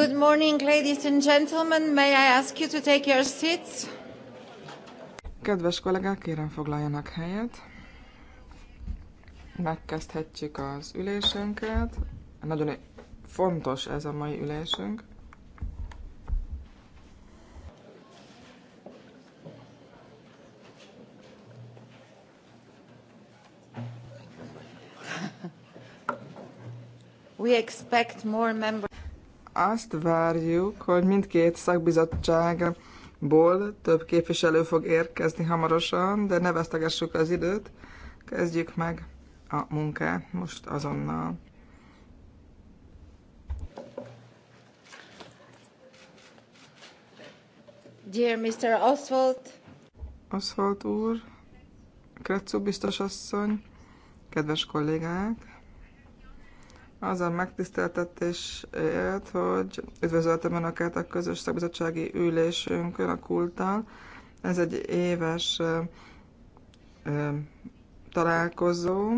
Good morning, ladies and gentlemen. May I ask you to take your seats? Kedves kollégák, kérem foglaljanak helyet. Megkezdhetjük az ülésünket. Nagyon fontos ez a mai ülésünk. We expect more members azt várjuk, hogy mindkét szakbizottságból több képviselő fog érkezni hamarosan, de ne vesztegessük az időt. Kezdjük meg a munkát most azonnal. Dear Mr. Oswald. Oswald úr, Kretszó biztos asszony, kedves kollégák, az a élt, hogy üdvözöltem Önöket a közös szakbizottsági ülésünkön a kulttal. Ez egy éves találkozó.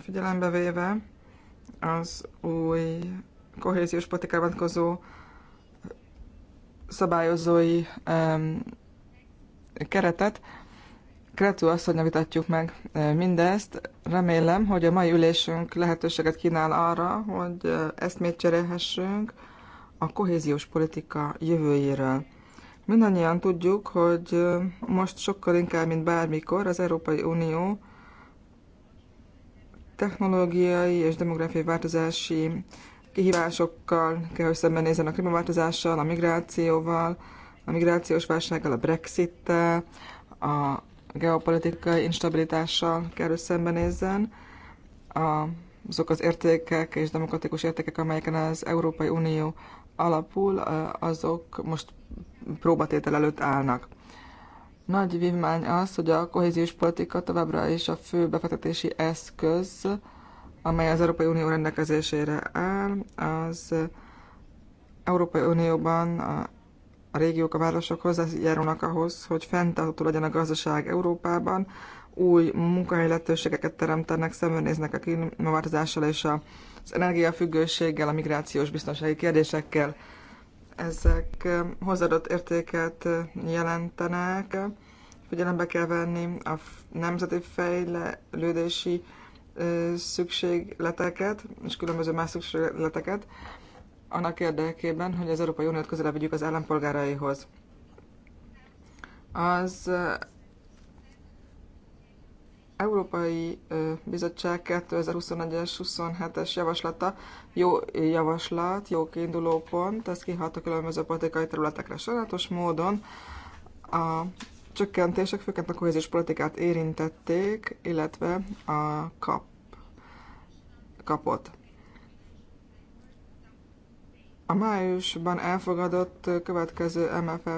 Figyelembe véve az új kohéziós politikában vonatkozó szabályozói keretet, Kretu asszonyra vitatjuk meg mindezt. Remélem, hogy a mai ülésünk lehetőséget kínál arra, hogy ezt még cserélhessünk a kohéziós politika jövőjéről. Mindannyian tudjuk, hogy most sokkal inkább, mint bármikor az Európai Unió technológiai és demográfiai változási kihívásokkal kell, hogy szembenézzen a klímaváltozással, a migrációval, a migrációs válsággal, a Brexit-tel, a geopolitikai instabilitással kell szembenézzen. Azok az értékek és demokratikus értékek, amelyeken az Európai Unió alapul, azok most próbatétel előtt állnak. Nagy vívmány az, hogy a kohéziós politika továbbra is a fő befektetési eszköz, amely az Európai Unió rendelkezésére áll. Az Európai Unióban a a régiók, a városok hozzájárulnak ahhoz, hogy fenntartható legyen a gazdaság Európában, új munkahelyi lehetőségeket teremtenek, szembenéznek a klímaváltozással és az energiafüggőséggel, a migrációs biztonsági kérdésekkel. Ezek hozzáadott értéket jelentenek, figyelembe kell venni a nemzeti fejlődési szükségleteket és különböző más szükségleteket, annak érdekében, hogy az Európai Uniót közelebb vigyük az állampolgáraihoz. Az eh, Európai eh, Bizottság 2021-es 27-es javaslata jó javaslat, jó kiinduló pont, ez kihat a különböző politikai területekre sajnálatos módon. A csökkentések főként a kohéziós politikát érintették, illetve a kap, kapot. A májusban elfogadott következő MFF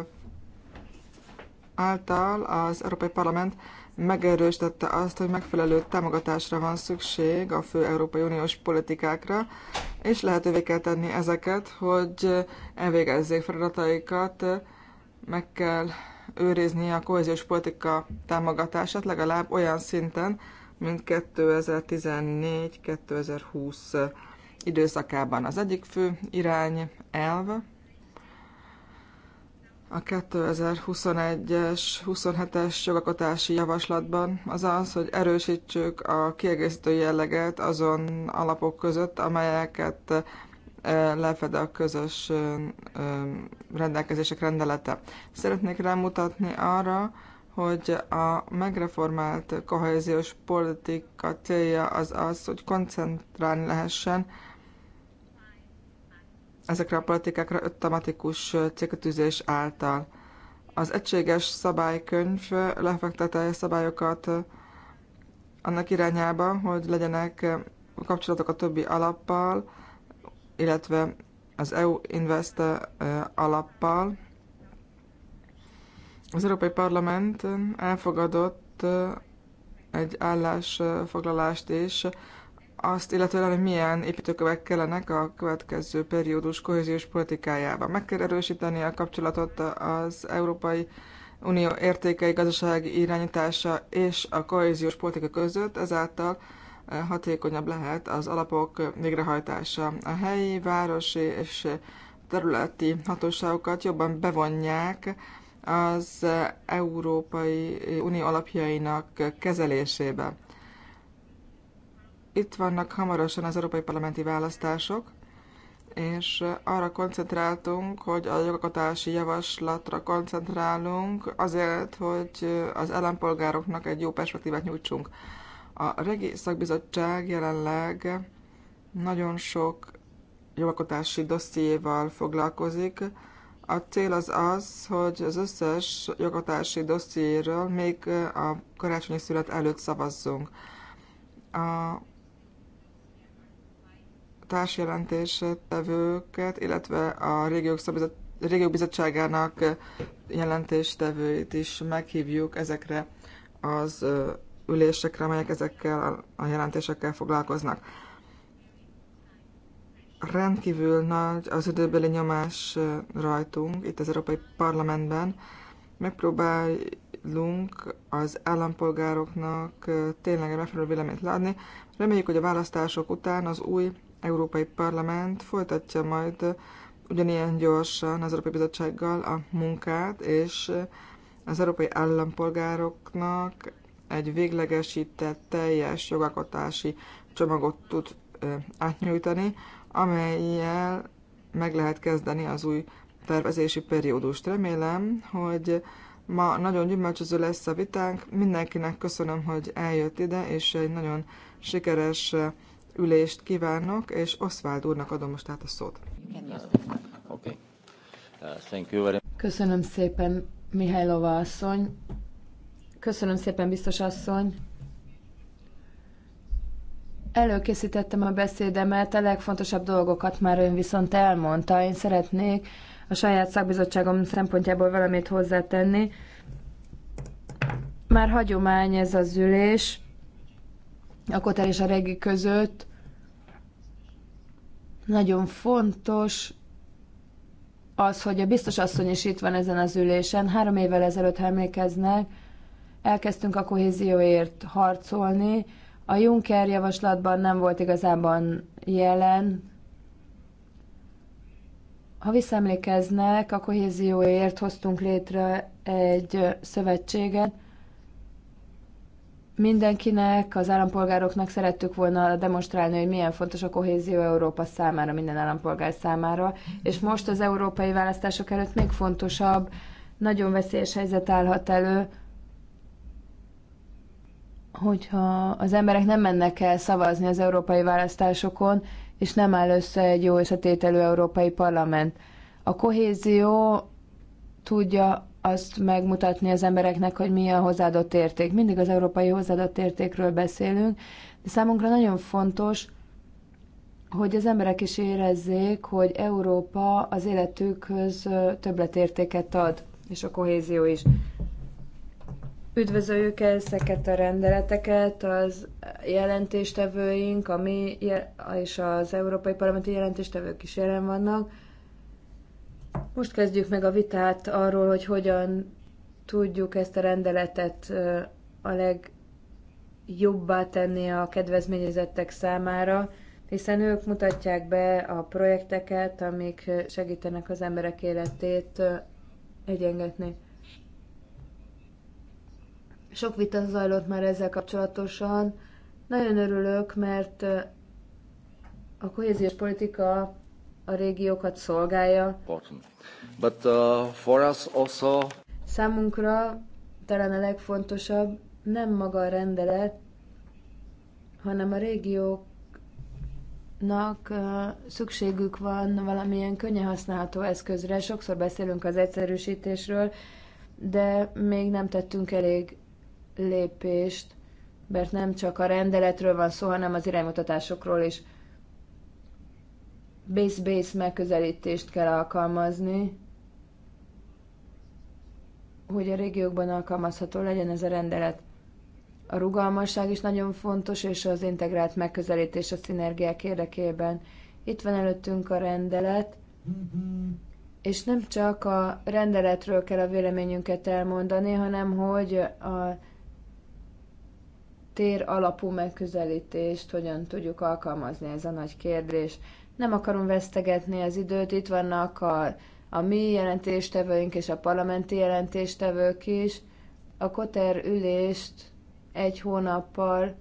által az Európai Parlament megerősítette azt, hogy megfelelő támogatásra van szükség a fő Európai Uniós politikákra, és lehetővé kell tenni ezeket, hogy elvégezzék feladataikat, meg kell őrizni a kohéziós politika támogatását legalább olyan szinten, mint 2014-2020 időszakában. Az egyik fő irány elv a 2021-es, 27-es jogakotási javaslatban az az, hogy erősítsük a kiegészítő jelleget azon alapok között, amelyeket lefed a közös rendelkezések rendelete. Szeretnék rámutatni arra, hogy a megreformált kohéziós politika célja az az, hogy koncentrálni lehessen ezekre a politikákra öt tematikus célkötűzés által. Az egységes szabálykönyv lefektette szabályokat annak irányába, hogy legyenek kapcsolatok a többi alappal, illetve az EU Invest alappal. Az Európai Parlament elfogadott egy állásfoglalást is azt illetően, hogy milyen építőkövek kellenek a következő periódus kohéziós politikájában. Meg kell erősíteni a kapcsolatot az Európai Unió értékei, gazdasági irányítása és a kohéziós politika között, ezáltal eh, hatékonyabb lehet az alapok végrehajtása. A helyi, városi és területi hatóságokat jobban bevonják az Európai Unió alapjainak kezelésébe. Itt vannak hamarosan az európai parlamenti választások, és arra koncentráltunk, hogy a jogalkotási javaslatra koncentrálunk azért, hogy az ellenpolgároknak egy jó perspektívát nyújtsunk. A Regi Szakbizottság jelenleg nagyon sok jogalkotási dossziéval foglalkozik. A cél az az, hogy az összes jogalkotási dossziéről még a karácsonyi szület előtt szavazzunk. A társjelentés tevőket, illetve a régiók, szabizat, régiók bizottságának jelentéstevőit is meghívjuk ezekre az ülésekre, amelyek ezekkel a jelentésekkel foglalkoznak. Rendkívül nagy az időbeli nyomás rajtunk itt az Európai Parlamentben. Megpróbálunk az állampolgároknak tényleg megfelelő véleményt látni. Reméljük, hogy a választások után az új Európai Parlament folytatja majd ugyanilyen gyorsan az Európai Bizottsággal a munkát, és az európai állampolgároknak egy véglegesített, teljes jogalkotási csomagot tud átnyújtani, amelyel meg lehet kezdeni az új tervezési periódust. Remélem, hogy ma nagyon gyümölcsöző lesz a vitánk. Mindenkinek köszönöm, hogy eljött ide, és egy nagyon sikeres ülést kívánok, és Oswald úrnak adom most át a szót. Uh, Köszönöm szépen, Mihálylova asszony. Köszönöm szépen, biztos asszony. Előkészítettem a beszédemet, a legfontosabb dolgokat már ön viszont elmondta. Én szeretnék a saját szakbizottságom szempontjából valamit hozzátenni. Már hagyomány ez az ülés a Kotár és a Regi között nagyon fontos az, hogy a biztos asszony is itt van ezen az ülésen. Három évvel ezelőtt, emlékeznek, elkezdtünk a kohézióért harcolni. A Juncker javaslatban nem volt igazában jelen. Ha visszaemlékeznek, a kohézióért hoztunk létre egy szövetséget, mindenkinek, az állampolgároknak szerettük volna demonstrálni, hogy milyen fontos a kohézió Európa számára, minden állampolgár számára, és most az európai választások előtt még fontosabb, nagyon veszélyes helyzet állhat elő, hogyha az emberek nem mennek el szavazni az európai választásokon, és nem áll össze egy jó összetételű európai parlament. A kohézió tudja azt megmutatni az embereknek, hogy mi a hozzáadott érték. Mindig az európai hozzáadott értékről beszélünk, de számunkra nagyon fontos, hogy az emberek is érezzék, hogy Európa az életükhöz többletértéket ad, és a kohézió is. Üdvözöljük ezeket a rendeleteket, az jelentéstevőink, a mi és az Európai Parlamenti jelentéstevők is jelen vannak, most kezdjük meg a vitát arról, hogy hogyan tudjuk ezt a rendeletet a legjobbá tenni a kedvezményezettek számára, hiszen ők mutatják be a projekteket, amik segítenek az emberek életét egyengetni. Sok vita zajlott már ezzel kapcsolatosan. Nagyon örülök, mert a kohéziós politika a régiókat szolgálja. But, uh, for us also... Számunkra talán a legfontosabb nem maga a rendelet, hanem a régióknak uh, szükségük van valamilyen könnyen használható eszközre. Sokszor beszélünk az egyszerűsítésről, de még nem tettünk elég lépést, mert nem csak a rendeletről van szó, hanem az iránymutatásokról is base-base megközelítést kell alkalmazni, hogy a régiókban alkalmazható legyen ez a rendelet. A rugalmasság is nagyon fontos, és az integrált megközelítés a szinergiák érdekében. Itt van előttünk a rendelet, és nem csak a rendeletről kell a véleményünket elmondani, hanem hogy a tér alapú megközelítést hogyan tudjuk alkalmazni, ez a nagy kérdés. Nem akarom vesztegetni az időt, itt vannak a, a mi jelentéstevőink és a parlamenti jelentéstevők is. A Koter ülést egy hónappal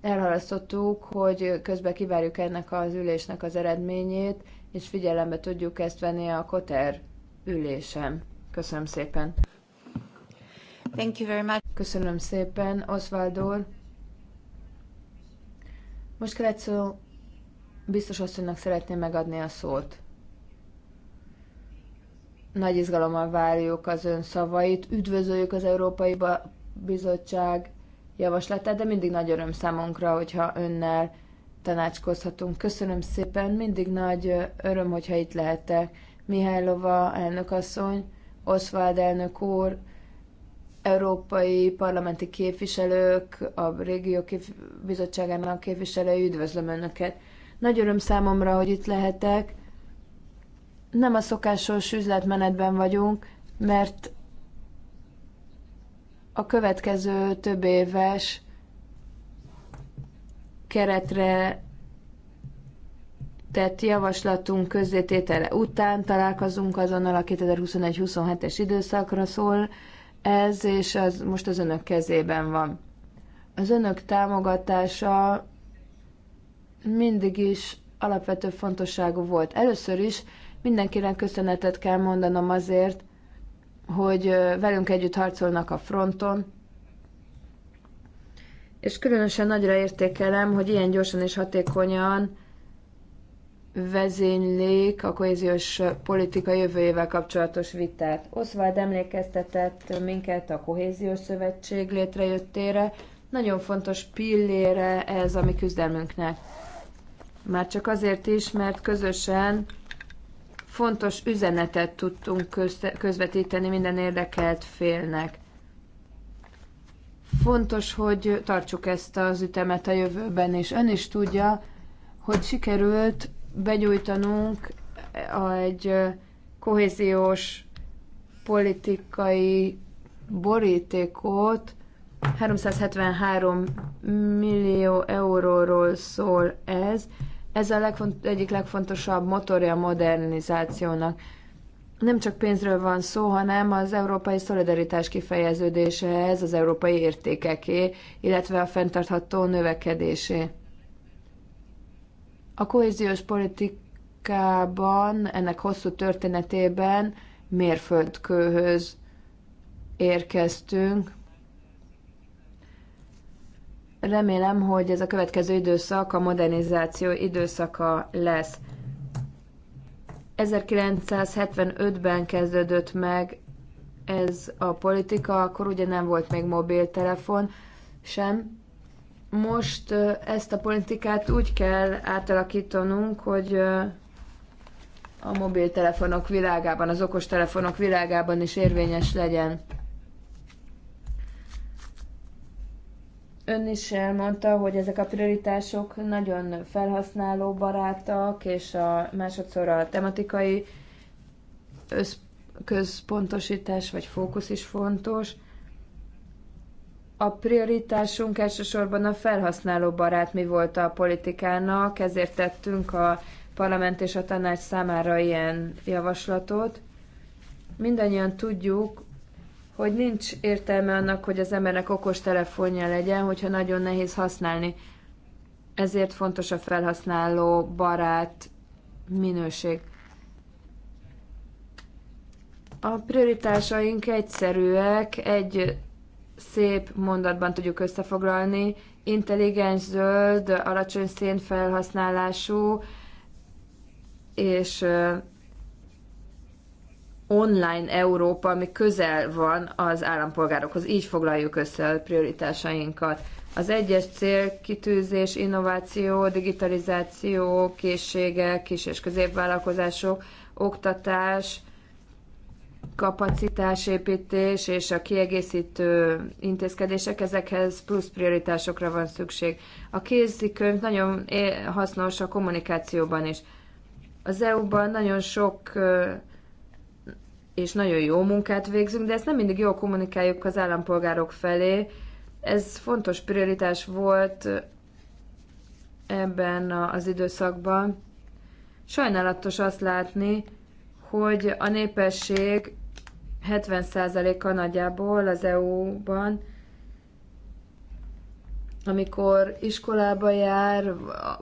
elhalasztottuk, hogy közben kivárjuk ennek az ülésnek az eredményét, és figyelembe tudjuk ezt venni a Koter ülésen. Köszönöm szépen. Thank you very much. Köszönöm szépen, Oswald úr. Most szó Biztos asszonynak szeretném megadni a szót. Nagy izgalommal várjuk az ön szavait, üdvözöljük az Európai Bizottság javaslatát, de mindig nagy öröm számunkra, hogyha önnel tanácskozhatunk. Köszönöm szépen, mindig nagy öröm, hogyha itt lehettek. Mihálylova elnökasszony, Oswald elnök úr, európai parlamenti képviselők, a régió kép- bizottságának képviselői, üdvözlöm Önöket! Nagy öröm számomra, hogy itt lehetek. Nem a szokásos üzletmenetben vagyunk, mert a következő több éves keretre tett javaslatunk közzététele után találkozunk azonnal a 2021-27-es időszakra szól ez, és az most az önök kezében van. Az önök támogatása mindig is alapvető fontosságú volt. Először is mindenkinek köszönetet kell mondanom azért, hogy velünk együtt harcolnak a fronton, és különösen nagyra értékelem, hogy ilyen gyorsan és hatékonyan vezénylik a kohéziós politika jövőjével kapcsolatos vitát. Oswald emlékeztetett minket a kohéziós szövetség létrejöttére, nagyon fontos pillére ez a mi küzdelmünknek. Már csak azért is, mert közösen fontos üzenetet tudtunk közvetíteni minden érdekelt félnek. Fontos, hogy tartsuk ezt az ütemet a jövőben, és ön is tudja, hogy sikerült begyújtanunk egy kohéziós politikai borítékot, 373 millió euróról szól ez, ez a legfont- egyik legfontosabb motorja a modernizációnak. Nem csak pénzről van szó, hanem az európai szolidaritás kifejeződése, ez az európai értékeké, illetve a fenntartható növekedésé. A kohéziós politikában, ennek hosszú történetében mérföldkőhöz érkeztünk, Remélem, hogy ez a következő időszak a modernizáció időszaka lesz. 1975-ben kezdődött meg ez a politika, akkor ugye nem volt még mobiltelefon sem. Most ezt a politikát úgy kell átalakítanunk, hogy a mobiltelefonok világában, az okostelefonok világában is érvényes legyen. Ön is elmondta, hogy ezek a prioritások nagyon felhasználóbarátak, és a másodszor a tematikai központosítás vagy fókusz is fontos. A prioritásunk elsősorban a felhasználóbarát mi volt a politikának, ezért tettünk a parlament és a tanács számára ilyen javaslatot. Mindannyian tudjuk, hogy nincs értelme annak, hogy az emberek okos telefonja legyen, hogyha nagyon nehéz használni. Ezért fontos a felhasználó barát minőség. A prioritásaink egyszerűek, egy szép mondatban tudjuk összefoglalni. Intelligens, zöld, alacsony felhasználású és online Európa, ami közel van az állampolgárokhoz. Így foglaljuk össze a prioritásainkat. Az egyes kitűzés, innováció, digitalizáció, készségek, kis- és középvállalkozások, oktatás, kapacitásépítés és a kiegészítő intézkedések, ezekhez plusz prioritásokra van szükség. A kézikönyv nagyon eh, hasznos a kommunikációban is. Az EU-ban nagyon sok eh, és nagyon jó munkát végzünk, de ezt nem mindig jól kommunikáljuk az állampolgárok felé. Ez fontos prioritás volt ebben az időszakban. Sajnálatos azt látni, hogy a népesség 70%-a nagyjából az EU-ban, amikor iskolába jár,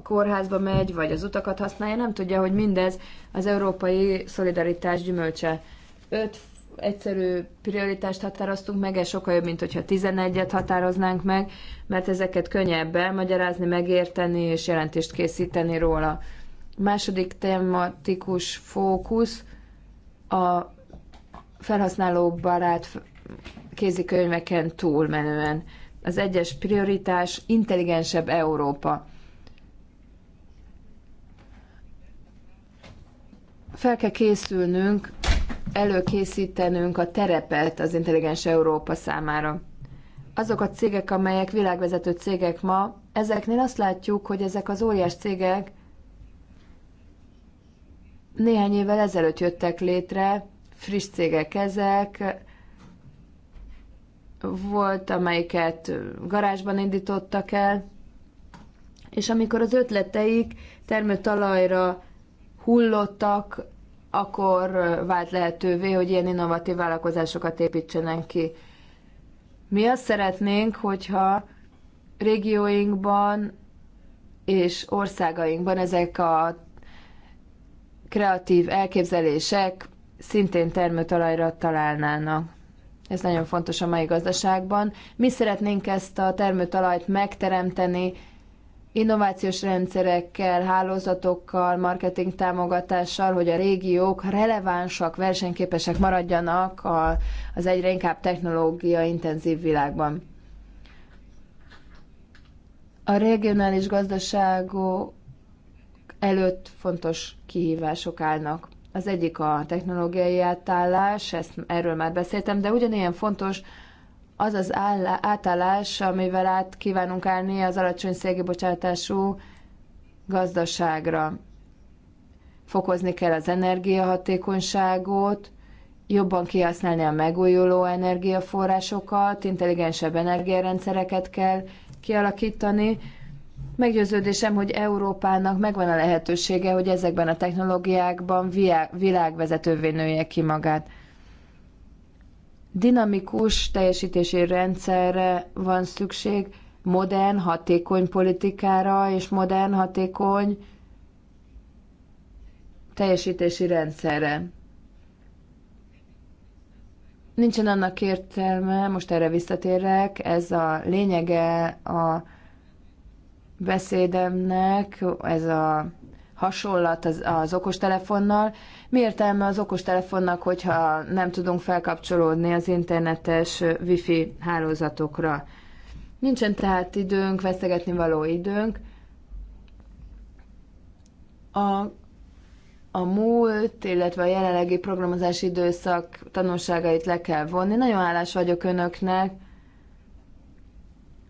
kórházba megy, vagy az utakat használja, nem tudja, hogy mindez az európai szolidaritás gyümölcse öt egyszerű prioritást határoztunk meg, ez sokkal jobb, mint hogyha 11-et határoznánk meg, mert ezeket könnyebb elmagyarázni, megérteni és jelentést készíteni róla. Második tematikus fókusz a felhasználó barát kézikönyveken túlmenően. Az egyes prioritás intelligensebb Európa. Fel kell készülnünk előkészítenünk a terepet az intelligens Európa számára. Azok a cégek, amelyek világvezető cégek ma, ezeknél azt látjuk, hogy ezek az óriás cégek néhány évvel ezelőtt jöttek létre, friss cégek ezek, volt, amelyiket garázsban indítottak el, és amikor az ötleteik termőtalajra hullottak, akkor vált lehetővé, hogy ilyen innovatív vállalkozásokat építsenek ki. Mi azt szeretnénk, hogyha régióinkban és országainkban ezek a kreatív elképzelések szintén termőtalajra találnának. Ez nagyon fontos a mai gazdaságban. Mi szeretnénk ezt a termőtalajt megteremteni, innovációs rendszerekkel, hálózatokkal, marketing támogatással, hogy a régiók relevánsak, versenyképesek maradjanak a, az egyre inkább technológia intenzív világban. A regionális gazdaságok előtt fontos kihívások állnak. Az egyik a technológiai átállás, ezt, erről már beszéltem, de ugyanilyen fontos az az átállás, amivel át kívánunk állni az alacsony szélkibocsátású gazdaságra. Fokozni kell az energiahatékonyságot, jobban kihasználni a megújuló energiaforrásokat, intelligensebb energiarendszereket kell kialakítani. Meggyőződésem, hogy Európának megvan a lehetősége, hogy ezekben a technológiákban világvezetővé nője ki magát. Dinamikus teljesítési rendszerre van szükség, modern, hatékony politikára és modern, hatékony teljesítési rendszerre. Nincsen annak értelme, most erre visszatérek, ez a lényege a beszédemnek, ez a hasonlat az, az okostelefonnal, mi értelme az okostelefonnak, hogyha nem tudunk felkapcsolódni az internetes wifi hálózatokra? Nincsen tehát időnk, vesztegetni való időnk. A, a múlt, illetve a jelenlegi programozási időszak tanulságait le kell vonni. Nagyon hálás vagyok önöknek,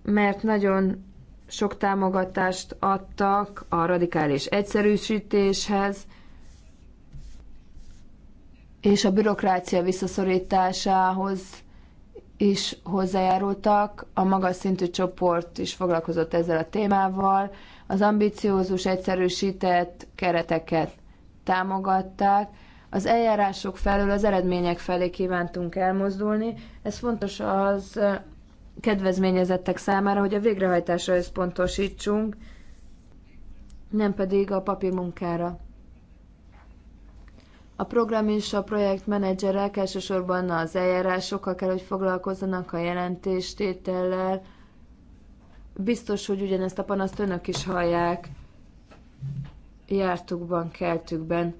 mert nagyon sok támogatást adtak a radikális egyszerűsítéshez, és a bürokrácia visszaszorításához is hozzájárultak, a magas szintű csoport is foglalkozott ezzel a témával, az ambiciózus, egyszerűsített kereteket támogatták, az eljárások felől az eredmények felé kívántunk elmozdulni. Ez fontos az kedvezményezettek számára, hogy a végrehajtásra összpontosítsunk, nem pedig a papírmunkára. A program és a projektmenedzserek elsősorban az eljárásokkal kell, hogy foglalkozzanak a jelentéstétellel. Biztos, hogy ugyanezt a panaszt önök is hallják jártukban, keltükben.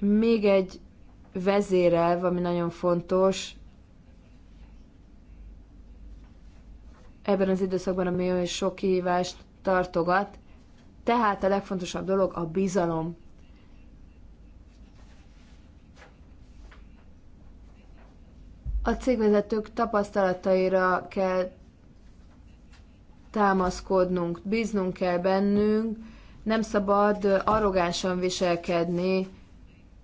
Még egy vezérelv, ami nagyon fontos, ebben az időszakban, ami olyan sok kihívást tartogat, tehát a legfontosabb dolog a bizalom A cégvezetők tapasztalataira kell támaszkodnunk, bíznunk kell bennünk, nem szabad arrogánsan viselkedni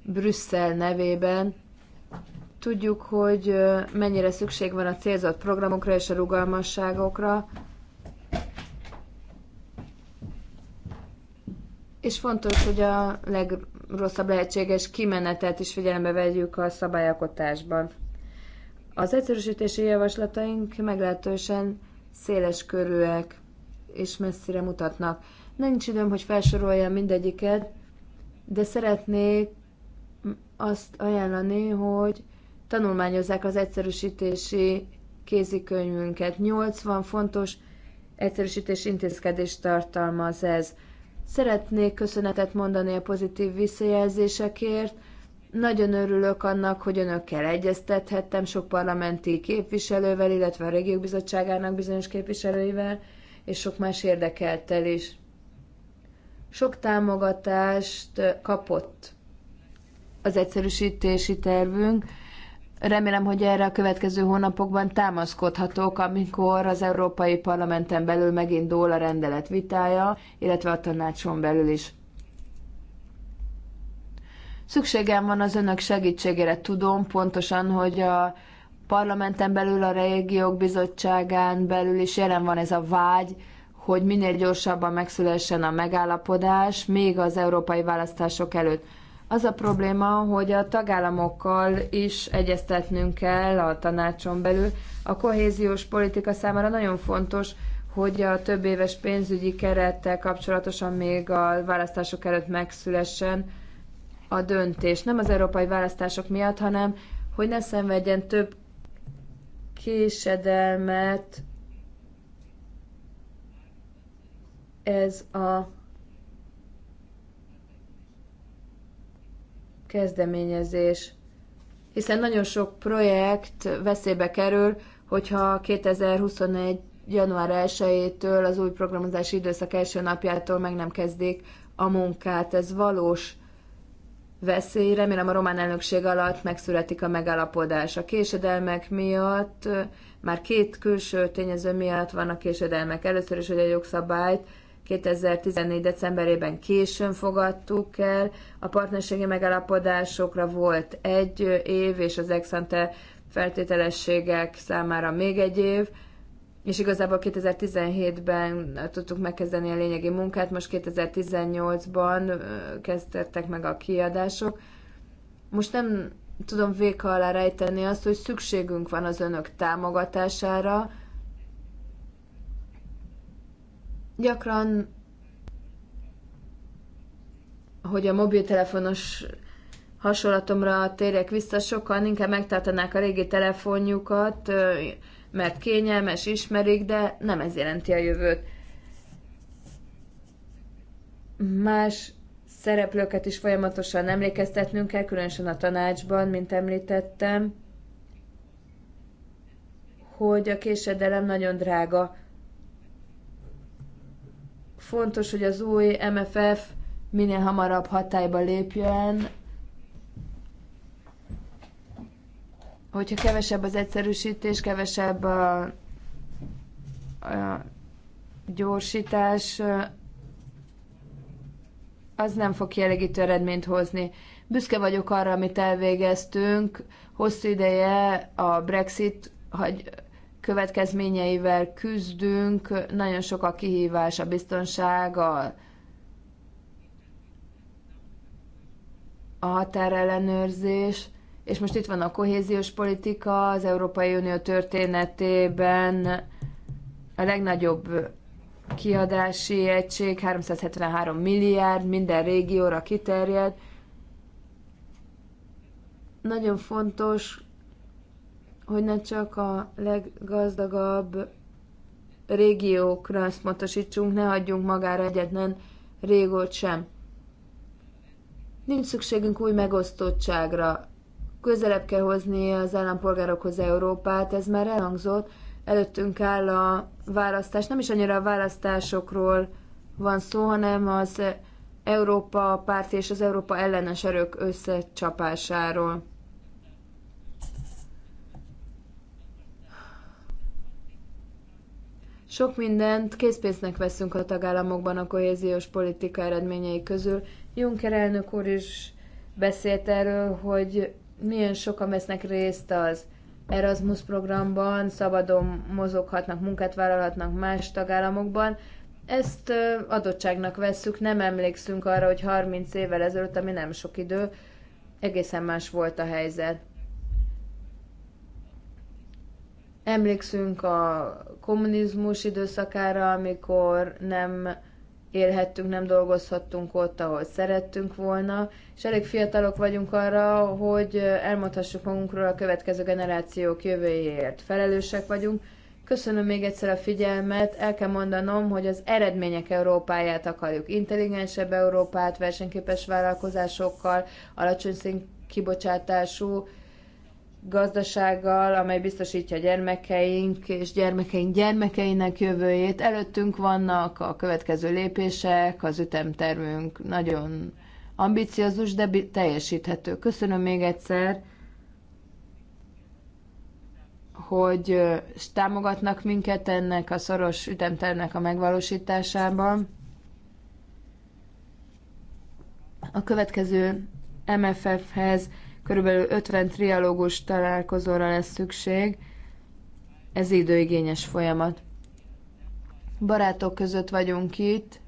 Brüsszel nevében. Tudjuk, hogy mennyire szükség van a célzott programokra és a rugalmasságokra, És fontos, hogy a legrosszabb lehetséges kimenetet is figyelembe vegyük a szabályalkotásban. Az egyszerűsítési javaslataink meglehetősen széles körűek és messzire mutatnak. Nincs időm, hogy felsoroljam mindegyiket, de szeretnék azt ajánlani, hogy tanulmányozzák az egyszerűsítési kézikönyvünket. 80 fontos egyszerűsítési intézkedést tartalmaz ez. Szeretnék köszönetet mondani a pozitív visszajelzésekért, nagyon örülök annak, hogy önökkel egyeztethettem, sok parlamenti képviselővel, illetve a régiók bizottságának bizonyos képviselőivel, és sok más érdekeltel is. Sok támogatást kapott az egyszerűsítési tervünk. Remélem, hogy erre a következő hónapokban támaszkodhatok, amikor az Európai Parlamenten belül megindul a rendelet vitája, illetve a tanácson belül is. Szükségem van az önök segítségére. Tudom pontosan, hogy a parlamenten belül, a régiók bizottságán belül is jelen van ez a vágy, hogy minél gyorsabban megszülessen a megállapodás, még az európai választások előtt. Az a probléma, hogy a tagállamokkal is egyeztetnünk kell a tanácson belül. A kohéziós politika számára nagyon fontos, hogy a több éves pénzügyi kerettel kapcsolatosan még a választások előtt megszülessen a döntés. Nem az európai választások miatt, hanem hogy ne szenvedjen több késedelmet ez a kezdeményezés. Hiszen nagyon sok projekt veszélybe kerül, hogyha 2021. január 1-től az új programozási időszak első napjától meg nem kezdik a munkát. Ez valós veszély. Remélem a román elnökség alatt megszületik a megállapodás. A késedelmek miatt, már két külső tényező miatt vannak késedelmek. Először is, hogy a jogszabályt 2014. decemberében későn fogadtuk el, a partnerségi megállapodásokra volt egy év, és az ex feltételességek számára még egy év, és igazából 2017-ben eh, tudtuk megkezdeni a lényegi munkát, most 2018-ban eh, kezdettek meg a kiadások. Most nem tudom véka alá rejteni azt, hogy szükségünk van az önök támogatására. Gyakran, hogy a mobiltelefonos hasonlatomra térjek vissza, sokan inkább megtartanák a régi telefonjukat, eh, mert kényelmes, ismerik, de nem ez jelenti a jövőt. Más szereplőket is folyamatosan emlékeztetnünk kell, különösen a tanácsban, mint említettem, hogy a késedelem nagyon drága. Fontos, hogy az új MFF minél hamarabb hatályba lépjen, hogyha kevesebb az egyszerűsítés, kevesebb a, a gyorsítás, az nem fog kielégítő eredményt hozni. Büszke vagyok arra, amit elvégeztünk. Hosszú ideje a Brexit hogy következményeivel küzdünk, nagyon sok a kihívás, a biztonság, a, a határellenőrzés – és most itt van a kohéziós politika, az Európai Unió történetében a legnagyobb kiadási egység, 373 milliárd, minden régióra kiterjed. Nagyon fontos, hogy ne csak a leggazdagabb régiókra összpontosítsunk, ne hagyjunk magára egyetlen régót sem. Nincs szükségünk új megosztottságra közelebb kell hozni az állampolgárokhoz Európát, ez már elhangzott, előttünk áll a választás. Nem is annyira a választásokról van szó, hanem az Európa párt és az Európa ellenes erők összecsapásáról. Sok mindent készpénznek veszünk a tagállamokban a kohéziós politika eredményei közül. Juncker elnök úr is beszélt erről, hogy milyen sokan vesznek részt az Erasmus programban, szabadon mozoghatnak, munkát vállalhatnak más tagállamokban. Ezt adottságnak vesszük, nem emlékszünk arra, hogy 30 évvel ezelőtt, ami nem sok idő, egészen más volt a helyzet. Emlékszünk a kommunizmus időszakára, amikor nem élhettünk, nem dolgozhattunk ott, ahol szerettünk volna, és elég fiatalok vagyunk arra, hogy elmondhassuk magunkról a következő generációk jövőjéért. Felelősek vagyunk. Köszönöm még egyszer a figyelmet, el kell mondanom, hogy az eredmények Európáját akarjuk. Intelligensebb Európát, versenyképes vállalkozásokkal, alacsony szín kibocsátású gazdasággal, amely biztosítja gyermekeink és gyermekeink gyermekeinek jövőjét. Előttünk vannak a következő lépések, az ütemtervünk nagyon ambiciózus, de teljesíthető. Köszönöm még egyszer, hogy támogatnak minket ennek a szoros ütemtervnek a megvalósításában. A következő MFF-hez körülbelül 50 trialógus találkozóra lesz szükség. Ez időigényes folyamat. Barátok között vagyunk itt.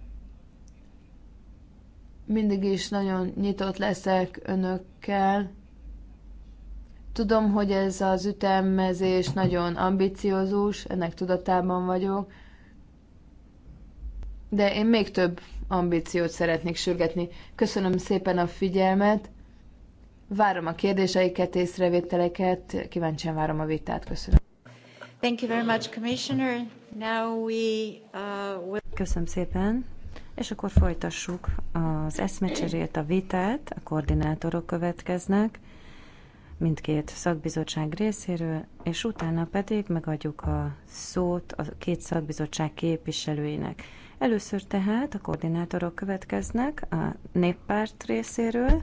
Mindig is nagyon nyitott leszek önökkel. Tudom, hogy ez az ütemezés nagyon ambiciózus, ennek tudatában vagyok, de én még több ambíciót szeretnék sürgetni. Köszönöm szépen a figyelmet, Várom a kérdéseiket, észrevételeket, kíváncsian várom a vitát. Köszönöm. Thank you very much, Commissioner. Now we, uh, will... Köszönöm szépen. És akkor folytassuk az eszmecserét, a vitát, a koordinátorok következnek mindkét szakbizottság részéről, és utána pedig megadjuk a szót a két szakbizottság képviselőinek. Először tehát a koordinátorok következnek a néppárt részéről,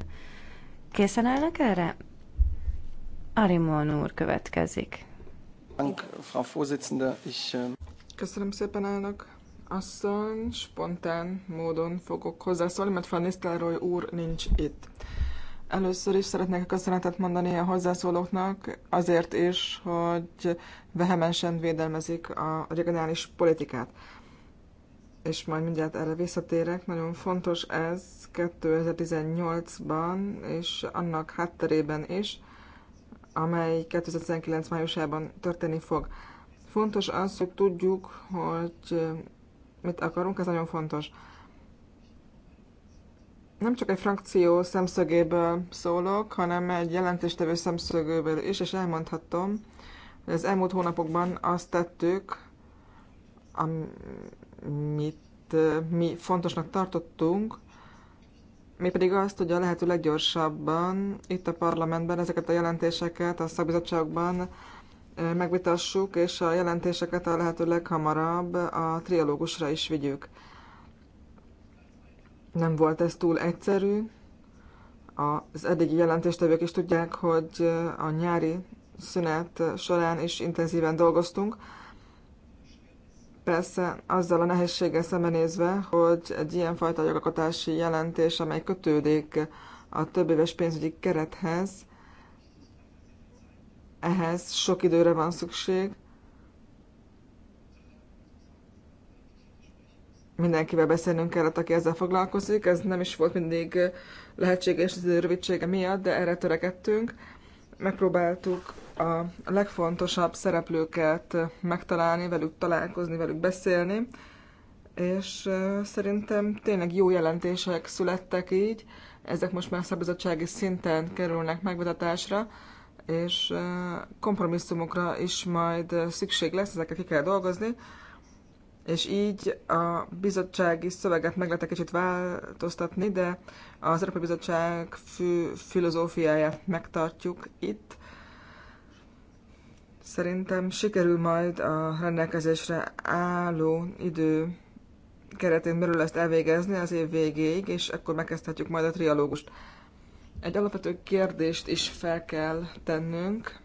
Készen állnak erre? Arimon úr következik. Ähm, Köszönöm szépen, elnök asszony. Spontán módon fogok hozzászólni, mert Van Nistelrooy úr nincs itt. Először is szeretnék köszönetet mondani a hozzászólóknak azért is, hogy vehemensen védelmezik a regionális politikát és majd mindjárt erre visszatérek, nagyon fontos ez 2018-ban, és annak hátterében is, amely 2019 májusában történni fog. Fontos az, hogy tudjuk, hogy mit akarunk, ez nagyon fontos. Nem csak egy frakció szemszögéből szólok, hanem egy jelentéstevő szemszögéből is, és elmondhatom, hogy az elmúlt hónapokban azt tettük, amit mi fontosnak tartottunk, mi pedig azt, hogy a lehető leggyorsabban itt a parlamentben ezeket a jelentéseket a szakbizottságban megvitassuk, és a jelentéseket a lehető leghamarabb a trialógusra is vigyük. Nem volt ez túl egyszerű. Az eddigi jelentéstevők is tudják, hogy a nyári szünet során is intenzíven dolgoztunk, Persze azzal a nehézséggel szembenézve, hogy egy ilyenfajta jogalkotási jelentés, amely kötődik a éves pénzügyi kerethez, ehhez sok időre van szükség. Mindenkivel beszélnünk kellett, aki ezzel foglalkozik. Ez nem is volt mindig lehetséges az rövidsége miatt, de erre törekedtünk. Megpróbáltuk a legfontosabb szereplőket megtalálni, velük találkozni, velük beszélni, és szerintem tényleg jó jelentések születtek így, ezek most már szabizottsági szinten kerülnek megvetetésre, és kompromisszumokra is majd szükség lesz, ezeket ki kell dolgozni, és így a bizottsági szöveget meg lehet egy kicsit változtatni, de az Európai Bizottság fő filozófiáját megtartjuk itt, Szerintem sikerül majd a rendelkezésre álló idő keretén belül ezt elvégezni az év végéig, és akkor megkezdhetjük majd a trialógust. Egy alapvető kérdést is fel kell tennünk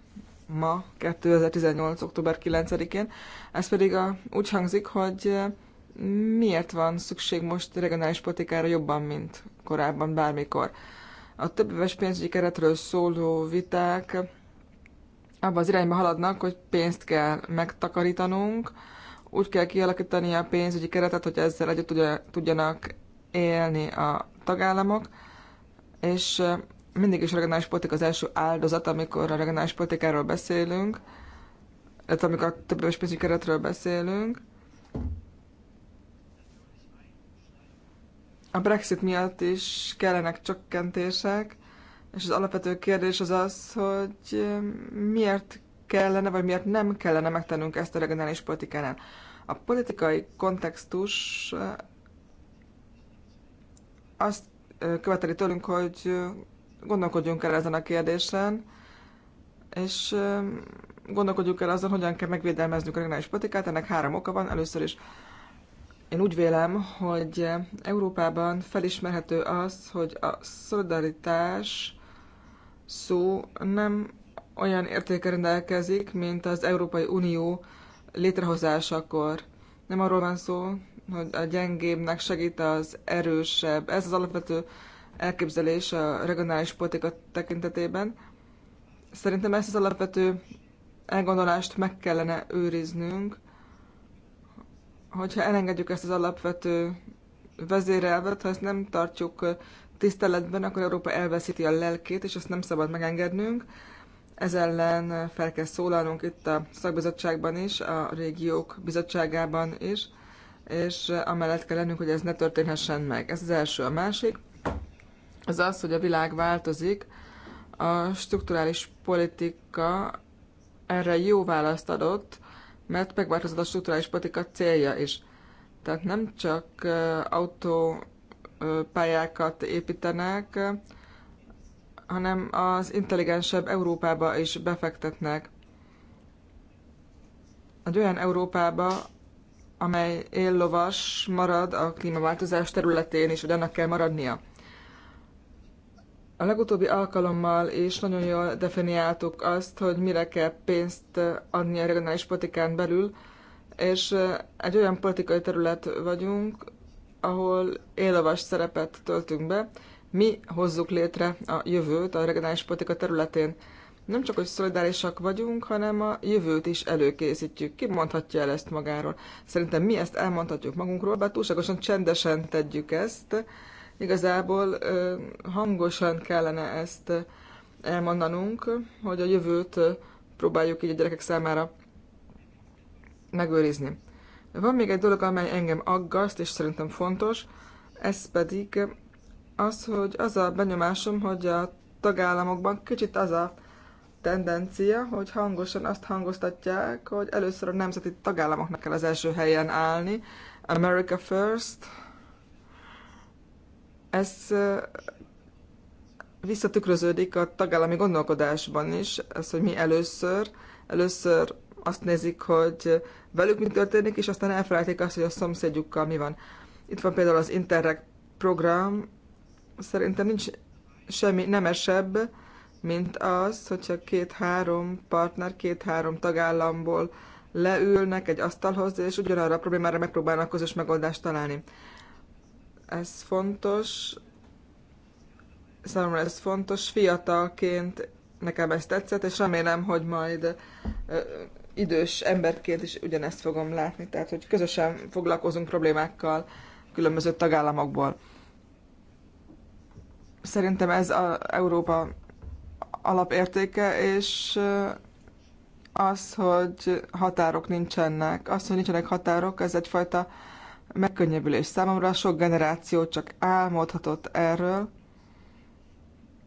ma, 2018. október 9-én. Ez pedig a, úgy hangzik, hogy miért van szükség most regionális politikára jobban, mint korábban bármikor. A több éves pénzügyi keretről szóló viták abban az irányba haladnak, hogy pénzt kell megtakarítanunk, úgy kell kialakítani a pénzügyi keretet, hogy ezzel együtt tudjanak élni a tagállamok, és mindig is a regionális politika az első áldozat, amikor a regionális politikáról beszélünk, illetve amikor a többes pénzügyi keretről beszélünk. A Brexit miatt is kellenek csökkentések, és az alapvető kérdés az az, hogy miért kellene, vagy miért nem kellene megtennünk ezt a regionális politikánál. A politikai kontextus azt követeli tőlünk, hogy gondolkodjunk el ezen a kérdésen, és gondolkodjuk el azon, hogyan kell megvédelmeznünk a regionális politikát. Ennek három oka van. Először is én úgy vélem, hogy Európában felismerhető az, hogy a szolidaritás szó nem olyan értéke rendelkezik, mint az Európai Unió létrehozásakor. Nem arról van szó, hogy a gyengébbnek segít az erősebb. Ez az alapvető elképzelés a regionális politika tekintetében. Szerintem ezt az alapvető elgondolást meg kellene őriznünk, hogyha elengedjük ezt az alapvető vezérelvet, ha ezt nem tartjuk tiszteletben, akkor Európa elveszíti a lelkét, és ezt nem szabad megengednünk. Ez ellen fel kell szólalnunk itt a szakbizottságban is, a régiók bizottságában is, és amellett kell lennünk, hogy ez ne történhessen meg. Ez az első. A másik az az, hogy a világ változik, a strukturális politika erre jó választ adott, mert megváltozott a strukturális politika célja is. Tehát nem csak autó pályákat építenek, hanem az intelligensebb Európába is befektetnek. Egy olyan Európába, amely éllovas marad a klímaváltozás területén is, hogy annak kell maradnia. A legutóbbi alkalommal is nagyon jól definiáltuk azt, hogy mire kell pénzt adni a regionális politikán belül, és egy olyan politikai terület vagyunk, ahol élavas szerepet töltünk be, mi hozzuk létre a jövőt a regionális politika területén. Nem csak, hogy szolidárisak vagyunk, hanem a jövőt is előkészítjük. Ki mondhatja el ezt magáról? Szerintem mi ezt elmondhatjuk magunkról, bár túlságosan csendesen tegyük ezt. Igazából hangosan kellene ezt elmondanunk, hogy a jövőt próbáljuk így a gyerekek számára megőrizni. Van még egy dolog, amely engem aggaszt, és szerintem fontos, ez pedig az, hogy az a benyomásom, hogy a tagállamokban kicsit az a tendencia, hogy hangosan azt hangoztatják, hogy először a nemzeti tagállamoknak kell az első helyen állni. America first. Ez visszatükröződik a tagállami gondolkodásban is, ez, hogy mi először. Először azt nézik, hogy velük mi történik, és aztán elfelejtik azt, hogy a szomszédjukkal mi van. Itt van például az Interreg program, szerintem nincs semmi nemesebb, mint az, hogyha két-három partner, két-három tagállamból leülnek egy asztalhoz, és ugyanarra a problémára megpróbálnak közös megoldást találni. Ez fontos, számomra ez fontos, fiatalként nekem ez tetszett, és remélem, hogy majd idős emberként is ugyanezt fogom látni, tehát hogy közösen foglalkozunk problémákkal különböző tagállamokból. Szerintem ez a Európa alapértéke, és az, hogy határok nincsenek. Az, hogy nincsenek határok, ez egyfajta megkönnyebbülés számomra. Sok generáció csak álmodhatott erről,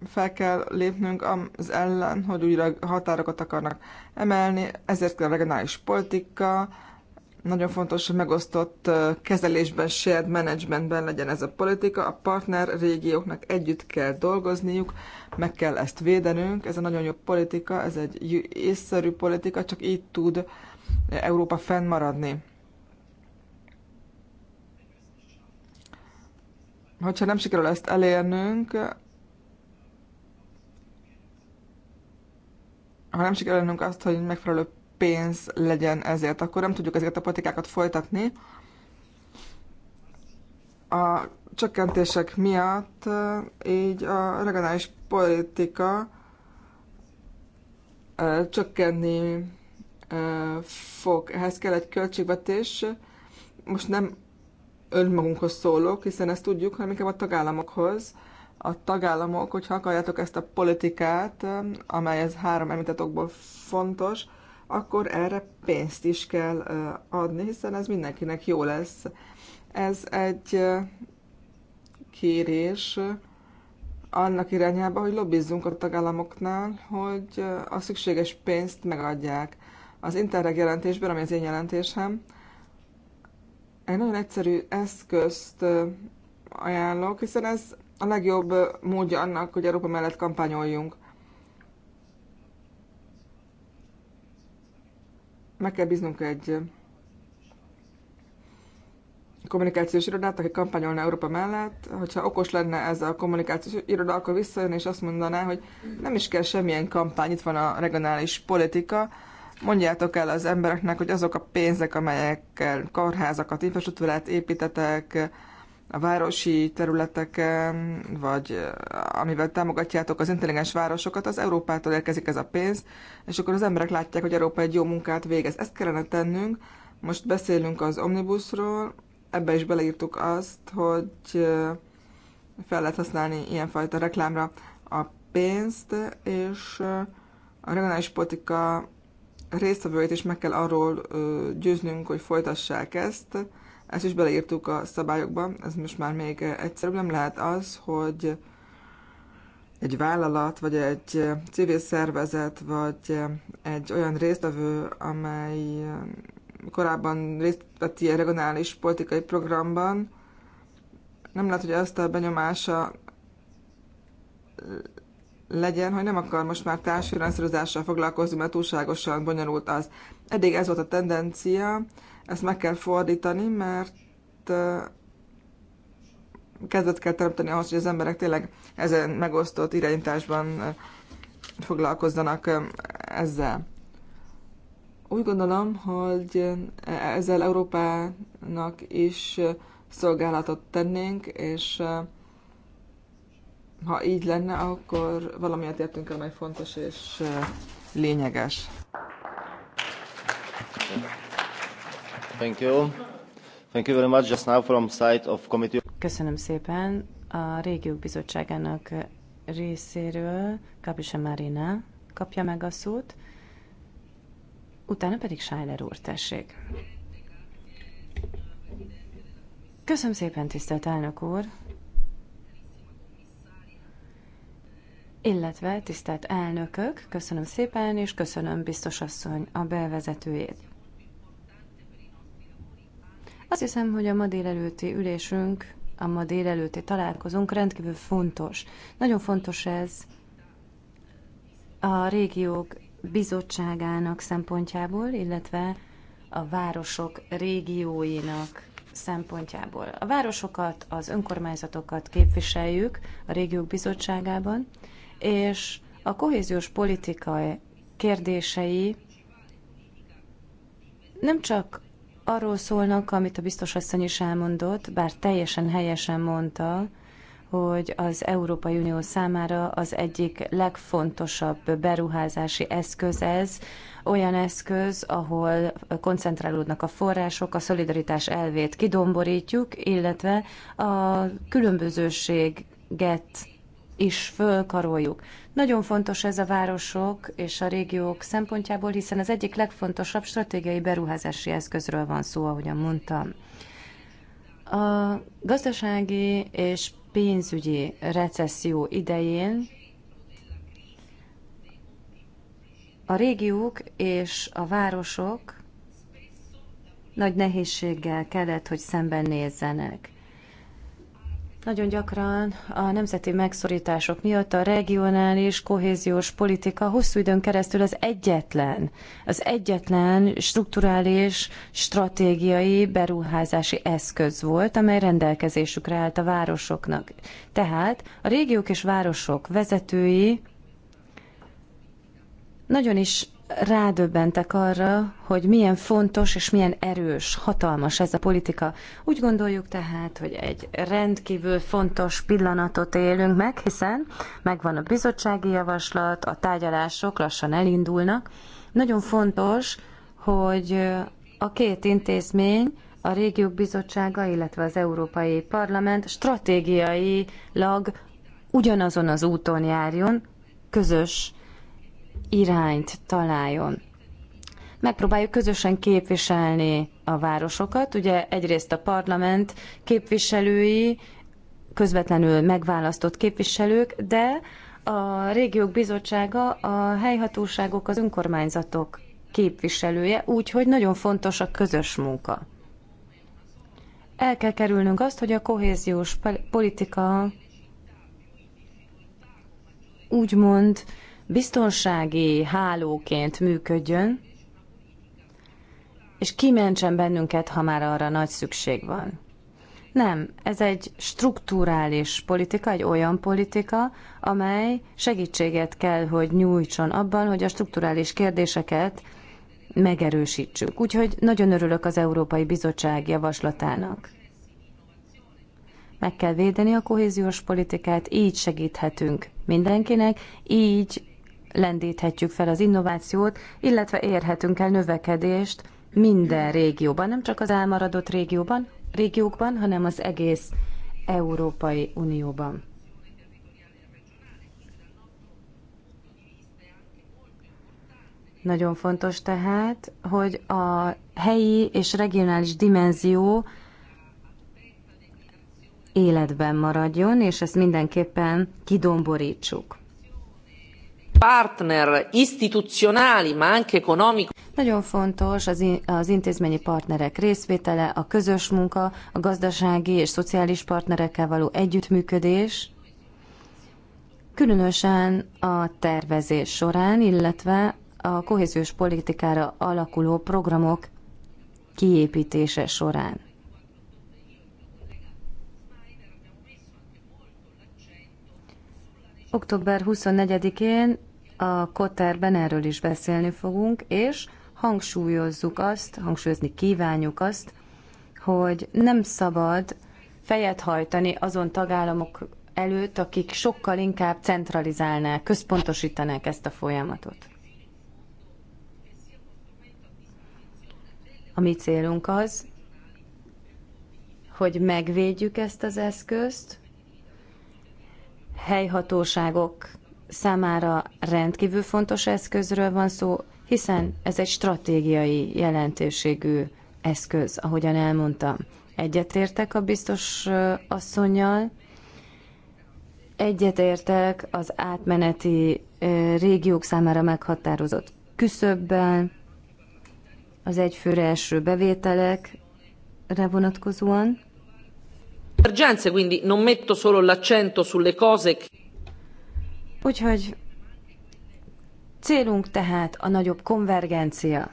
fel kell lépnünk az ellen, hogy újra határokat akarnak emelni, ezért kell a regionális politika, nagyon fontos, hogy megosztott kezelésben, shared managementben legyen ez a politika, a partner régióknak együtt kell dolgozniuk, meg kell ezt védenünk, ez a nagyon jó politika, ez egy észszerű politika, csak így tud Európa fennmaradni. Hogyha nem sikerül ezt elérnünk, ha nem sikerül elérnünk azt, hogy megfelelő pénz legyen ezért, akkor nem tudjuk ezeket a politikákat folytatni. A csökkentések miatt így a regionális politika csökkenni fog. Ehhez kell egy költségvetés. Most nem önmagunkhoz szólok, hiszen ezt tudjuk, hanem inkább a tagállamokhoz a tagállamok, hogyha akarjátok ezt a politikát, amely ez három említett okból fontos, akkor erre pénzt is kell adni, hiszen ez mindenkinek jó lesz. Ez egy kérés annak irányába, hogy lobbizzunk a tagállamoknál, hogy a szükséges pénzt megadják. Az Interreg jelentésben, ami az én jelentésem, egy nagyon egyszerű eszközt ajánlok, hiszen ez a legjobb módja annak, hogy Európa mellett kampányoljunk. Meg kell bíznunk egy kommunikációs irodát, aki kampányolna Európa mellett, hogyha okos lenne ez a kommunikációs iroda, akkor visszajön és azt mondaná, hogy nem is kell semmilyen kampány, itt van a regionális politika, mondjátok el az embereknek, hogy azok a pénzek, amelyekkel kórházakat, infrastruktúrát építetek, a városi területeken, vagy eh, amivel támogatjátok az intelligens városokat, az Európától érkezik ez a pénz, és akkor az emberek látják, hogy Európa egy jó munkát végez. Ezt kellene tennünk. Most beszélünk az omnibusról, ebbe is beleírtuk azt, hogy eh, fel lehet használni ilyenfajta reklámra a pénzt, és eh, a regionális politika résztvevőit is meg kell arról győznünk, hogy folytassák ezt, ezt is beleírtuk a szabályokba, ez most már még eh, egyszerűbb. Nem lehet az, hogy egy vállalat, vagy egy eh, civil szervezet, vagy eh, egy olyan résztvevő, amely korábban részt vett ilyen regionális politikai programban, nem lehet, hogy azt a benyomása legyen, hogy nem akar most már társfinanszírozással foglalkozni, mert túlságosan bonyolult az. Eddig ez volt a tendencia, ezt meg kell fordítani, mert kezdet kell teremteni ahhoz, hogy az emberek tényleg ezen megosztott irányításban foglalkozzanak ezzel. Úgy gondolom, hogy ezzel Európának is szolgálatot tennénk, és ha így lenne, akkor valamiért értünk el, amely fontos és lényeges. Köszönöm. Thank you. Thank you very much. Just now from side of committee. Köszönöm szépen. A régiók bizottságának részéről Kapisa Marina kapja meg a szót, utána pedig Sájler úr, tessék. Köszönöm szépen, tisztelt elnök úr! Illetve tisztelt elnökök, köszönöm szépen, és köszönöm biztos asszony a bevezetőjét. Azt hiszem, hogy a ma délelőtti ülésünk, a ma délelőtti találkozunk rendkívül fontos. Nagyon fontos ez a régiók bizottságának szempontjából, illetve a városok régióinak szempontjából. A városokat, az önkormányzatokat képviseljük a régiók bizottságában, és a kohéziós politika kérdései nem csak arról szólnak, amit a biztos asszony is elmondott, bár teljesen helyesen mondta, hogy az Európai Unió számára az egyik legfontosabb beruházási eszköz ez, olyan eszköz, ahol koncentrálódnak a források, a szolidaritás elvét kidomborítjuk, illetve a különbözőséget is fölkaroljuk. Nagyon fontos ez a városok és a régiók szempontjából, hiszen az egyik legfontosabb stratégiai beruházási eszközről van szó, ahogyan mondtam. A gazdasági és pénzügyi recesszió idején a régiók és a városok nagy nehézséggel kellett, hogy szembenézzenek. Nagyon gyakran a nemzeti megszorítások miatt a regionális kohéziós politika hosszú időn keresztül az egyetlen, az egyetlen strukturális, stratégiai beruházási eszköz volt, amely rendelkezésükre állt a városoknak. Tehát a régiók és városok vezetői nagyon is rádöbbentek arra, hogy milyen fontos és milyen erős, hatalmas ez a politika. Úgy gondoljuk tehát, hogy egy rendkívül fontos pillanatot élünk meg, hiszen megvan a bizottsági javaslat, a tárgyalások lassan elindulnak. Nagyon fontos, hogy a két intézmény, a régiók bizottsága, illetve az Európai Parlament stratégiailag ugyanazon az úton járjon, közös irányt találjon. Megpróbáljuk közösen képviselni a városokat. Ugye egyrészt a parlament képviselői, közvetlenül megválasztott képviselők, de a régiók bizottsága, a helyhatóságok, az önkormányzatok képviselője, úgyhogy nagyon fontos a közös munka. El kell kerülnünk azt, hogy a kohéziós politika úgymond biztonsági hálóként működjön, és kimentsen bennünket, ha már arra nagy szükség van. Nem, ez egy strukturális politika, egy olyan politika, amely segítséget kell, hogy nyújtson abban, hogy a strukturális kérdéseket megerősítsük. Úgyhogy nagyon örülök az Európai Bizottság javaslatának. Meg kell védeni a kohéziós politikát, így segíthetünk mindenkinek, így lendíthetjük fel az innovációt, illetve érhetünk el növekedést minden régióban, nem csak az elmaradott régióban, régiókban, hanem az egész Európai Unióban. Nagyon fontos tehát, hogy a helyi és regionális dimenzió életben maradjon, és ezt mindenképpen kidomborítsuk partner istituzionali, ma anche economico. Nagyon fontos az, in, az intézményi partnerek részvétele, a közös munka, a gazdasági és szociális partnerekkel való együttműködés, különösen a tervezés során, illetve a kohéziós politikára alakuló programok kiépítése során. Október 24-én a Kotterben erről is beszélni fogunk, és hangsúlyozzuk azt, hangsúlyozni kívánjuk azt, hogy nem szabad fejet hajtani azon tagállamok előtt, akik sokkal inkább centralizálnák, központosítanák ezt a folyamatot. A mi célunk az, hogy megvédjük ezt az eszközt, helyhatóságok számára rendkívül fontos eszközről van szó, hiszen ez egy stratégiai jelentőségű eszköz, ahogyan elmondtam. Egyetértek a biztos asszonyjal, egyetértek az átmeneti régiók számára meghatározott küszöbben, az egyfőre első bevételekre vonatkozóan. Emergenze, quindi non metto solo l'accento sulle cose Úgyhogy célunk tehát a nagyobb konvergencia.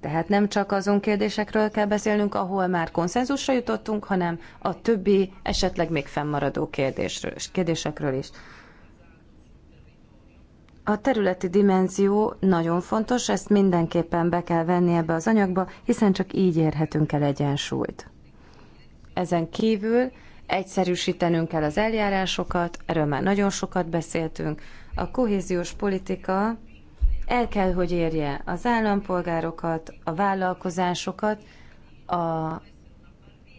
Tehát nem csak azon kérdésekről kell beszélnünk, ahol már konszenzusra jutottunk, hanem a többi esetleg még fennmaradó kérdésről, kérdésekről is. A területi dimenzió nagyon fontos, ezt mindenképpen be kell venni ebbe az anyagba, hiszen csak így érhetünk el egyensúlyt. Ezen kívül egyszerűsítenünk kell az eljárásokat, erről már nagyon sokat beszéltünk. A kohéziós politika el kell, hogy érje az állampolgárokat, a vállalkozásokat, a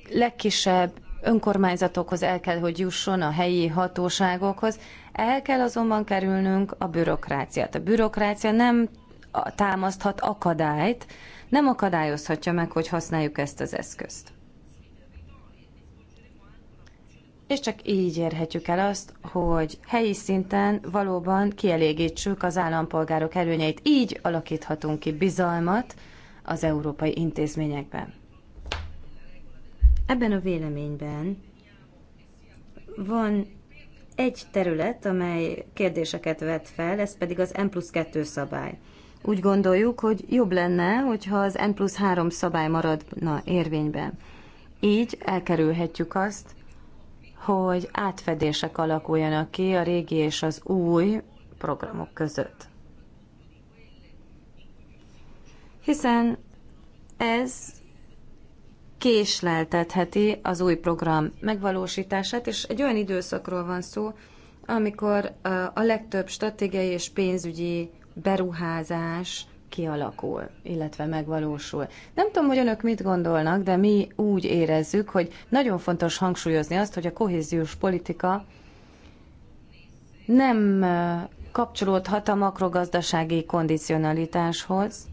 legkisebb önkormányzatokhoz el kell, hogy jusson, a helyi hatóságokhoz. El kell azonban kerülnünk a bürokráciát. A bürokrácia nem támaszthat akadályt, nem akadályozhatja meg, hogy használjuk ezt az eszközt. És csak így érhetjük el azt, hogy helyi szinten valóban kielégítsük az állampolgárok előnyeit. Így alakíthatunk ki bizalmat az európai intézményekben. Ebben a véleményben van egy terület, amely kérdéseket vet fel, ez pedig az N plusz 2 szabály. Úgy gondoljuk, hogy jobb lenne, hogyha az N plusz 3 szabály maradna érvényben. Így elkerülhetjük azt, hogy átfedések alakuljanak ki a régi és az új programok között. Hiszen ez késleltetheti az új program megvalósítását, és egy olyan időszakról van szó, amikor a legtöbb stratégiai és pénzügyi beruházás kialakul, illetve megvalósul. Nem tudom, hogy önök mit gondolnak, de mi úgy érezzük, hogy nagyon fontos hangsúlyozni azt, hogy a kohéziós politika nem kapcsolódhat a makrogazdasági kondicionalitáshoz,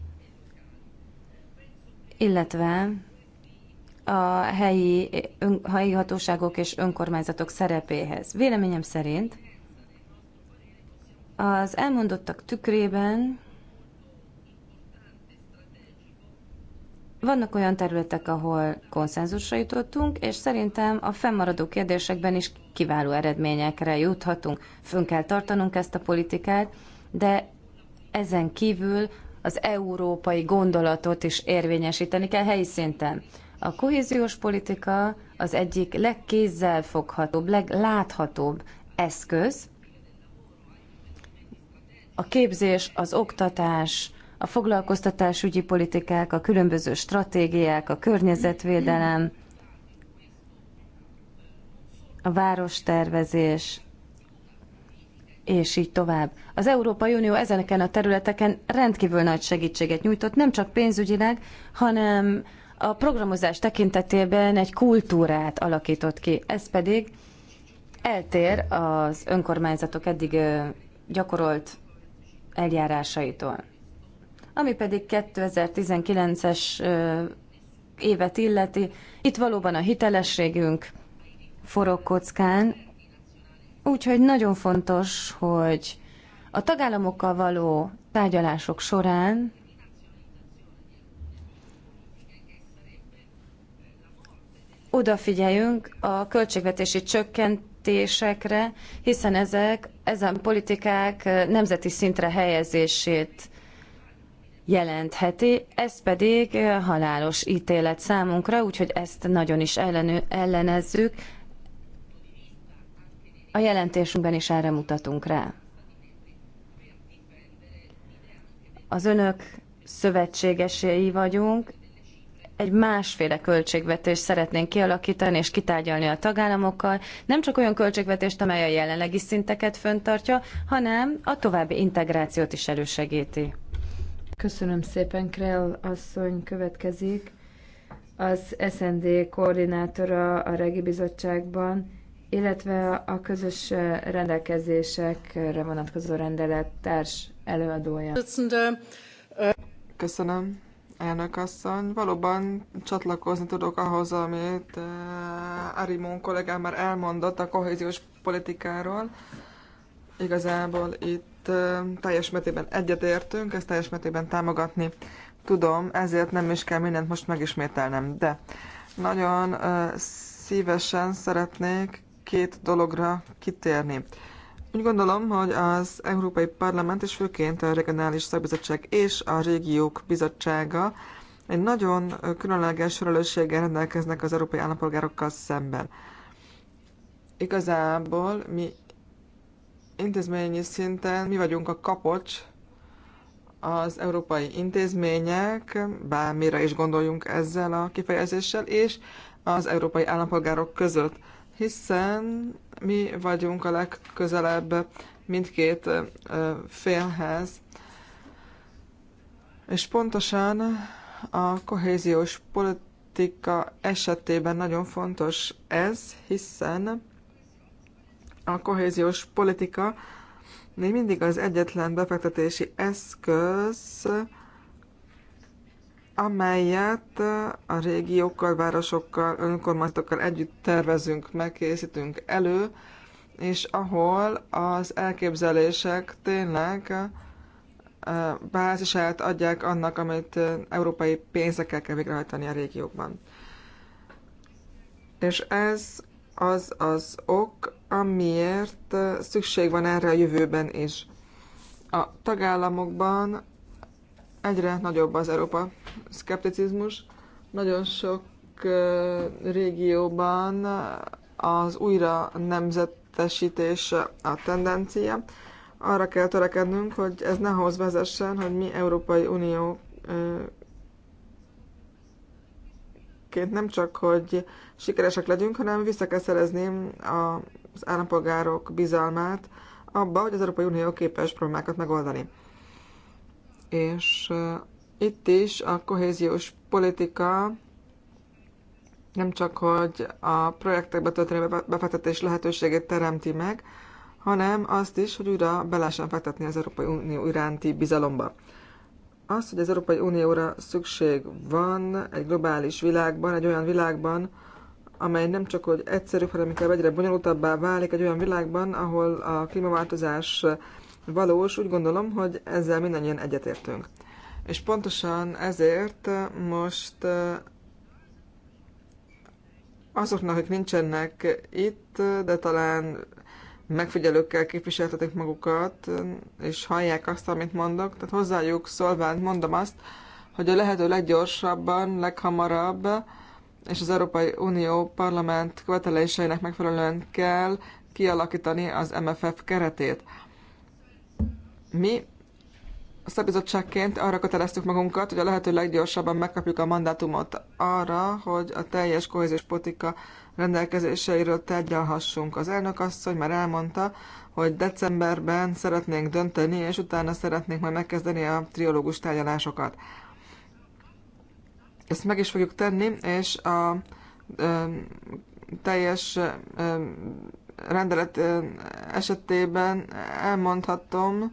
illetve a helyi, ön, helyi hatóságok és önkormányzatok szerepéhez. Véleményem szerint az elmondottak tükrében vannak olyan területek, ahol konszenzusra jutottunk, és szerintem a fennmaradó kérdésekben is kiváló eredményekre juthatunk. Fönn kell tartanunk ezt a politikát, de ezen kívül az európai gondolatot is érvényesíteni kell helyi szinten. A kohéziós politika az egyik legkézzelfoghatóbb, legláthatóbb eszköz. A képzés, az oktatás, a foglalkoztatásügyi politikák, a különböző stratégiák, a környezetvédelem, a várostervezés, és így tovább. Az Európai Unió ezeneken a területeken rendkívül nagy segítséget nyújtott, nem csak pénzügyileg, hanem a programozás tekintetében egy kultúrát alakított ki. Ez pedig eltér az önkormányzatok eddig gyakorolt eljárásaitól. Ami pedig 2019-es évet illeti, itt valóban a hitelességünk forog kockán, úgyhogy nagyon fontos, hogy a tagállamokkal való tárgyalások során odafigyeljünk a költségvetési csökkentésekre, hiszen ezek ezen politikák nemzeti szintre helyezését jelentheti, ez pedig halálos ítélet számunkra, úgyhogy ezt nagyon is ellenő, ellenezzük. A jelentésünkben is erre mutatunk rá. Az önök szövetségesei vagyunk, egy másféle költségvetést szeretnénk kialakítani és kitárgyalni a tagállamokkal, nem csak olyan költségvetést, amely a jelenlegi szinteket föntartja, hanem a további integrációt is elősegíti. Köszönöm szépen, Krell asszony következik. Az SND koordinátora a Regi Bizottságban, illetve a közös rendelkezésekre vonatkozó rendelet társ előadója. Köszönöm elnökasszony. Valóban csatlakozni tudok ahhoz, amit eh, Arimon kollégám már elmondott a kohéziós politikáról. Igazából itt eh, teljes mértékben egyetértünk, ezt teljes mértékben támogatni tudom, ezért nem is kell mindent most megismételnem, de nagyon eh, szívesen szeretnék két dologra kitérni. Úgy gondolom, hogy az Európai Parlament és főként a Regionális Szakbizottság és a Régiók Bizottsága egy nagyon különleges felelősséggel rendelkeznek az európai állampolgárokkal szemben. Igazából mi intézményi szinten mi vagyunk a kapocs az európai intézmények, bármire is gondoljunk ezzel a kifejezéssel, és az európai állampolgárok között hiszen mi vagyunk a legközelebb mindkét félhez. És pontosan a kohéziós politika esetében nagyon fontos ez, hiszen a kohéziós politika még mindig az egyetlen befektetési eszköz, amelyet eh, a régiókkal, városokkal, önkormányzatokkal együtt tervezünk, megkészítünk elő, és ahol az elképzelések tényleg eh, bázisát adják annak, amit eh, európai pénzekkel kell végrehajtani a régiókban. És ez az az ok, amiért szükség van erre a jövőben is. A tagállamokban egyre nagyobb az Európa szkepticizmus. Nagyon sok régióban az újra nemzetesítés a tendencia. Arra kell törekednünk, hogy ez ne hoz vezessen, hogy mi Európai Unió ként nem csak, hogy sikeresek legyünk, hanem vissza kell szerezni az állampolgárok bizalmát abba, hogy az Európai Unió képes problémákat megoldani. És itt is a kohéziós politika nem csak, hogy a projektekbe történő befektetés lehetőségét teremti meg, hanem azt is, hogy újra be lehessen fektetni az Európai Unió iránti bizalomba. Az, hogy az Európai Unióra szükség van egy globális világban, egy olyan világban, amely nem csak hogy egyszerűbb, hanem inkább egyre bonyolultabbá válik, egy olyan világban, ahol a klímaváltozás valós, úgy gondolom, hogy ezzel mindannyian egyetértünk. És pontosan ezért most azoknak, akik nincsenek itt, de talán megfigyelőkkel képviseltetik magukat, és hallják azt, amit mondok, tehát hozzájuk szólván mondom azt, hogy a lehető leggyorsabban, leghamarabb, és az Európai Unió parlament követeléseinek megfelelően kell kialakítani az MFF keretét. Mi szabizottságként arra köteleztük magunkat, hogy a lehető leggyorsabban megkapjuk a mandátumot arra, hogy a teljes kohéziós politika rendelkezéseiről tárgyalhassunk. Az elnök asszony már elmondta, hogy decemberben szeretnénk dönteni, és utána szeretnénk majd megkezdeni a triológus tárgyalásokat. Ezt meg is fogjuk tenni, és a ö, teljes ö, rendelet ö, esetében elmondhatom,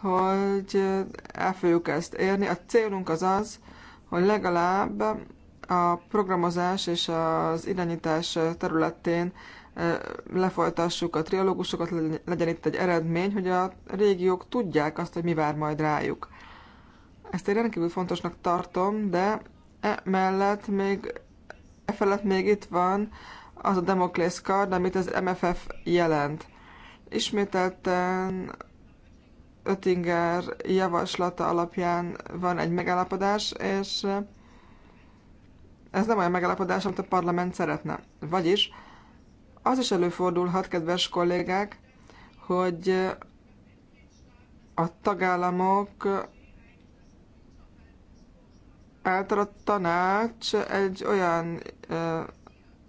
hogy el fogjuk ezt érni. A célunk az az, hogy legalább a programozás és az irányítás területén lefolytassuk a trialógusokat, legyen itt egy eredmény, hogy a régiók tudják azt, hogy mi vár majd rájuk. Ezt én rendkívül fontosnak tartom, de emellett még, e felett még itt van az a Democles card, amit az MFF jelent. Ismételten Oettinger javaslata alapján van egy megállapodás, és ez nem olyan megállapodás, amit a parlament szeretne. Vagyis az is előfordulhat, kedves kollégák, hogy a tagállamok által a tanács egy olyan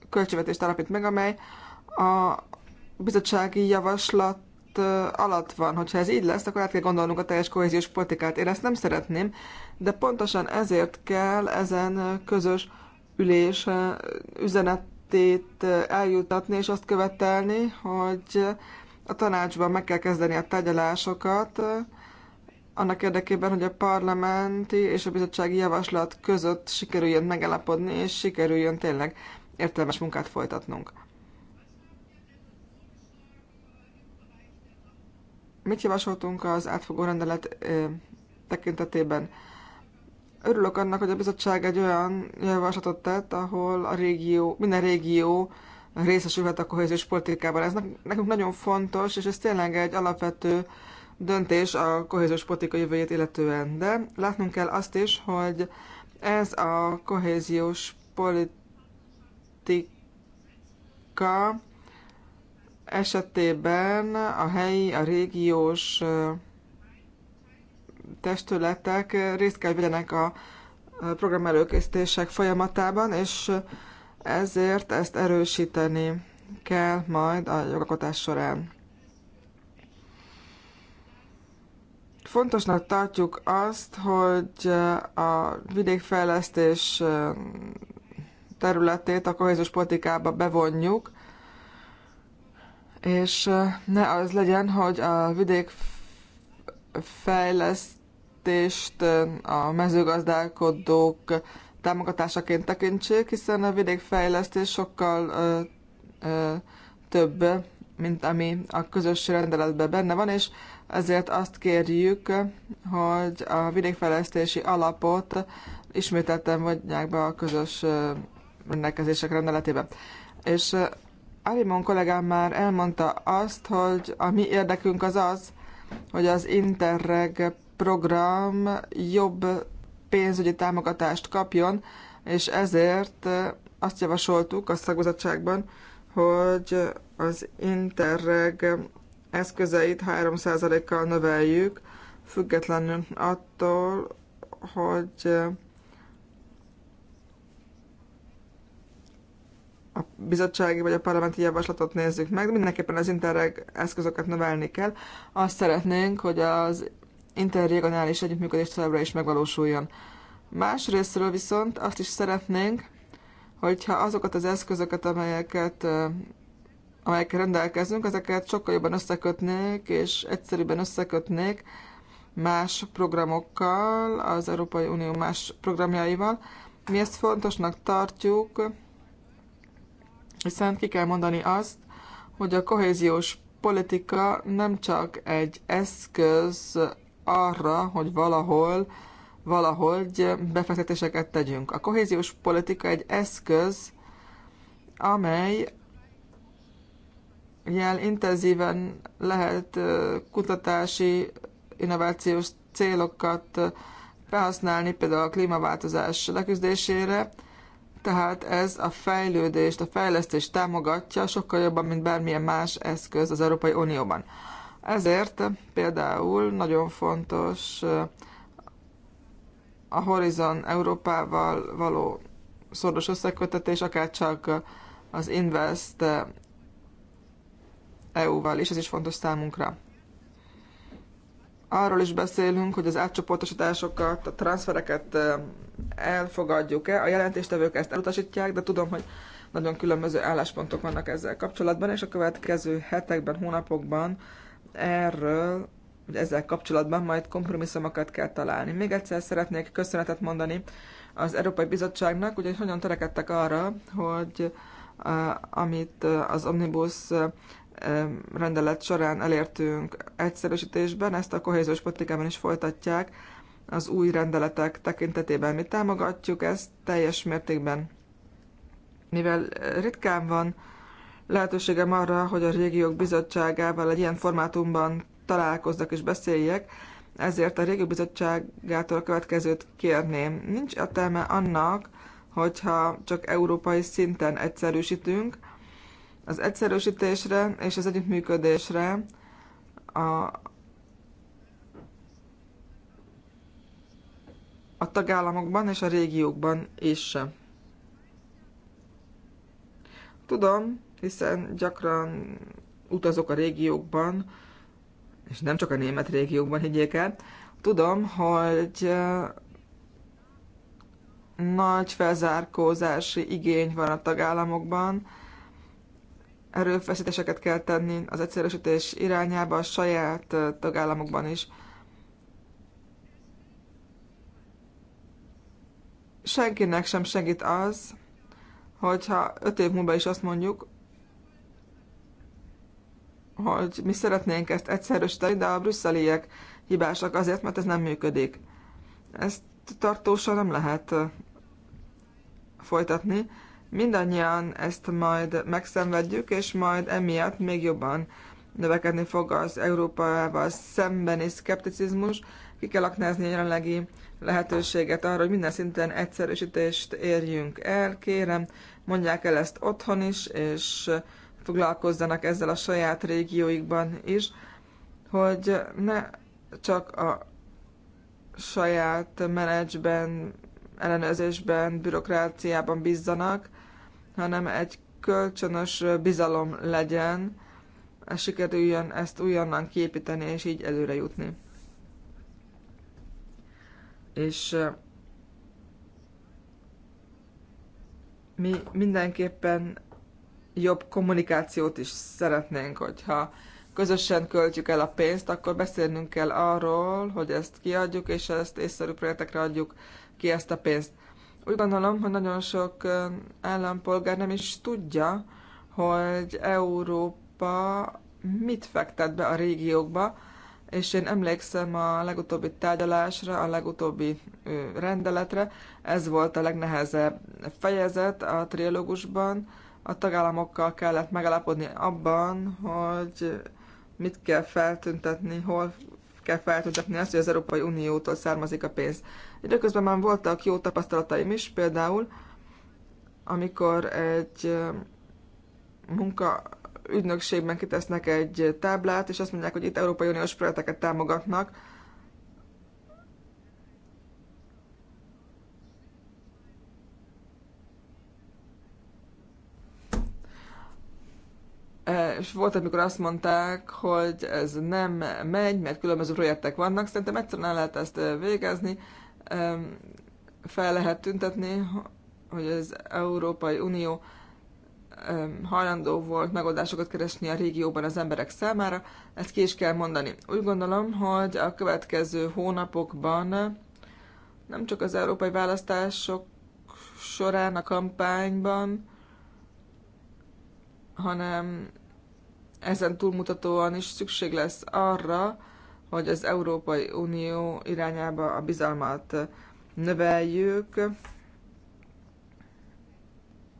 költségvetést alapít meg, amely a bizottsági javaslat alatt van. Hogyha ez így lesz, akkor át kell gondolnunk a teljes kohéziós politikát. Én ezt nem szeretném, de pontosan ezért kell ezen közös ülés üzenetét eljutatni, és azt követelni, hogy a tanácsban meg kell kezdeni a tárgyalásokat, annak érdekében, hogy a parlamenti és a bizottsági javaslat között sikerüljön megállapodni, és sikerüljön tényleg értelmes munkát folytatnunk. Mit javasoltunk az átfogó rendelet tekintetében? Örülök annak, hogy a bizottság egy olyan javaslatot tett, ahol a régió, minden régió részesülhet a kohéziós politikában. Ez nekünk nagyon fontos, és ez tényleg egy alapvető döntés a kohéziós politika jövőjét illetően. De látnunk kell azt is, hogy ez a kohéziós politika esetében a helyi, a régiós testületek részt kell vegyenek a program előkészítések folyamatában, és ezért ezt erősíteni kell majd a jogalkotás során. Fontosnak tartjuk azt, hogy a vidékfejlesztés területét a kohéziós politikába bevonjuk, és ne az legyen, hogy a vidék fejlesztést a mezőgazdálkodók támogatásaként tekintsék, hiszen a vidékfejlesztés sokkal ö, ö, több, mint ami a közös rendeletben benne van, és ezért azt kérjük, hogy a vidékfejlesztési alapot ismételten vagyják be a közös rendelkezések rendeletébe. És Arimon kollégám már elmondta azt, hogy a mi érdekünk az az, hogy az Interreg program jobb pénzügyi támogatást kapjon, és ezért azt javasoltuk a szakbizottságban, hogy az Interreg eszközeit 3%-kal növeljük, függetlenül attól, hogy a bizottsági vagy a parlamenti javaslatot nézzük meg, mindenképpen az interreg eszközöket növelni kell. Azt szeretnénk, hogy az interregionális együttműködés továbbra is megvalósuljon. Másrésztről viszont azt is szeretnénk, hogyha azokat az eszközöket, amelyeket amelyekkel rendelkezünk, ezeket sokkal jobban összekötnék, és egyszerűbben összekötnék más programokkal, az Európai Unió más programjaival. Mi ezt fontosnak tartjuk, hiszen ki kell mondani azt, hogy a kohéziós politika nem csak egy eszköz arra, hogy valahol, valahogy befektetéseket tegyünk. A kohéziós politika egy eszköz, amely jel intenzíven lehet kutatási, innovációs célokat felhasználni, például a klímaváltozás leküzdésére, tehát ez a fejlődést, a fejlesztést támogatja sokkal jobban, mint bármilyen más eszköz az Európai Unióban. Ezért például nagyon fontos eh, a Horizon Európával való szoros összekötetés, akár csak az Invest eh, EU-val is, ez is fontos számunkra arról is beszélünk, hogy az átcsoportosításokat, a transfereket elfogadjuk-e. A jelentéstevők ezt elutasítják, de tudom, hogy nagyon különböző álláspontok vannak ezzel kapcsolatban, és a következő hetekben, hónapokban erről, hogy ezzel kapcsolatban majd kompromisszumokat kell találni. Még egyszer szeretnék köszönetet mondani az Európai Bizottságnak, hogy hogyan törekedtek arra, hogy amit az Omnibus rendelet során elértünk egyszerűsítésben, ezt a kohéziós politikában is folytatják az új rendeletek tekintetében. Mi támogatjuk ezt teljes mértékben, mivel eh, ritkán van lehetőségem arra, hogy a régiók bizottságával egy ilyen formátumban találkozzak és beszéljek, ezért a régiók bizottságától a következőt kérném. Nincs értelme annak, hogyha csak európai szinten egyszerűsítünk, az egyszerűsítésre és az együttműködésre, a, a tagállamokban és a régiókban is. Tudom, hiszen gyakran utazok a régiókban, és nem csak a német régiókban, higgyék el, tudom, hogy nagy felzárkózási igény van a tagállamokban, erőfeszítéseket kell tenni az egyszerűsítés irányába a saját tagállamokban is. Senkinek sem segít az, hogyha öt év múlva is azt mondjuk, hogy mi szeretnénk ezt egyszerűsíteni, de a brüsszeliek hibásak azért, mert ez nem működik. Ezt tartósan nem lehet folytatni. Mindannyian ezt majd megszenvedjük, és majd emiatt még jobban növekedni fog az Európával szembeni szkepticizmus. Ki kell aknázni a jelenlegi lehetőséget arra, hogy minden szinten egyszerűsítést érjünk el. Kérem, mondják el ezt otthon is, és foglalkozzanak ezzel a saját régióikban is, hogy ne csak a saját menedzsben, ellenőrzésben, bürokráciában bízzanak, hanem egy kölcsönös bizalom legyen, sikerüljön ezt újonnan képíteni, és így előre jutni. És mi mindenképpen jobb kommunikációt is szeretnénk, hogyha közösen költjük el a pénzt, akkor beszélnünk kell arról, hogy ezt kiadjuk, és ezt észszerű projektekre adjuk ki ezt a pénzt. Úgy gondolom, hogy nagyon sok állampolgár nem is tudja, hogy Európa mit fektet be a régiókba, és én emlékszem a legutóbbi tárgyalásra, a legutóbbi rendeletre, ez volt a legnehezebb fejezet a trialógusban, a tagállamokkal kellett megalapodni abban, hogy mit kell feltüntetni, hol kell feltüntetni azt, hogy az Európai Uniótól származik a pénz. Időközben már voltak jó tapasztalataim is, például amikor egy munka ügynökségben kitesznek egy táblát, és azt mondják, hogy itt Európai Uniós projekteket támogatnak, e, és volt, amikor azt mondták, hogy ez nem megy, mert különböző projektek vannak, szerintem egyszerűen el lehet ezt végezni, fel lehet tüntetni, hogy az Európai Unió hajlandó volt megoldásokat keresni a régióban az emberek számára, ezt ki is kell mondani. Úgy gondolom, hogy a következő hónapokban nem csak az európai választások során a kampányban, hanem ezen túlmutatóan is szükség lesz arra, hogy az Európai Unió irányába a bizalmat növeljük,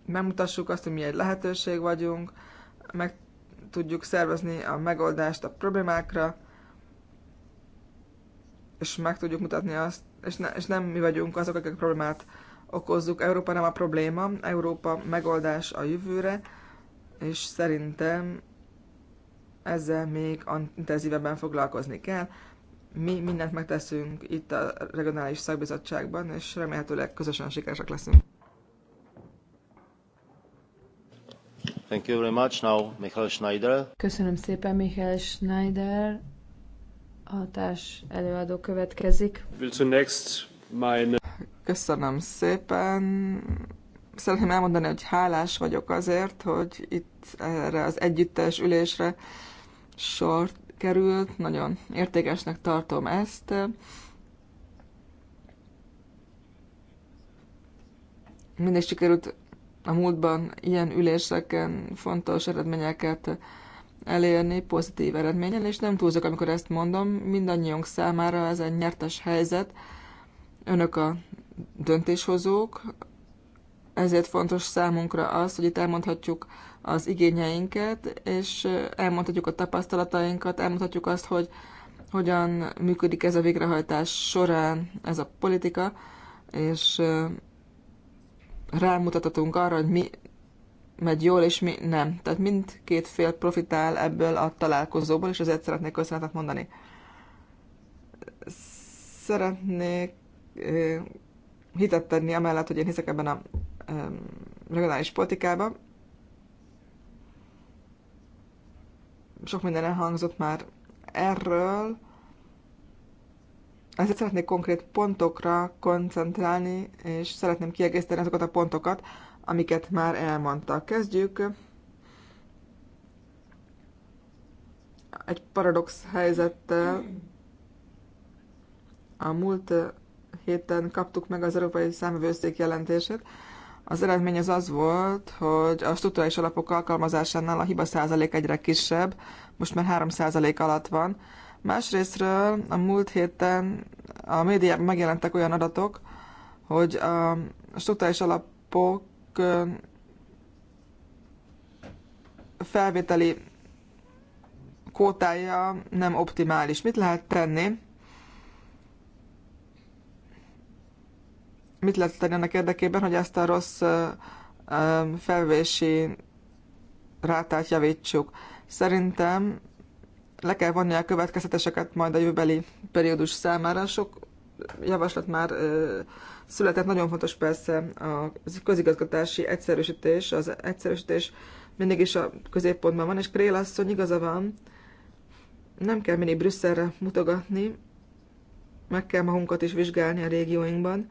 megmutassuk azt, hogy mi egy lehetőség vagyunk, meg tudjuk szervezni a megoldást a problémákra, és meg tudjuk mutatni azt, és, ne, és nem mi vagyunk azok, akik a problémát okozzuk. Európa nem a probléma, Európa megoldás a jövőre, és szerintem ezzel még intenzívebben foglalkozni kell. Mi mindent megteszünk itt a regionális szakbizottságban, és remélhetőleg közösen sikeresek leszünk. Thank you very much. Now, Michael Schneider. Köszönöm szépen, Michael Schneider. A társ előadó következik. meine... Köszönöm szépen. Szeretném elmondani, hogy hálás vagyok azért, hogy itt erre az együttes ülésre sor került, nagyon értékesnek tartom ezt. Mindig sikerült a múltban ilyen üléseken fontos eredményeket elérni, pozitív eredményen, és nem túlzok, amikor ezt mondom, mindannyiunk számára ez egy nyertes helyzet. Önök a döntéshozók, ezért fontos számunkra az, hogy itt elmondhatjuk az igényeinket, és elmondhatjuk a tapasztalatainkat, elmondhatjuk azt, hogy hogyan működik ez a végrehajtás során ez a politika, és rámutathatunk arra, hogy mi megy jól, és mi nem. Tehát mindkét fél profitál ebből a találkozóból, és ezért szeretnék köszönetet mondani. Szeretnék hitet tenni amellett, hogy én hiszek ebben a regionális politikában, sok minden elhangzott már erről, ezért szeretnék konkrét pontokra koncentrálni, és szeretném kiegészíteni azokat a pontokat, amiket már elmondtak. Kezdjük egy paradox helyzettel. A múlt héten kaptuk meg az Európai Számvevőszék jelentését, az eredmény az az volt, hogy a struktúrális alapok alkalmazásánál a hiba százalék egyre kisebb, most már 3 százalék alatt van. Másrésztről a múlt héten a médiában megjelentek olyan adatok, hogy a struktúrális alapok felvételi kótája nem optimális. Mit lehet tenni? mit lehet tenni annak érdekében, hogy ezt a rossz felvési rátát javítsuk. Szerintem le kell vonni a következeteseket, majd a jövőbeli periódus számára. Sok javaslat már született, nagyon fontos persze a közigazgatási egyszerűsítés, az egyszerűsítés mindig is a középpontban van, és Krél asszony igaza van, nem kell mindig Brüsszelre mutogatni, meg kell magunkat is vizsgálni a régióinkban,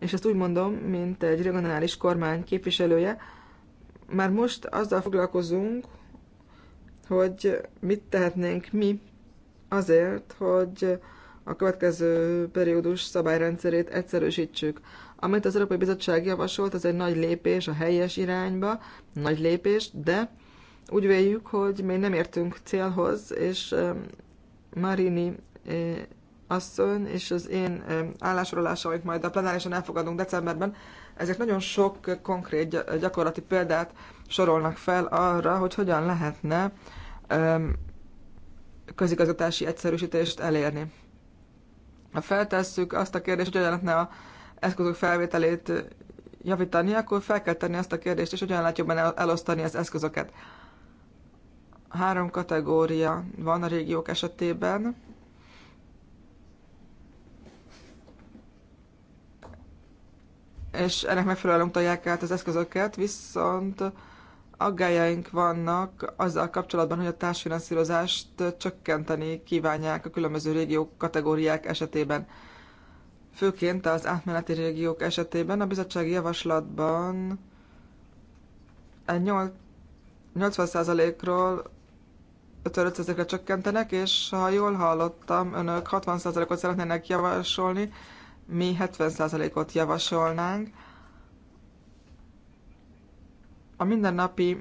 és ezt úgy mondom, mint egy regionális kormány képviselője, már most azzal foglalkozunk, hogy mit tehetnénk mi azért, hogy a következő periódus szabályrendszerét egyszerűsítsük. Amit az Európai Bizottság javasolt, az egy nagy lépés a helyes irányba, nagy lépés, de úgy véljük, hogy még nem értünk célhoz, és eh, Marini eh, asszony, és az én állásolása, amit majd a plenárisan elfogadunk decemberben, ezek nagyon sok konkrét gyakorlati példát sorolnak fel arra, hogy hogyan lehetne közigazgatási egyszerűsítést elérni. Ha feltesszük azt a kérdést, hogy hogyan lehetne a eszközök felvételét javítani, akkor fel kell tenni azt a kérdést, és hogyan lehet jobban elosztani az eszközöket. Három kategória van a régiók esetében és ennek megfelelően utalják át az eszközöket, viszont aggájaink vannak azzal kapcsolatban, hogy a társfinanszírozást csökkenteni kívánják a különböző régiók kategóriák esetében. Főként az átmeneti régiók esetében a bizottsági javaslatban 80%-ról 55%-ra csökkentenek, és ha jól hallottam, önök 60%-ot szeretnének javasolni, mi 70%-ot javasolnánk. A mindennapi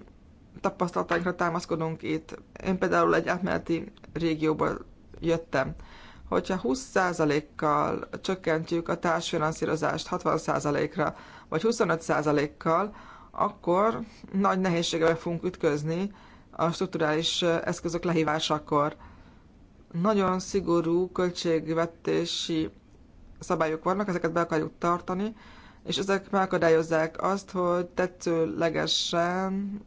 tapasztalatainkra támaszkodunk itt. Én például egy átmeneti régióból jöttem. Hogyha 20%-kal csökkentjük a társfinanszírozást 60%-ra, vagy 25%-kal, akkor nagy nehézségekbe fogunk ütközni a strukturális eszközök lehívásakor. Nagyon szigorú költségvetési szabályok vannak, ezeket be akarjuk tartani, és ezek megakadályozzák azt, hogy tetszőlegesen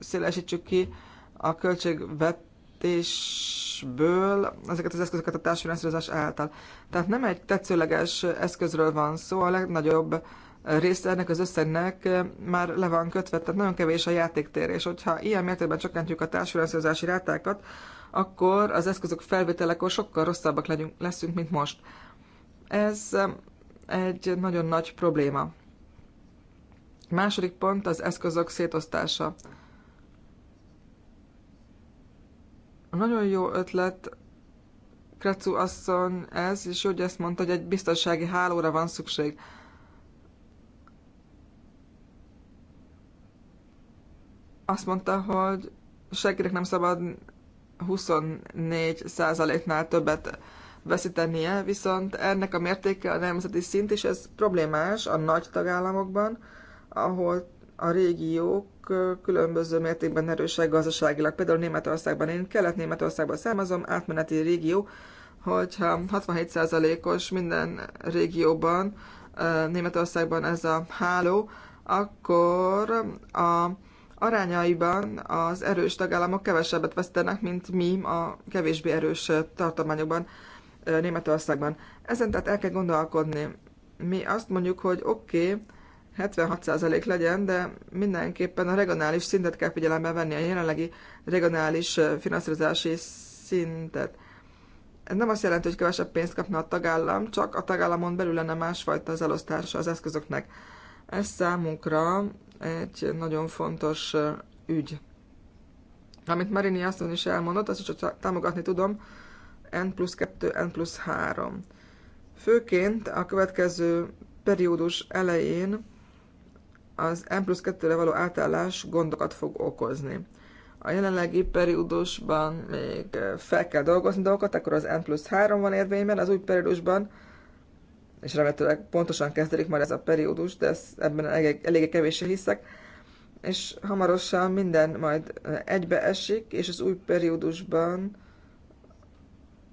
szélesítsük ki a költségvetésből ezeket az eszközöket a társfinanszírozás által. Tehát nem egy tetszőleges eszközről van szó, a legnagyobb része ennek az összegnek már le van kötve, tehát nagyon kevés a játéktér, és hogyha ilyen mértékben csökkentjük a társfinanszírozási rátákat, akkor az eszközök felvételekor sokkal rosszabbak legyünk, leszünk, mint most. Ez um, egy nagyon nagy probléma. Második pont az eszközök szétosztása. Nagyon jó ötlet, Kracu asszony ez, és úgy ezt mondta, hogy egy biztonsági hálóra van szükség. Azt mondta, hogy senkinek nem szabad 24%-nál többet veszítenie, viszont ennek a mértéke a nemzeti szint, és ez problémás a nagy tagállamokban, ahol a régiók különböző mértékben erősek gazdaságilag. Például Németországban, én Kelet-Németországban származom, átmeneti régió, hogyha 67%-os minden régióban, Németországban ez a háló, akkor a arányaiban az erős tagállamok kevesebbet vesztenek, mint mi a kevésbé erős tartományokban, Németországban. Ezen tehát el kell gondolkodni. Mi azt mondjuk, hogy oké, okay, 76% legyen, de mindenképpen a regionális szintet kell figyelembe venni, a jelenlegi regionális finanszírozási szintet. Ez nem azt jelenti, hogy kevesebb pénzt kapna a tagállam, csak a tagállamon belül lenne másfajta az elosztása az eszközöknek. Ez számunkra egy nagyon fontos ügy. Amit Marini Aston is elmondott, azt is csak támogatni tudom, N plusz 2, N plusz 3. Főként a következő periódus elején az N plusz 2-re való átállás gondokat fog okozni. A jelenlegi periódusban még fel kell dolgozni dolgokat, akkor az N plusz 3 van érvényben, az új periódusban és remélhetőleg pontosan kezdődik majd ez a periódus, de ezt ebben eléggé elég kevéssé hiszek, és hamarosan minden majd egybeesik, és az új periódusban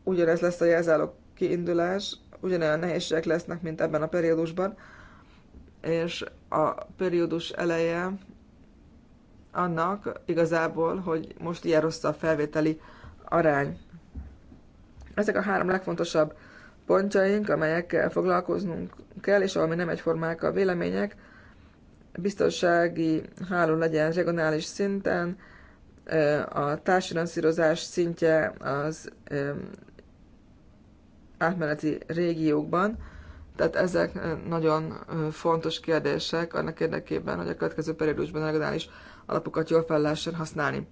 ugyanez lesz a jelzáló kiindulás, ugyanolyan nehézségek lesznek, mint ebben a periódusban, és a periódus eleje annak igazából, hogy most ilyen rossz a felvételi arány. Ezek a három legfontosabb pontjaink, amelyekkel foglalkoznunk kell, és ahol mi nem egyformák a vélemények, biztonsági háló legyen regionális szinten, a társfinanszírozás szintje az átmeneti régiókban, tehát ezek nagyon fontos kérdések annak érdekében, hogy a következő periódusban a regionális alapokat jól fel lehessen használni.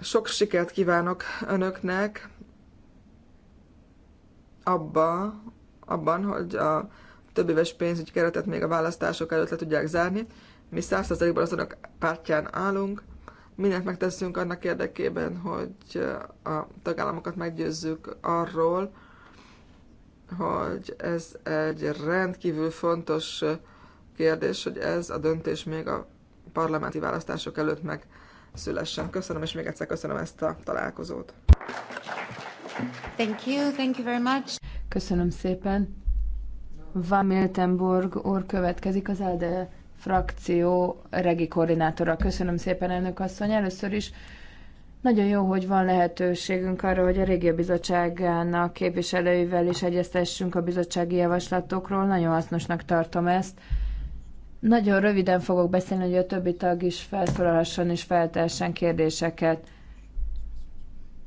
Sok sikert kívánok Önöknek, abba, abban, hogy a több éves pénzügyi keretet még a választások előtt le tudják zárni. Mi 100%-ban az önök pártján állunk, mindent megteszünk annak érdekében, hogy a tagállamokat meggyőzzük arról, hogy ez egy rendkívül fontos kérdés, hogy ez a döntés még a parlamenti választások előtt megszülessen. Köszönöm, és még egyszer köszönöm ezt a találkozót. Thank you, thank you very much. Köszönöm szépen. Van Miltenburg úr következik az elde frakció regi koordinátora. Köszönöm szépen, elnök asszony. Először is nagyon jó, hogy van lehetőségünk arra, hogy a régi Bizottságának képviselőivel is egyeztessünk a bizottsági javaslatokról. Nagyon hasznosnak tartom ezt. Nagyon röviden fogok beszélni, hogy a többi tag is felszólalhasson és feltessen kérdéseket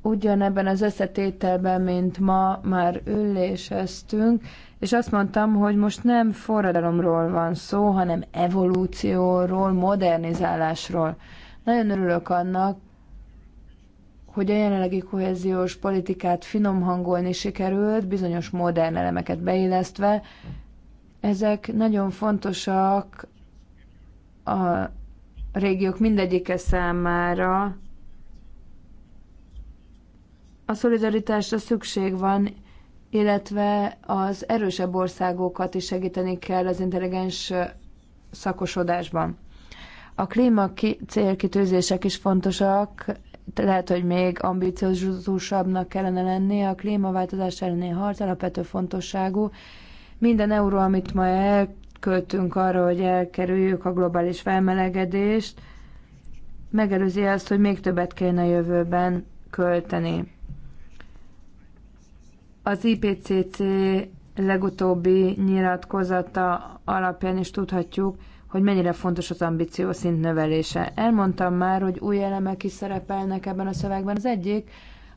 ugyanebben az összetételben, mint ma már ülléseztünk, és azt mondtam, hogy most nem forradalomról van szó, hanem evolúcióról, modernizálásról. Nagyon örülök annak, hogy a jelenlegi kohéziós politikát finom hangolni sikerült, bizonyos modern elemeket beillesztve. Ezek nagyon fontosak a régiók mindegyike számára, a szolidaritásra szükség van, illetve az erősebb országokat is segíteni kell az intelligens szakosodásban. A klíma célkitűzések is fontosak, lehet, hogy még ambíciózusabbnak kellene lenni A klímaváltozás elleni harc alapvető fontosságú. Minden euró, amit ma elköltünk arra, hogy elkerüljük a globális felmelegedést, megelőzi azt, hogy még többet kéne a jövőben költeni. Az IPCC legutóbbi nyilatkozata alapján is tudhatjuk, hogy mennyire fontos az ambíció szint növelése. Elmondtam már, hogy új elemek is szerepelnek ebben a szövegben. Az egyik,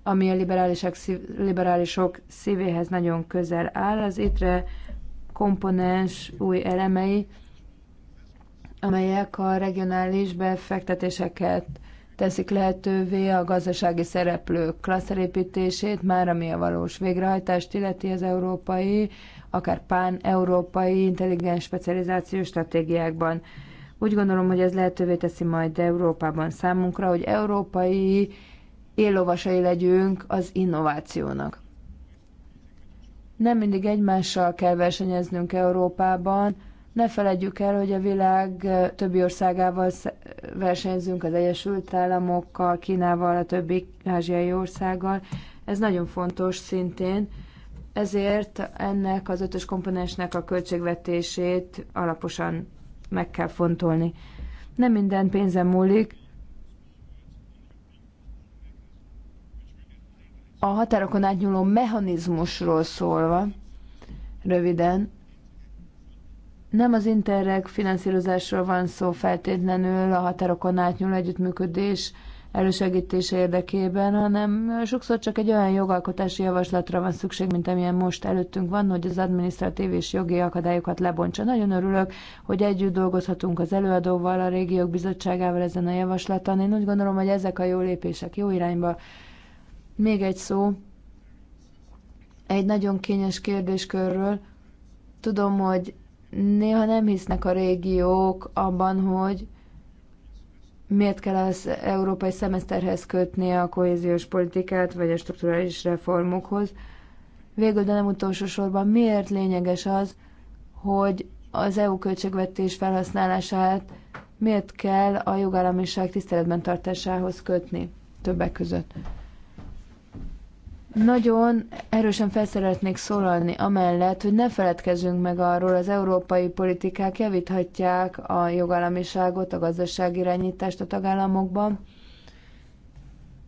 ami a liberálisok, liberálisok szívéhez nagyon közel áll, az étre komponens új elemei, amelyek a regionális befektetéseket teszik lehetővé a gazdasági szereplők klaszterépítését, már ami a valós végrehajtást illeti az európai, akár pán-európai intelligens specializációs stratégiákban. Úgy gondolom, hogy ez lehetővé teszi majd Európában számunkra, hogy európai élovasai legyünk az innovációnak. Nem mindig egymással kell versenyeznünk Európában, ne feledjük el, hogy a világ többi országával versenyzünk, az Egyesült Államokkal, Kínával, a többi ázsiai országgal. Ez nagyon fontos szintén. Ezért ennek az ötös komponensnek a költségvetését alaposan meg kell fontolni. Nem minden pénzem múlik. A határokon átnyúló mechanizmusról szólva, röviden, nem az Interreg finanszírozásról van szó feltétlenül a határokon átnyúló együttműködés elősegítése érdekében, hanem sokszor csak egy olyan jogalkotási javaslatra van szükség, mint amilyen most előttünk van, hogy az adminisztratív és jogi akadályokat lebontsa. Nagyon örülök, hogy együtt dolgozhatunk az előadóval, a régiók bizottságával ezen a javaslaton. Én úgy gondolom, hogy ezek a jó lépések jó irányba. Még egy szó egy nagyon kényes kérdéskörről. Tudom, hogy néha nem hisznek a régiók abban, hogy miért kell az európai szemeszterhez kötni a kohéziós politikát, vagy a strukturális reformokhoz. Végül, de nem utolsó sorban, miért lényeges az, hogy az EU költségvetés felhasználását miért kell a jogállamiság tiszteletben tartásához kötni többek között? nagyon erősen felszeretnék szólalni amellett, hogy ne feledkezzünk meg arról, az európai politikák javíthatják a jogállamiságot, a gazdasági irányítást a tagállamokban,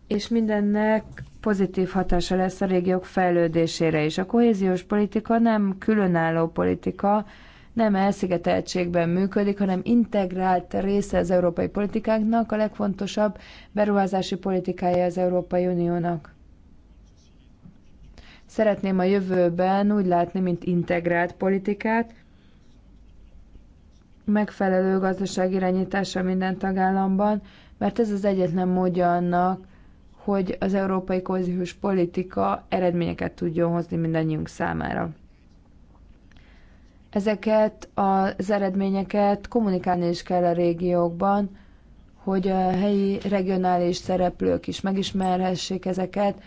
és mindennek pozitív hatása lesz a régiók fejlődésére is. A kohéziós politika nem különálló politika, nem elszigeteltségben működik, hanem integrált része az európai politikáknak, a legfontosabb beruházási politikája az Európai Uniónak. Szeretném a jövőben úgy látni, mint integrált politikát, megfelelő irányítása minden tagállamban, mert ez az egyetlen módja annak, hogy az európai kohéziós politika eredményeket tudjon hozni mindannyiunk számára. Ezeket az eredményeket kommunikálni is kell a régiókban, hogy a helyi regionális szereplők is megismerhessék ezeket,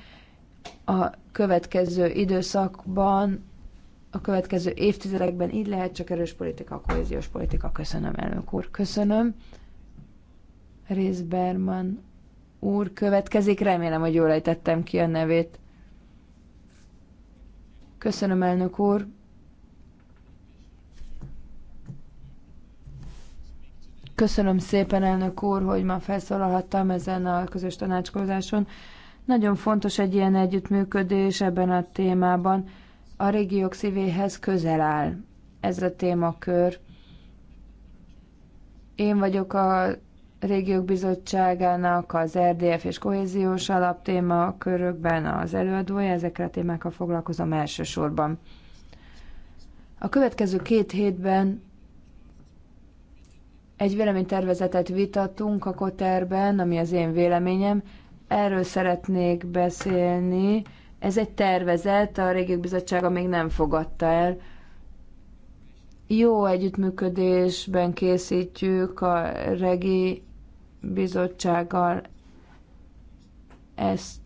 a következő időszakban, a következő évtizedekben így lehet csak erős politika, kohéziós politika. Köszönöm, elnök úr. Köszönöm. Rész Berman úr következik. Remélem, hogy jól ejtettem ki a nevét. Köszönöm, elnök úr. Köszönöm szépen, elnök úr, hogy ma felszólalhattam ezen a közös tanácskozáson. Nagyon fontos egy ilyen együttműködés ebben a témában. A régiók szívéhez közel áll ez a témakör. Én vagyok a régiók bizottságának az RDF és kohéziós alaptéma körökben az előadója, ezekre a témákkal foglalkozom elsősorban. A következő két hétben egy véleménytervezetet vitatunk a Koterben, ami az én véleményem, Erről szeretnék beszélni. Ez egy tervezet, a Régiók Bizottsága még nem fogadta el. Jó együttműködésben készítjük a Regi Bizottsággal ezt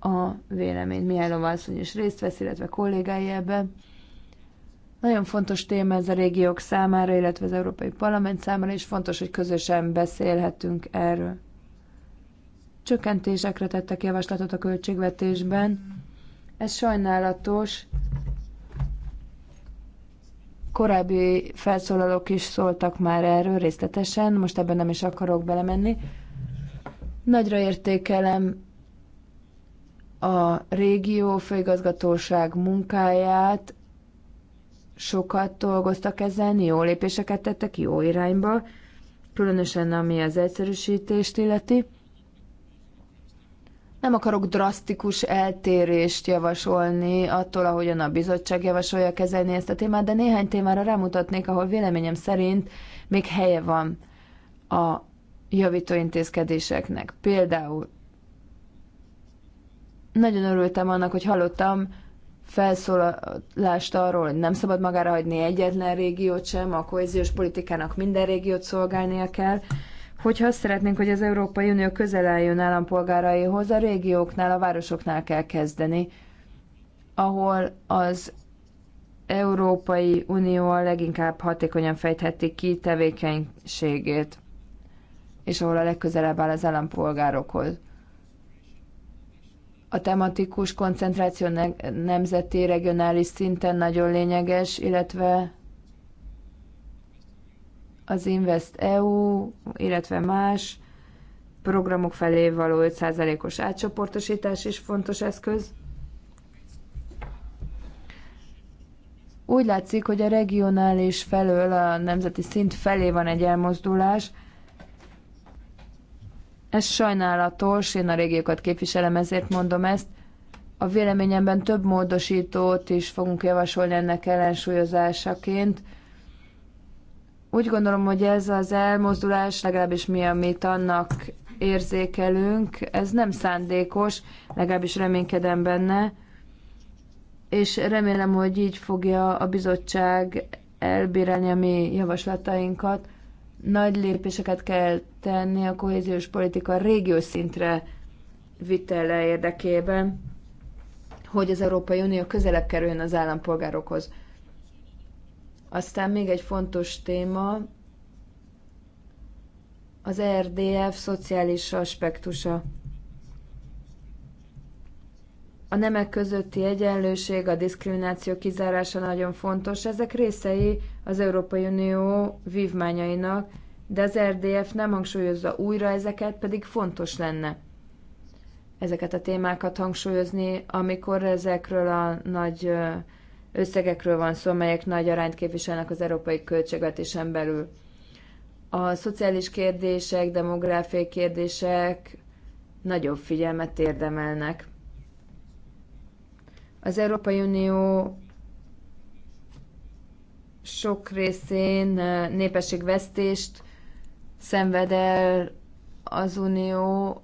a véleményt. Mihály asszony is részt vesz, illetve kollégái ebben. Nagyon fontos téma ez a régiók számára, illetve az Európai Parlament számára, és fontos, hogy közösen beszélhetünk erről csökkentésekre tettek javaslatot a költségvetésben. Ez sajnálatos. Korábbi felszólalók is szóltak már erről részletesen, most ebben nem is akarok belemenni. Nagyra értékelem a régió főigazgatóság munkáját, sokat dolgoztak ezen, jó lépéseket tettek jó irányba, különösen ami az egyszerűsítést illeti. Nem akarok drasztikus eltérést javasolni attól, ahogyan a bizottság javasolja kezelni ezt a témát, de néhány témára rámutatnék, ahol véleményem szerint még helye van a javító intézkedéseknek. Például nagyon örültem annak, hogy hallottam felszólalást arról, hogy nem szabad magára hagyni egyetlen régiót sem, a kohéziós politikának minden régiót szolgálnia kell, Hogyha azt szeretnénk, hogy az Európai Unió közel álljon állampolgáraihoz, a régióknál, a városoknál kell kezdeni, ahol az Európai Unió a leginkább hatékonyan fejtheti ki tevékenységét, és ahol a legközelebb áll az állampolgárokhoz. A tematikus koncentráció nemzeti, regionális szinten nagyon lényeges, illetve az Invest EU, illetve más programok felé való 5%-os átcsoportosítás is fontos eszköz. Úgy látszik, hogy a regionális felől a nemzeti szint felé van egy elmozdulás. Ez sajnálatos, én a régiókat képviselem, ezért mondom ezt. A véleményemben több módosítót is fogunk javasolni ennek ellensúlyozásaként úgy gondolom, hogy ez az elmozdulás, legalábbis mi, amit annak érzékelünk, ez nem szándékos, legalábbis reménykedem benne, és remélem, hogy így fogja a bizottság elbírálni a mi javaslatainkat. Nagy lépéseket kell tenni a kohéziós politika régiós szintre vitele érdekében, hogy az Európai Unió közelebb kerüljön az állampolgárokhoz. Aztán még egy fontos téma, az RDF szociális aspektusa. A nemek közötti egyenlőség, a diszkrimináció kizárása nagyon fontos. Ezek részei az Európai Unió vívmányainak, de az RDF nem hangsúlyozza újra ezeket, pedig fontos lenne ezeket a témákat hangsúlyozni, amikor ezekről a nagy összegekről van szó, amelyek nagy arányt képviselnek az európai költségvetésen belül. A szociális kérdések, demográfiai kérdések nagyobb figyelmet érdemelnek. Az Európai Unió sok részén népességvesztést szenved el az Unió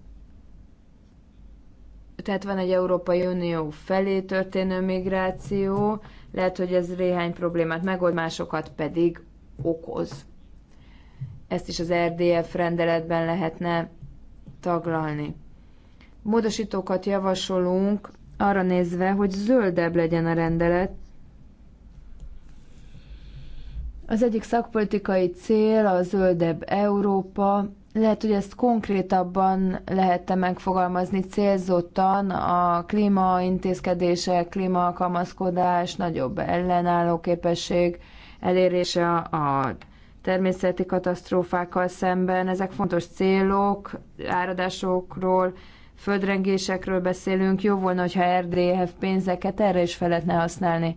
tehát van egy Európai Unió felé történő migráció, lehet, hogy ez néhány problémát megold, másokat pedig okoz. Ezt is az RDF rendeletben lehetne taglalni. Módosítókat javasolunk arra nézve, hogy zöldebb legyen a rendelet. Az egyik szakpolitikai cél a zöldebb Európa, lehet, hogy ezt konkrétabban lehetne megfogalmazni célzottan a klímaintézkedések, klímaalkalmazkodás, nagyobb ellenálló képesség elérése a természeti katasztrófákkal szemben. Ezek fontos célok, áradásokról, földrengésekről beszélünk. Jó volna, hogyha RDF pénzeket erre is fel lehetne használni.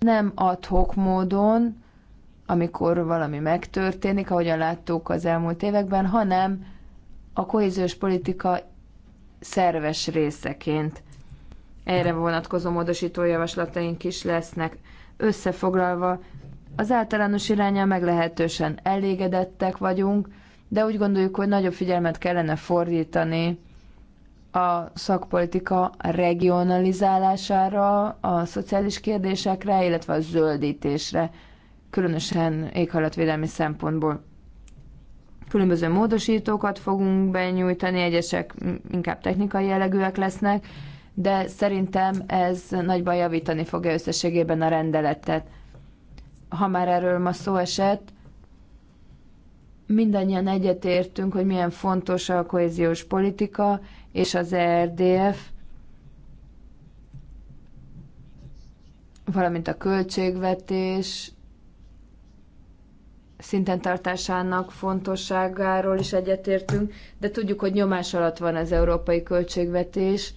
Nem adhok módon, amikor valami megtörténik, ahogyan láttuk az elmúlt években, hanem a kohéziós politika szerves részeként. Erre vonatkozó módosító javaslataink is lesznek. Összefoglalva, az általános irányel meglehetősen elégedettek vagyunk, de úgy gondoljuk, hogy nagyobb figyelmet kellene fordítani a szakpolitika regionalizálására, a szociális kérdésekre, illetve a zöldítésre különösen éghajlatvédelmi szempontból. Különböző módosítókat fogunk benyújtani, egyesek inkább technikai jellegűek lesznek, de szerintem ez nagyban javítani fogja összességében a rendeletet. Ha már erről ma szó esett, mindannyian egyetértünk, hogy milyen fontos a kohéziós politika és az ERDF, valamint a költségvetés szinten tartásának fontosságáról is egyetértünk, de tudjuk, hogy nyomás alatt van az európai költségvetés.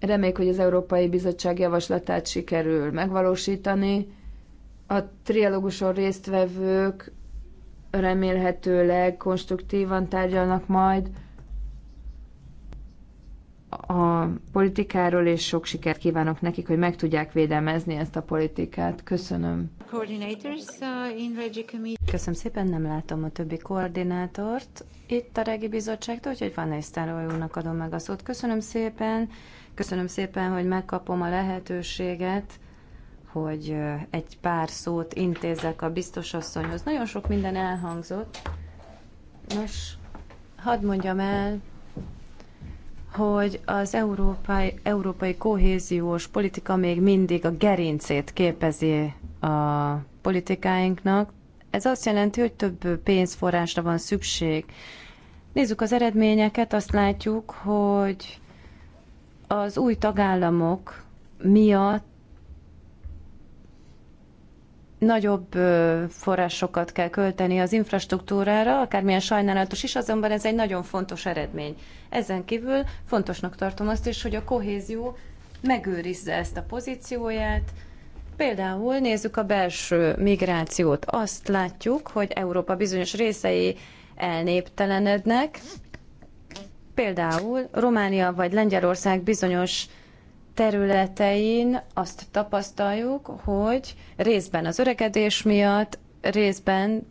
Reméljük, hogy az Európai Bizottság javaslatát sikerül megvalósítani. A trialóguson résztvevők remélhetőleg konstruktívan tárgyalnak majd a politikáról, és sok sikert kívánok nekik, hogy meg tudják védelmezni ezt a politikát. Köszönöm. Uh, köszönöm szépen, nem látom a többi koordinátort itt a Regi Bizottságtól, úgyhogy Van Esztároly úrnak adom meg a szót. Köszönöm szépen, köszönöm szépen, hogy megkapom a lehetőséget, hogy egy pár szót intézek a biztosasszonyhoz. Nagyon sok minden elhangzott. Nos, hadd mondjam el, hogy az európai, európai kohéziós politika még mindig a gerincét képezi a politikáinknak. Ez azt jelenti, hogy több pénzforrásra van szükség. Nézzük az eredményeket, azt látjuk, hogy az új tagállamok miatt nagyobb forrásokat kell költeni az infrastruktúrára, akármilyen sajnálatos is, azonban ez egy nagyon fontos eredmény. Ezen kívül fontosnak tartom azt is, hogy a kohézió megőrizze ezt a pozícióját. Például nézzük a belső migrációt. Azt látjuk, hogy Európa bizonyos részei elnéptelenednek, például Románia vagy Lengyelország bizonyos területein azt tapasztaljuk, hogy részben az öregedés miatt, részben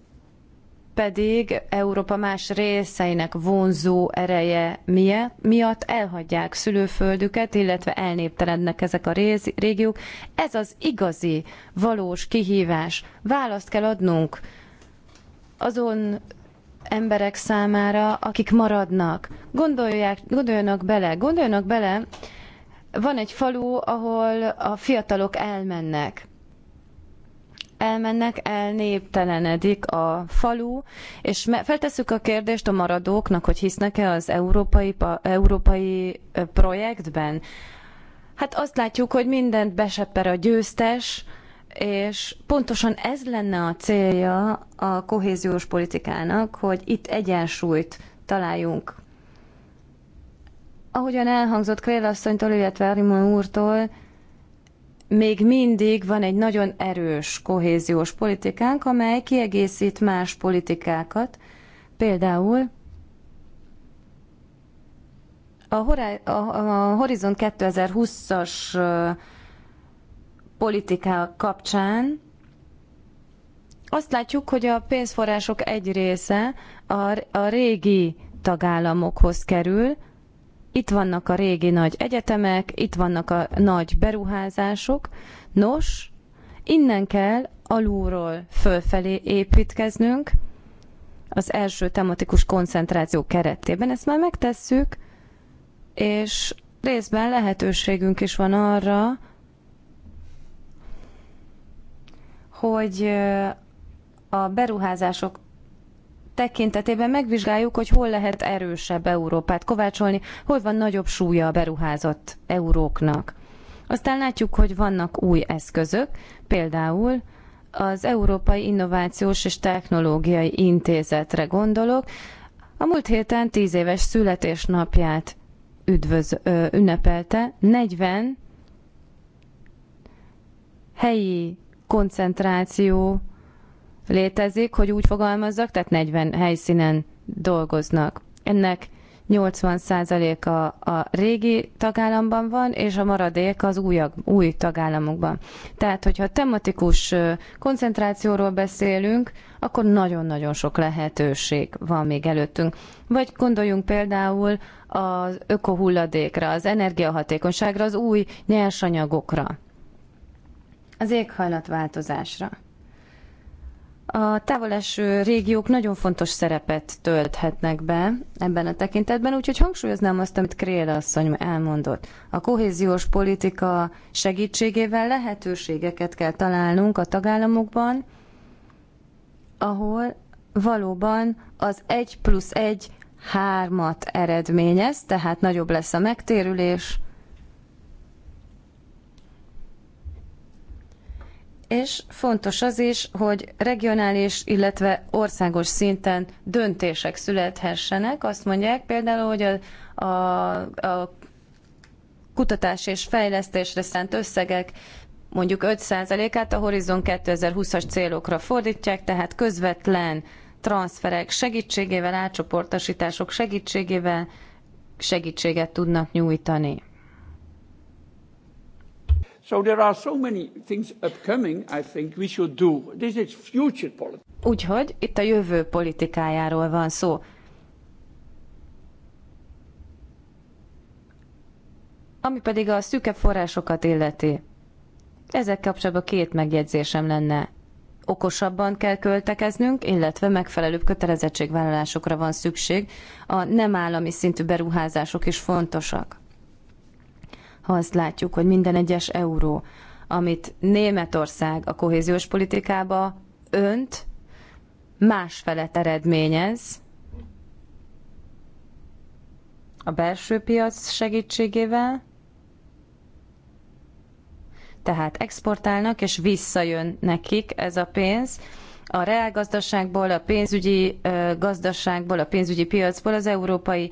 pedig Európa más részeinek vonzó ereje miatt elhagyják szülőföldüket, illetve elnéptelednek ezek a régiók. Ez az igazi, valós kihívás. Választ kell adnunk azon emberek számára, akik maradnak. Gondolják, gondoljanak bele, gondoljanak bele van egy falu, ahol a fiatalok elmennek. Elmennek, elnéptelenedik a falu, és feltesszük a kérdést a maradóknak, hogy hisznek-e az európai, európai projektben. Hát azt látjuk, hogy mindent beseper a győztes, és pontosan ez lenne a célja a kohéziós politikának, hogy itt egyensúlyt találjunk Ahogyan elhangzott Krél asszonytól, illetve Arimon úrtól, még mindig van egy nagyon erős kohéziós politikánk, amely kiegészít más politikákat, például a, horá- a, Horizon 2020-as politika kapcsán azt látjuk, hogy a pénzforrások egy része a, a régi tagállamokhoz kerül, itt vannak a régi nagy egyetemek, itt vannak a nagy beruházások. Nos, innen kell alulról fölfelé építkeznünk az első tematikus koncentráció keretében. Ezt már megtesszük, és részben lehetőségünk is van arra, hogy a beruházások tekintetében megvizsgáljuk, hogy hol lehet erősebb Európát kovácsolni, hol van nagyobb súlya a beruházott euróknak. Aztán látjuk, hogy vannak új eszközök, például az Európai Innovációs és Technológiai Intézetre gondolok. A múlt héten 10 éves születésnapját üdvöz, ö, ünnepelte, 40 helyi koncentráció létezik, hogy úgy fogalmazzak, tehát 40 helyszínen dolgoznak. Ennek 80%-a a régi tagállamban van, és a maradék az új, új tagállamokban. Tehát, hogyha tematikus koncentrációról beszélünk, akkor nagyon-nagyon sok lehetőség van még előttünk. Vagy gondoljunk például az ökohulladékra, az energiahatékonyságra, az új nyersanyagokra, az éghajlatváltozásra a távoleső régiók nagyon fontos szerepet tölthetnek be ebben a tekintetben, úgyhogy hangsúlyoznám azt, amit Krél asszony elmondott. A kohéziós politika segítségével lehetőségeket kell találnunk a tagállamokban, ahol valóban az 1 plusz 1 hármat eredményez, tehát nagyobb lesz a megtérülés, és fontos az is, hogy regionális, illetve országos szinten döntések születhessenek. Azt mondják például, hogy a, a, a kutatás és fejlesztésre szánt összegek mondjuk 5%-át a Horizon 2020-as célokra fordítják, tehát közvetlen transferek segítségével, átcsoportosítások segítségével segítséget tudnak nyújtani. So there are so many things upcoming, I think we should do. This is future politics. Úgyhogy itt a jövő politikájáról van szó. Ami pedig a szűke forrásokat illeti. Ezek kapcsolatban két megjegyzésem lenne. Okosabban kell költekeznünk, illetve megfelelőbb kötelezettségvállalásokra van szükség. A nem állami szintű beruházások is fontosak ha azt látjuk, hogy minden egyes euró, amit Németország a kohéziós politikába önt, másfelet eredményez a belső piac segítségével, tehát exportálnak, és visszajön nekik ez a pénz. A reálgazdaságból, a pénzügyi gazdaságból, a pénzügyi piacból az európai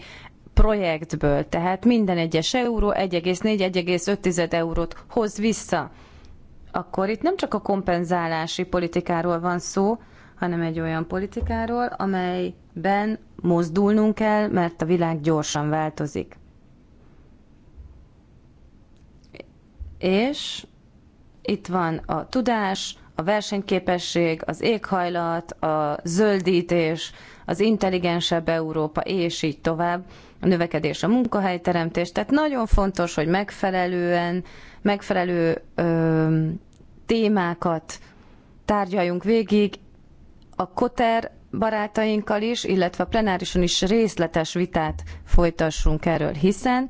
projektből. Tehát minden egyes euró 1,4-1,5 eurót hoz vissza. Akkor itt nem csak a kompenzálási politikáról van szó, hanem egy olyan politikáról, amelyben mozdulnunk kell, mert a világ gyorsan változik. És itt van a tudás, a versenyképesség, az éghajlat, a zöldítés, az intelligensebb Európa, és így tovább a növekedés a munkahelyteremtés, tehát nagyon fontos, hogy megfelelően, megfelelő ö, témákat tárgyaljunk végig a Koter barátainkkal is, illetve a plenárison is részletes vitát folytassunk erről, hiszen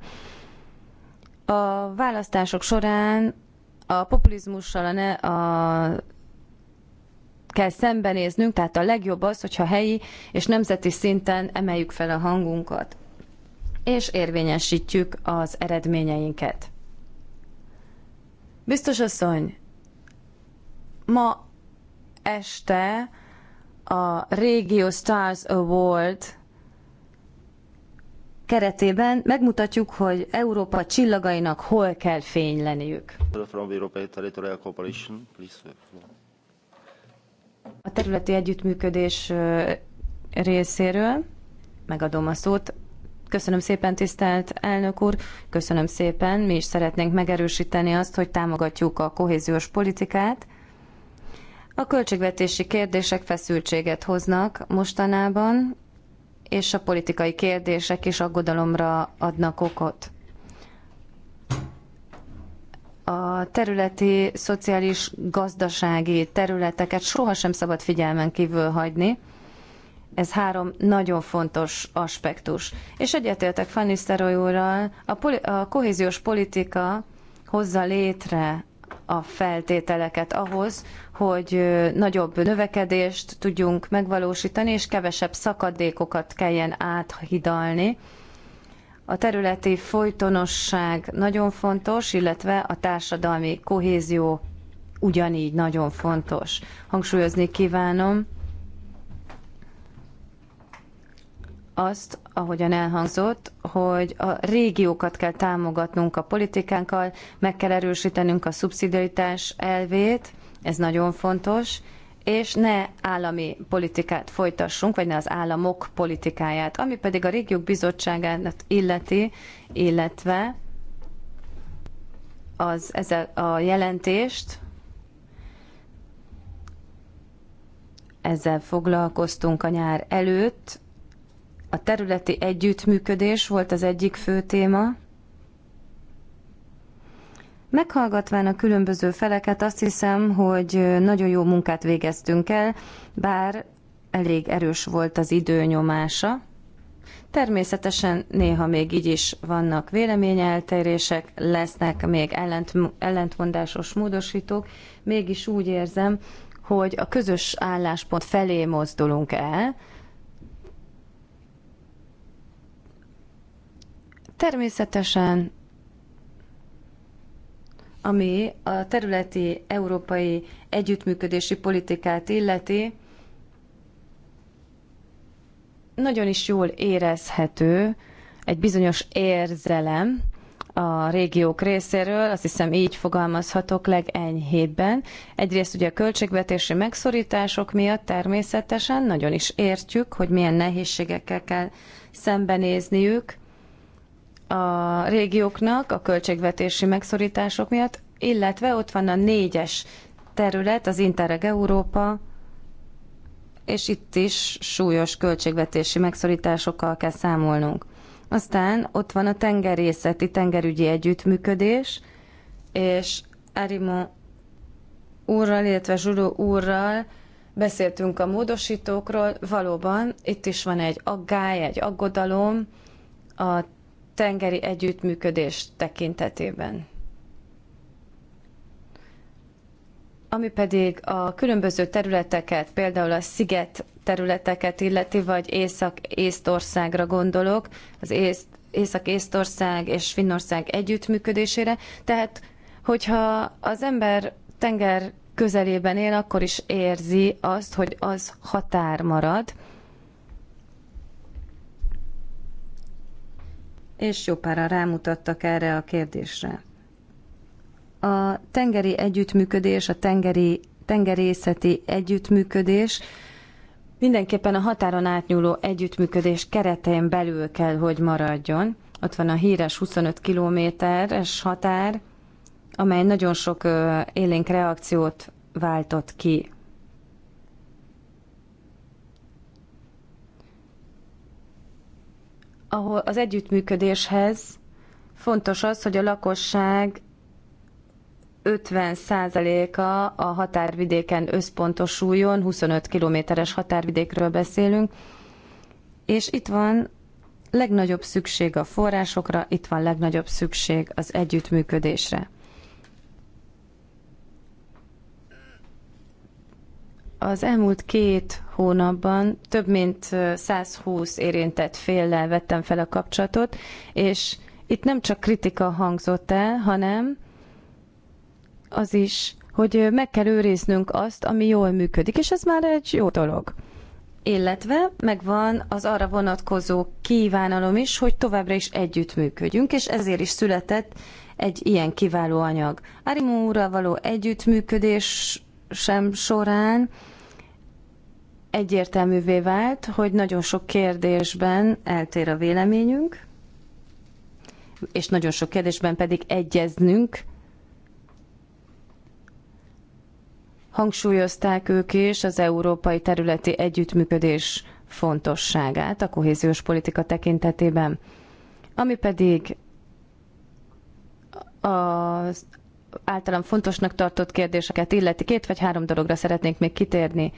a választások során a populizmussal a, ne, a kell szembenéznünk, tehát a legjobb az, hogyha helyi és nemzeti szinten emeljük fel a hangunkat és érvényesítjük az eredményeinket. Biztos asszony, ma este a Regio Stars Award keretében megmutatjuk, hogy Európa csillagainak hol kell fény lenniük. A területi együttműködés részéről megadom a szót Köszönöm szépen, tisztelt elnök úr, köszönöm szépen. Mi is szeretnénk megerősíteni azt, hogy támogatjuk a kohéziós politikát. A költségvetési kérdések feszültséget hoznak mostanában, és a politikai kérdések is aggodalomra adnak okot. A területi, szociális, gazdasági területeket sohasem szabad figyelmen kívül hagyni ez három nagyon fontos aspektus. És egyetértek Fanny úrral, a, poli- a kohéziós politika hozza létre a feltételeket ahhoz, hogy nagyobb növekedést tudjunk megvalósítani, és kevesebb szakadékokat kelljen áthidalni. A területi folytonosság nagyon fontos, illetve a társadalmi kohézió ugyanígy nagyon fontos. Hangsúlyozni kívánom, azt, ahogyan elhangzott, hogy a régiókat kell támogatnunk a politikánkkal, meg kell erősítenünk a szubszidiaritás elvét, ez nagyon fontos, és ne állami politikát folytassunk, vagy ne az államok politikáját, ami pedig a régiók bizottságát illeti, illetve az, a, a jelentést, ezzel foglalkoztunk a nyár előtt, a területi együttműködés volt az egyik fő téma. Meghallgatván a különböző feleket azt hiszem, hogy nagyon jó munkát végeztünk el, bár elég erős volt az időnyomása. Természetesen néha még így is vannak véleményeltérések, lesznek még ellent, ellentmondásos módosítók, mégis úgy érzem, hogy a közös álláspont felé mozdulunk el, Természetesen, ami a területi európai együttműködési politikát illeti, nagyon is jól érezhető egy bizonyos érzelem, a régiók részéről, azt hiszem így fogalmazhatok legenyhébben. Egyrészt ugye a költségvetési megszorítások miatt természetesen nagyon is értjük, hogy milyen nehézségekkel kell szembenézniük, a régióknak a költségvetési megszorítások miatt, illetve ott van a négyes terület, az Interreg Európa, és itt is súlyos költségvetési megszorításokkal kell számolnunk. Aztán ott van a tengerészeti, tengerügyi együttműködés, és Arimo úrral, illetve Zsuló úrral beszéltünk a módosítókról. Valóban itt is van egy aggály, egy aggodalom a tengeri együttműködés tekintetében. Ami pedig a különböző területeket, például a sziget területeket illeti, vagy Észak-Észtországra gondolok, az Észak-Észtország és Finnország együttműködésére. Tehát, hogyha az ember tenger közelében él, akkor is érzi azt, hogy az határ marad, és jó pára rámutattak erre a kérdésre. A tengeri együttműködés, a tengeri, tengerészeti együttműködés mindenképpen a határon átnyúló együttműködés keretein belül kell, hogy maradjon. Ott van a híres 25 kilométeres határ, amely nagyon sok élénk reakciót váltott ki. ahol az együttműködéshez fontos az, hogy a lakosság 50%-a a határvidéken összpontosuljon, 25 kilométeres határvidékről beszélünk, és itt van legnagyobb szükség a forrásokra, itt van legnagyobb szükség az együttműködésre. Az elmúlt két hónapban több mint 120 érintett féllel vettem fel a kapcsolatot, és itt nem csak kritika hangzott el, hanem az is, hogy meg kell őriznünk azt, ami jól működik, és ez már egy jó dolog. Illetve megvan az arra vonatkozó kívánalom is, hogy továbbra is együttműködjünk, és ezért is született egy ilyen kiváló anyag. Arimóra való együttműködés sem során egyértelművé vált, hogy nagyon sok kérdésben eltér a véleményünk, és nagyon sok kérdésben pedig egyeznünk. Hangsúlyozták ők is az európai területi együttműködés fontosságát a kohéziós politika tekintetében. Ami pedig az általam fontosnak tartott kérdéseket illeti, két vagy három dologra szeretnék még kitérni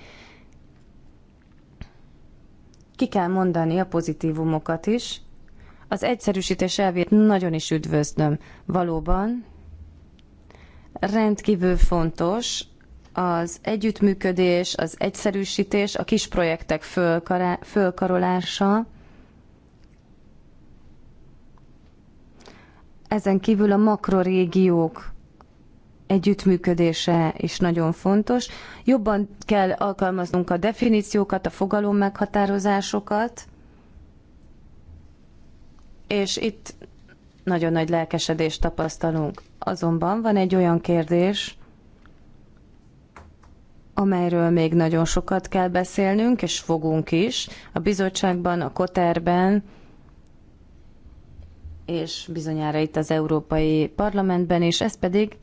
ki kell mondani a pozitívumokat is. Az egyszerűsítés elvét nagyon is üdvözlöm. Valóban rendkívül fontos az együttműködés, az egyszerűsítés, a kis projektek fölkarolása. Ezen kívül a makrorégiók együttműködése is nagyon fontos. Jobban kell alkalmaznunk a definíciókat, a fogalom meghatározásokat, és itt nagyon nagy lelkesedést tapasztalunk. Azonban van egy olyan kérdés, amelyről még nagyon sokat kell beszélnünk, és fogunk is, a bizottságban, a Koterben, és bizonyára itt az Európai Parlamentben is, ez pedig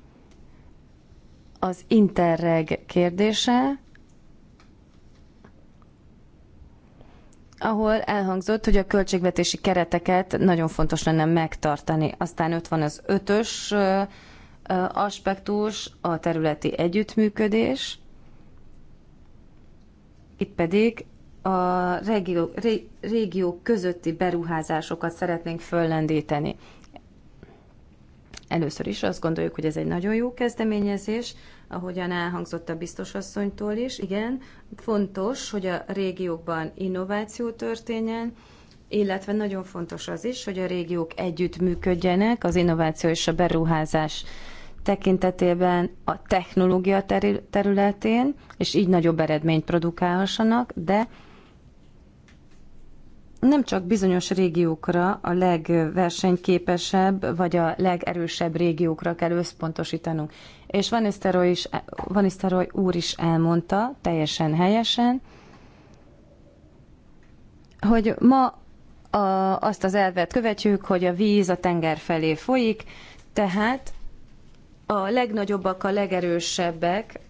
az Interreg kérdése, ahol elhangzott, hogy a költségvetési kereteket nagyon fontos lenne megtartani. Aztán ott van az ötös aspektus, a területi együttműködés. Itt pedig a régió, régiók közötti beruházásokat szeretnénk föllendíteni. Először is azt gondoljuk, hogy ez egy nagyon jó kezdeményezés, ahogyan elhangzott a biztosasszonytól is. Igen, fontos, hogy a régiókban innováció történjen, illetve nagyon fontos az is, hogy a régiók együtt működjenek az innováció és a beruházás tekintetében a technológia területén, és így nagyobb eredményt produkálhassanak, de nem csak bizonyos régiókra, a legversenyképesebb vagy a legerősebb régiókra kell összpontosítanunk. És Van Nistelrooy, is, Van úr is elmondta, teljesen helyesen, hogy ma a, azt az elvet követjük, hogy a víz a tenger felé folyik, tehát a legnagyobbak, a legerősebbek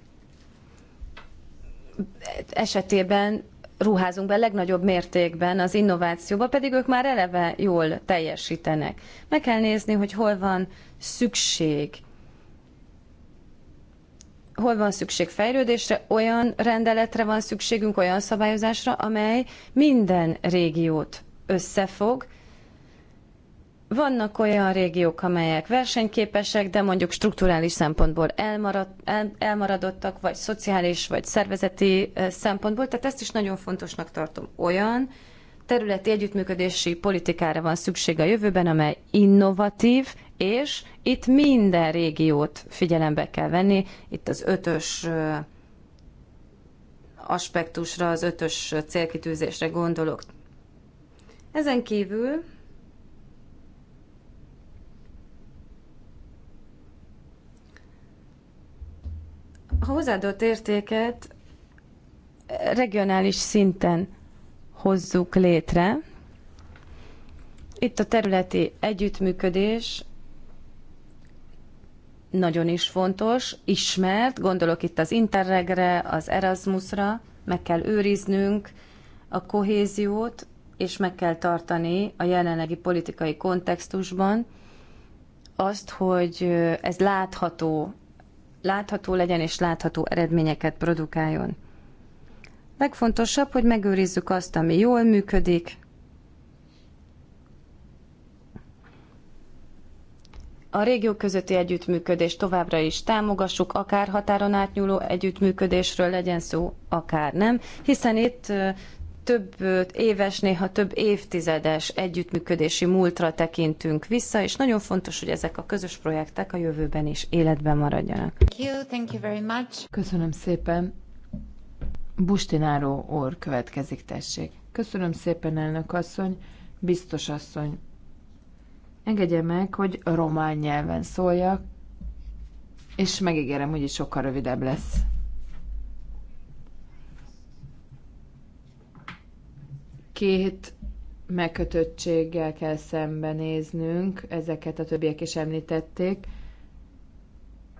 esetében ruházunk be legnagyobb mértékben az innovációba, pedig ők már eleve jól teljesítenek. Meg kell nézni, hogy hol van szükség hol van szükség fejlődésre, olyan rendeletre van szükségünk, olyan szabályozásra, amely minden régiót összefog, vannak olyan régiók, amelyek versenyképesek, de mondjuk strukturális szempontból elmarad, el, elmaradottak, vagy szociális, vagy szervezeti szempontból, tehát ezt is nagyon fontosnak tartom. Olyan területi együttműködési politikára van szükség a jövőben, amely innovatív, és itt minden régiót figyelembe kell venni. Itt az ötös aspektusra, az ötös célkitűzésre gondolok. Ezen kívül a hozzáadott értéket regionális szinten hozzuk létre. Itt a területi együttműködés nagyon is fontos, ismert, gondolok itt az Interregre, az Erasmusra, meg kell őriznünk a kohéziót, és meg kell tartani a jelenlegi politikai kontextusban azt, hogy ez látható látható legyen és látható eredményeket produkáljon. Legfontosabb, hogy megőrizzük azt, ami jól működik, a régiók közötti együttműködést továbbra is támogassuk, akár határon átnyúló együttműködésről legyen szó, akár nem, hiszen itt több éves, néha több évtizedes együttműködési múltra tekintünk vissza, és nagyon fontos, hogy ezek a közös projektek a jövőben is életben maradjanak. Thank you, thank you very much. Köszönöm szépen. Bustináró orr következik, tessék. Köszönöm szépen, elnök asszony, biztos asszony. Engedje meg, hogy román nyelven szóljak, és megígérem, hogy sokkal rövidebb lesz. két megkötöttséggel kell szembenéznünk, ezeket a többiek is említették.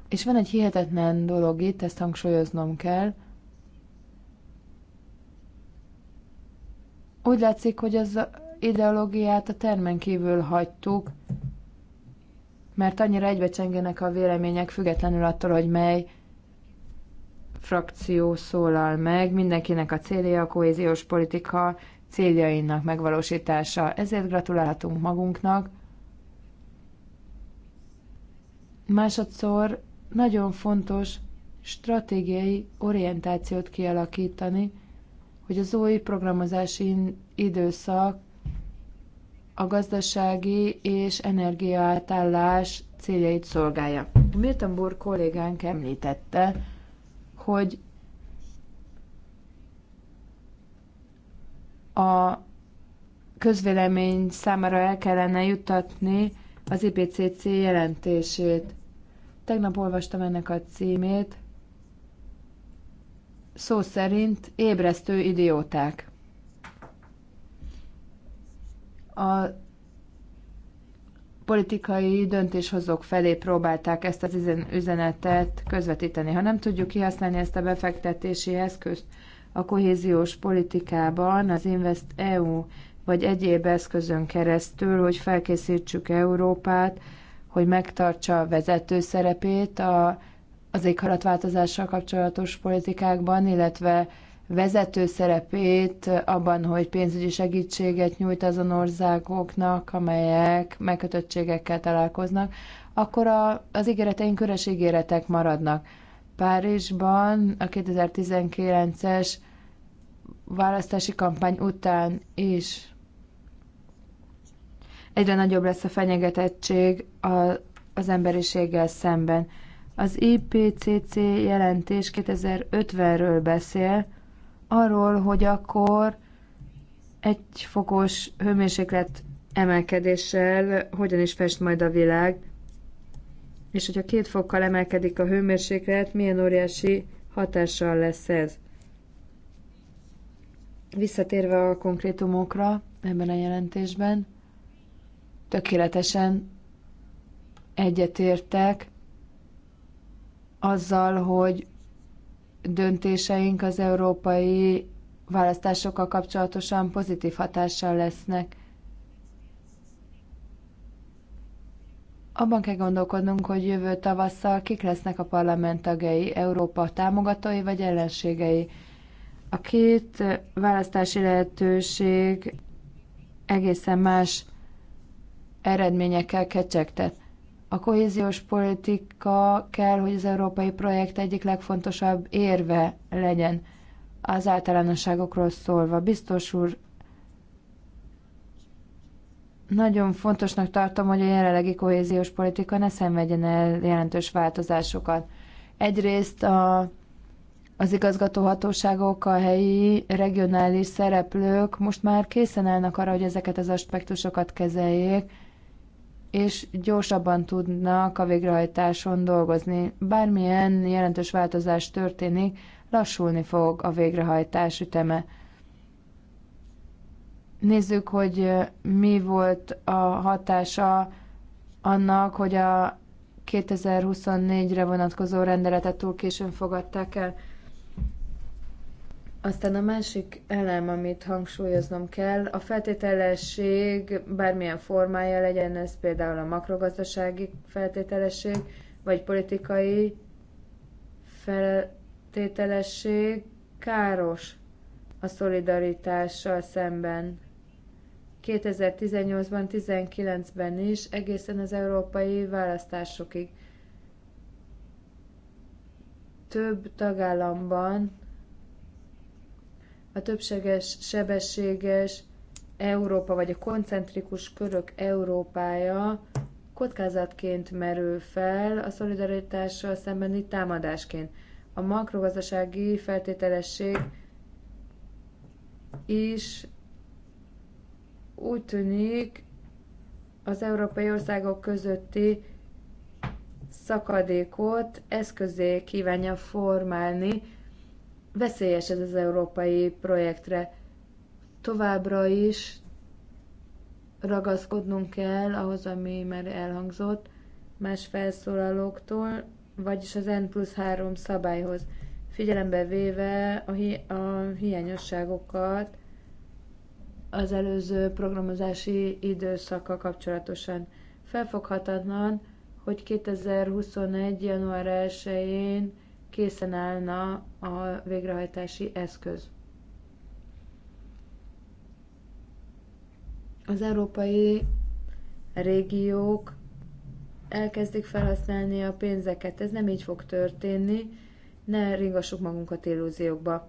És van egy hihetetlen dolog itt, ezt hangsúlyoznom kell. Úgy látszik, hogy az ideológiát a termen kívül hagytuk, mert annyira egybecsengenek a vélemények, függetlenül attól, hogy mely frakció szólal meg. Mindenkinek a célja a kohéziós politika, céljainak megvalósítása. Ezért gratulálhatunk magunknak. Másodszor nagyon fontos stratégiai orientációt kialakítani, hogy az új programozási időszak a gazdasági és energiaátállás céljait szolgálja. Miltenburg kollégánk említette, hogy a közvélemény számára el kellene juttatni az IPCC jelentését. Tegnap olvastam ennek a címét. Szó szerint ébresztő idióták. A politikai döntéshozók felé próbálták ezt az üzenetet közvetíteni. Ha nem tudjuk kihasználni ezt a befektetési eszközt, a kohéziós politikában az Invest EU vagy egyéb eszközön keresztül, hogy felkészítsük Európát, hogy megtartsa a vezető szerepét a, az éghajlatváltozással kapcsolatos politikákban, illetve vezető szerepét abban, hogy pénzügyi segítséget nyújt azon országoknak, amelyek megkötöttségekkel találkoznak, akkor a, az ígéreteink üres ígéretek maradnak. Párizsban a 2019-es választási kampány után is egyre nagyobb lesz a fenyegetettség a, az emberiséggel szemben. Az IPCC jelentés 2050-ről beszél, arról, hogy akkor egy fokos hőmérséklet emelkedéssel hogyan is fest majd a világ. És hogyha két fokkal emelkedik a hőmérséklet, milyen óriási hatással lesz ez? Visszatérve a konkrétumokra ebben a jelentésben, tökéletesen egyetértek azzal, hogy döntéseink az európai választásokkal kapcsolatosan pozitív hatással lesznek. Abban kell gondolkodnunk, hogy jövő tavasszal kik lesznek a parlament tagjai, Európa támogatói vagy ellenségei. A két választási lehetőség egészen más eredményekkel kecsegtet. A kohéziós politika kell, hogy az európai projekt egyik legfontosabb érve legyen az általánosságokról szólva. Biztos úr, nagyon fontosnak tartom, hogy a jelenlegi kohéziós politika ne szenvedjen el jelentős változásokat. Egyrészt a, az igazgatóhatóságok, a helyi, regionális szereplők most már készen állnak arra, hogy ezeket az aspektusokat kezeljék, és gyorsabban tudnak a végrehajtáson dolgozni. Bármilyen jelentős változás történik, lassulni fog a végrehajtás üteme. Nézzük, hogy mi volt a hatása annak, hogy a 2024-re vonatkozó rendeletet túl későn fogadták el. Aztán a másik elem, amit hangsúlyoznom kell, a feltételesség bármilyen formája legyen, ez például a makrogazdasági feltételesség, vagy politikai feltételesség káros a szolidaritással szemben. 2018-ban, 19-ben is, egészen az európai választásokig. Több tagállamban a többséges, sebességes Európa, vagy a koncentrikus körök Európája kockázatként merül fel, a szolidaritással szembeni támadásként. A makrogazdasági feltételesség is úgy tűnik, az európai országok közötti szakadékot eszközé kívánja formálni. Veszélyes ez az európai projektre. Továbbra is ragaszkodnunk kell ahhoz, ami már elhangzott más felszólalóktól, vagyis az N plusz 3 szabályhoz, figyelembe véve a, hi- a hiányosságokat, az előző programozási időszakkal kapcsolatosan. Felfoghatatlan, hogy 2021. január 1-én készen állna a végrehajtási eszköz. Az európai régiók elkezdik felhasználni a pénzeket. Ez nem így fog történni, ne ringassuk magunkat illúziókba.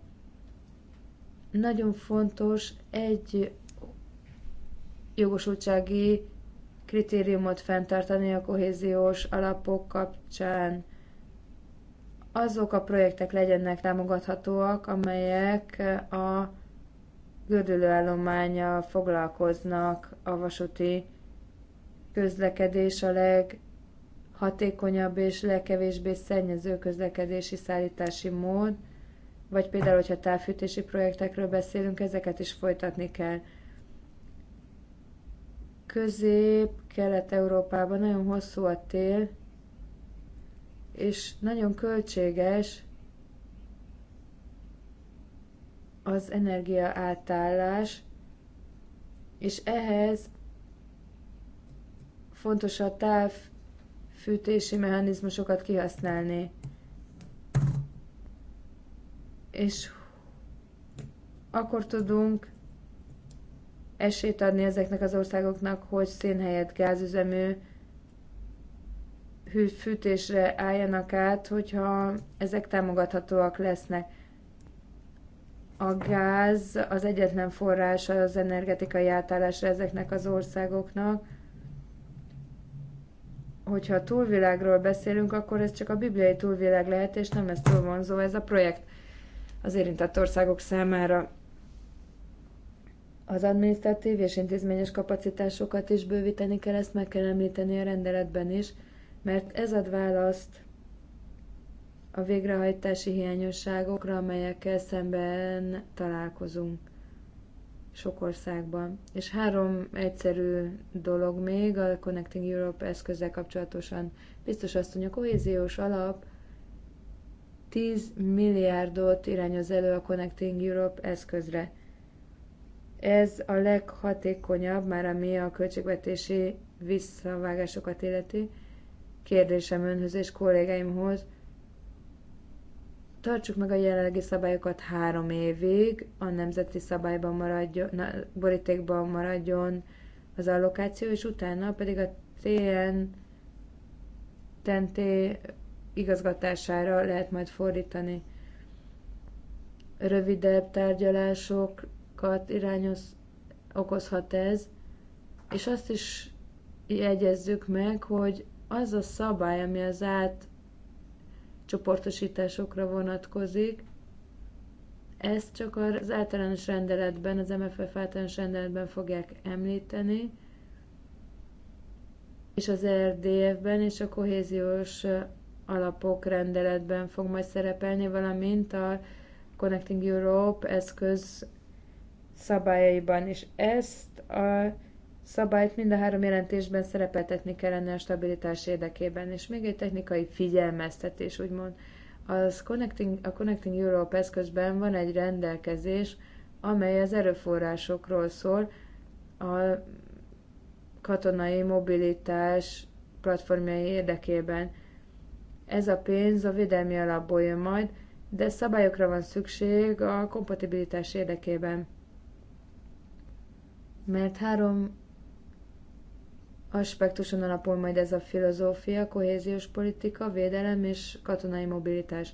Nagyon fontos egy jogosultsági kritériumot fenntartani a kohéziós alapok kapcsán. Azok a projektek legyenek támogathatóak, amelyek a gördülőállományjal foglalkoznak, a vasúti közlekedés a leghatékonyabb és legkevésbé szennyező közlekedési szállítási mód, vagy például, hogyha távfűtési projektekről beszélünk, ezeket is folytatni kell. Közép-Kelet-Európában nagyon hosszú a tél, és nagyon költséges az energia átállás, és ehhez fontos a távfűtési mechanizmusokat kihasználni és akkor tudunk esélyt adni ezeknek az országoknak, hogy szén gázüzemű fűtésre álljanak át, hogyha ezek támogathatóak lesznek. A gáz az egyetlen forrás az energetikai átállásra ezeknek az országoknak. Hogyha a túlvilágról beszélünk, akkor ez csak a bibliai túlvilág lehet, és nem ez túl vonzó ez a projekt az érintett országok számára. Az adminisztratív és intézményes kapacitásokat is bővíteni kell, ezt meg kell említeni a rendeletben is, mert ez ad választ a végrehajtási hiányosságokra, amelyekkel szemben találkozunk sok országban. És három egyszerű dolog még a Connecting Europe eszközzel kapcsolatosan. Biztos azt mondja, a kohéziós alap 10 milliárdot irányoz elő a Connecting Europe eszközre. Ez a leghatékonyabb, már ami a költségvetési visszavágásokat illeti. Kérdésem önhöz és kollégáimhoz, tartsuk meg a jelenlegi szabályokat három évig, a nemzeti szabályban maradjon, na, borítékban maradjon az allokáció, és utána pedig a TN TNT igazgatására lehet majd fordítani. Rövidebb tárgyalásokat irányoz, okozhat ez, és azt is jegyezzük meg, hogy az a szabály, ami az csoportosításokra vonatkozik, ezt csak az általános rendeletben, az MFF általános rendeletben fogják említeni, és az RDF-ben és a kohéziós alapok rendeletben fog majd szerepelni, valamint a Connecting Europe eszköz szabályaiban, és ezt a szabályt mind a három jelentésben szerepeltetni kellene a stabilitás érdekében, és még egy technikai figyelmeztetés, úgymond. Az Connecting, a Connecting Europe eszközben van egy rendelkezés, amely az erőforrásokról szól, a katonai mobilitás platformjai érdekében. Ez a pénz a védelmi alapból jön majd, de szabályokra van szükség a kompatibilitás érdekében. Mert három aspektuson alapul majd ez a filozófia, kohéziós politika, védelem és katonai mobilitás.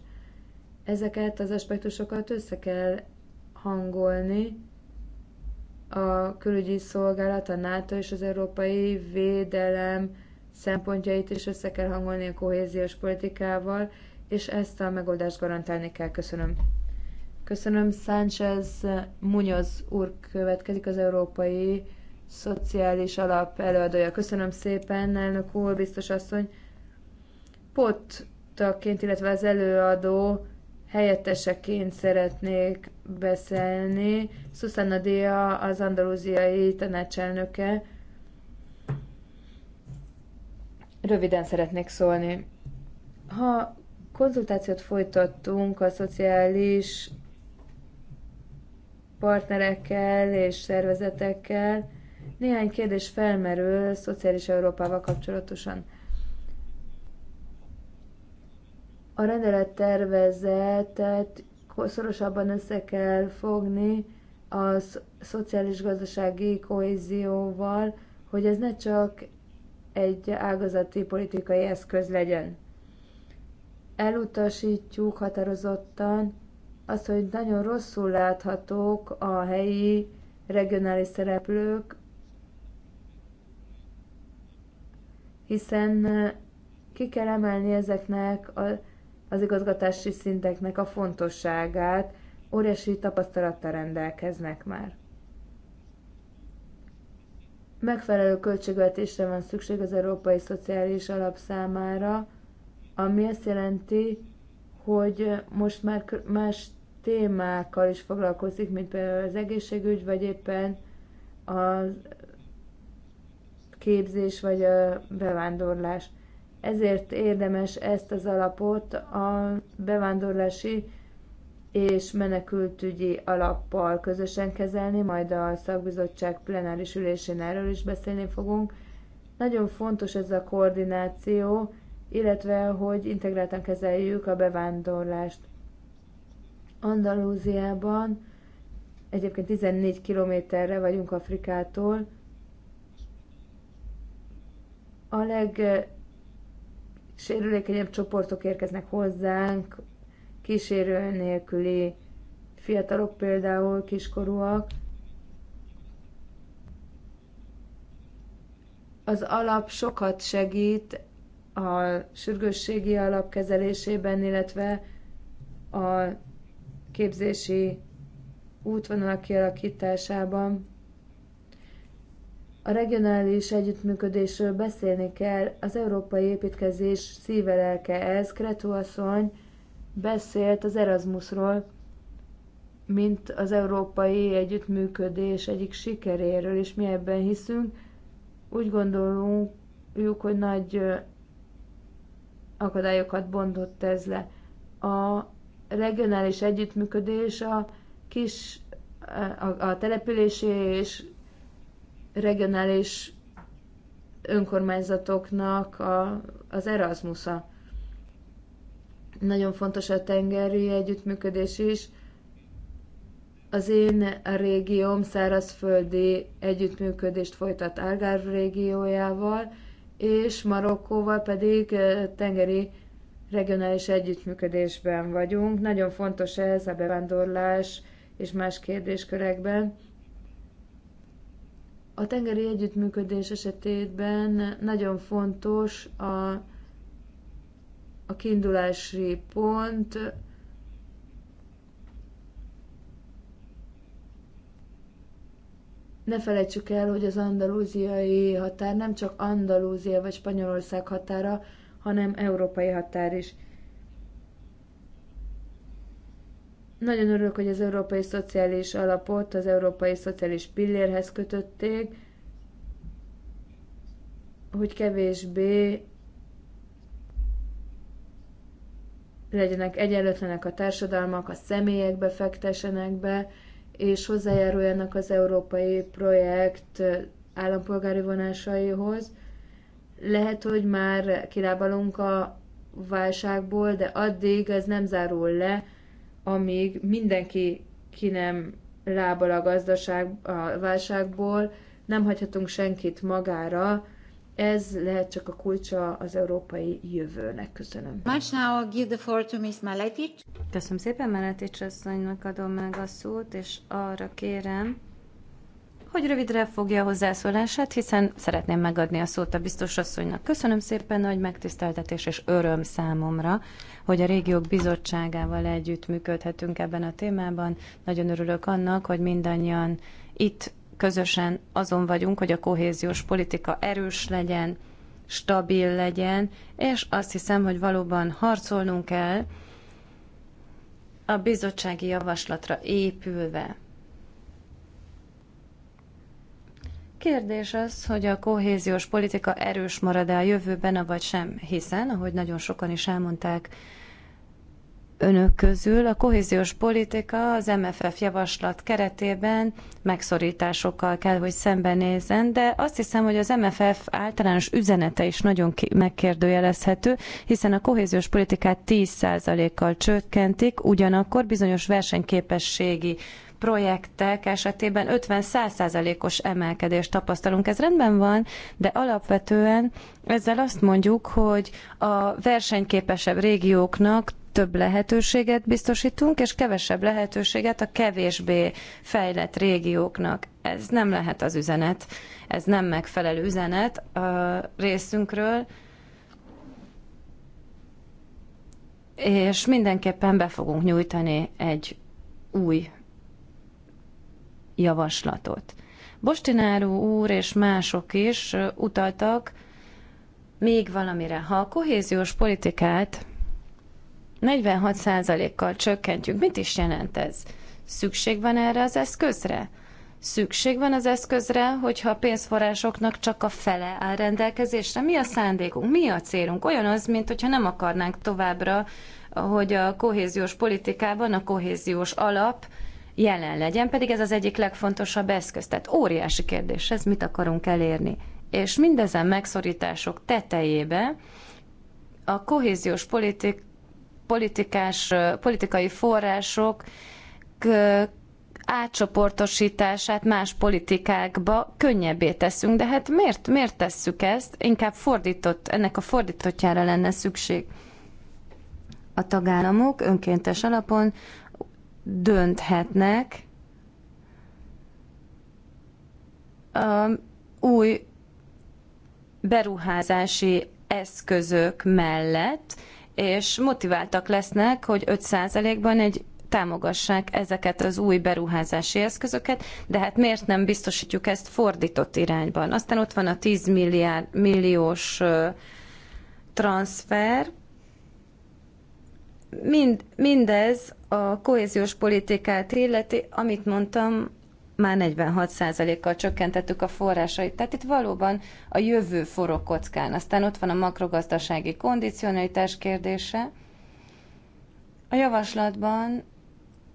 Ezeket az aspektusokat össze kell hangolni a külügyi szolgálat, a NATO és az Európai Védelem szempontjait is össze kell hangolni a kohéziós politikával, és ezt a megoldást garantálni kell. Köszönöm. Köszönöm. Sánchez Munoz úr következik az Európai Szociális Alap előadója. Köszönöm szépen, elnök úr, biztos asszony. Pottaként, illetve az előadó helyetteseként szeretnék beszélni. Susanna Dia, az andalúziai tanácselnöke, Röviden szeretnék szólni. Ha konzultációt folytattunk a szociális partnerekkel és szervezetekkel, néhány kérdés felmerül szociális Európával kapcsolatosan. A rendelettervezetet szorosabban össze kell fogni a szociális-gazdasági kohézióval, hogy ez ne csak egy ágazati politikai eszköz legyen. Elutasítjuk határozottan azt, hogy nagyon rosszul láthatók a helyi regionális szereplők, hiszen eh, ki kell emelni ezeknek a, az igazgatási szinteknek a fontosságát, óriási tapasztalattal rendelkeznek már megfelelő költségvetésre van szükség az Európai Szociális Alap számára, ami azt jelenti, hogy most már más témákkal is foglalkozik, mint például az egészségügy, vagy éppen a képzés, vagy a bevándorlás. Ezért érdemes ezt az alapot a bevándorlási és menekültügyi alappal közösen kezelni, majd a szakbizottság plenáris ülésén erről is beszélni fogunk. Nagyon fontos ez a koordináció, illetve hogy integráltan kezeljük a bevándorlást. Andalúziában egyébként 14 kilométerre vagyunk Afrikától. A legsérülékenyebb csoportok érkeznek hozzánk, kísérő nélküli fiatalok, például kiskorúak, az alap sokat segít a sürgősségi alap kezelésében, illetve a képzési útvonalak kialakításában. A regionális együttműködésről beszélni kell, az európai építkezés szívelelke ez, Kretu asszony, beszélt az Erasmusról, mint az európai együttműködés egyik sikeréről, és mi ebben hiszünk. Úgy gondolunk, hogy nagy akadályokat bontott ez le. A regionális együttműködés a kis, a, a települési és regionális önkormányzatoknak a, az Erasmusa. Nagyon fontos a tengeri együttműködés is. Az én régióm szárazföldi együttműködést folytat Algarve régiójával, és Marokkóval pedig tengeri regionális együttműködésben vagyunk. Nagyon fontos ez a bevándorlás és más kérdéskörekben. A tengeri együttműködés esetében nagyon fontos a a kiindulási pont ne felejtsük el, hogy az andalúziai határ nem csak Andalúzia vagy Spanyolország határa, hanem európai határ is. Nagyon örülök, hogy az Európai Szociális Alapot az Európai Szociális Pillérhez kötötték, hogy kevésbé legyenek egyenlőtlenek a társadalmak, a személyek fektessenek be, és hozzájáruljanak az európai projekt állampolgári vonásaihoz. Lehet, hogy már kilábalunk a válságból, de addig ez nem zárul le, amíg mindenki ki nem lábal a gazdaság a válságból, nem hagyhatunk senkit magára, ez lehet csak a kulcsa az európai jövőnek. Köszönöm. Más now give the floor to Ms. Maletic. Köszönöm szépen, Maletic asszonynak adom meg a szót, és arra kérem, hogy rövidre fogja a hozzászólását, hiszen szeretném megadni a szót a biztos asszonynak. Köszönöm szépen, nagy megtiszteltetés és öröm számomra, hogy a régiók bizottságával együtt működhetünk ebben a témában. Nagyon örülök annak, hogy mindannyian itt közösen azon vagyunk, hogy a kohéziós politika erős legyen, stabil legyen, és azt hiszem, hogy valóban harcolnunk kell a bizottsági javaslatra épülve. Kérdés az, hogy a kohéziós politika erős marad-e a jövőben, vagy sem, hiszen, ahogy nagyon sokan is elmondták önök közül. A kohéziós politika az MFF javaslat keretében megszorításokkal kell, hogy szembenézzen, de azt hiszem, hogy az MFF általános üzenete is nagyon megkérdőjelezhető, hiszen a kohéziós politikát 10%-kal csökkentik, ugyanakkor bizonyos versenyképességi projektek esetében 50-100%-os emelkedést tapasztalunk. Ez rendben van, de alapvetően ezzel azt mondjuk, hogy a versenyképesebb régióknak több lehetőséget biztosítunk, és kevesebb lehetőséget a kevésbé fejlett régióknak. Ez nem lehet az üzenet, ez nem megfelelő üzenet a részünkről, és mindenképpen be fogunk nyújtani egy új javaslatot. Bostináró úr és mások is utaltak még valamire. Ha a kohéziós politikát 46%-kal csökkentjük. Mit is jelent ez? Szükség van erre az eszközre? Szükség van az eszközre, hogyha a pénzforrásoknak csak a fele áll rendelkezésre? Mi a szándékunk? Mi a célunk? Olyan az, mint hogyha nem akarnánk továbbra, hogy a kohéziós politikában a kohéziós alap jelen legyen, pedig ez az egyik legfontosabb eszköz. Tehát óriási kérdés ez, mit akarunk elérni. És mindezen megszorítások tetejébe a kohéziós politika politikás, politikai források átcsoportosítását más politikákba könnyebbé teszünk, de hát miért, miért tesszük ezt? Inkább fordított, ennek a fordítottjára lenne szükség. A tagállamok önkéntes alapon dönthetnek um, új beruházási eszközök mellett, és motiváltak lesznek, hogy 5%-ban egy támogassák ezeket az új beruházási eszközöket, de hát miért nem biztosítjuk ezt fordított irányban? Aztán ott van a 10 milliárd, milliós transfer, Mind, mindez a kohéziós politikát illeti, amit mondtam, már 46%-kal csökkentettük a forrásait. Tehát itt valóban a jövő forog kockán. Aztán ott van a makrogazdasági kondicionalitás kérdése. A javaslatban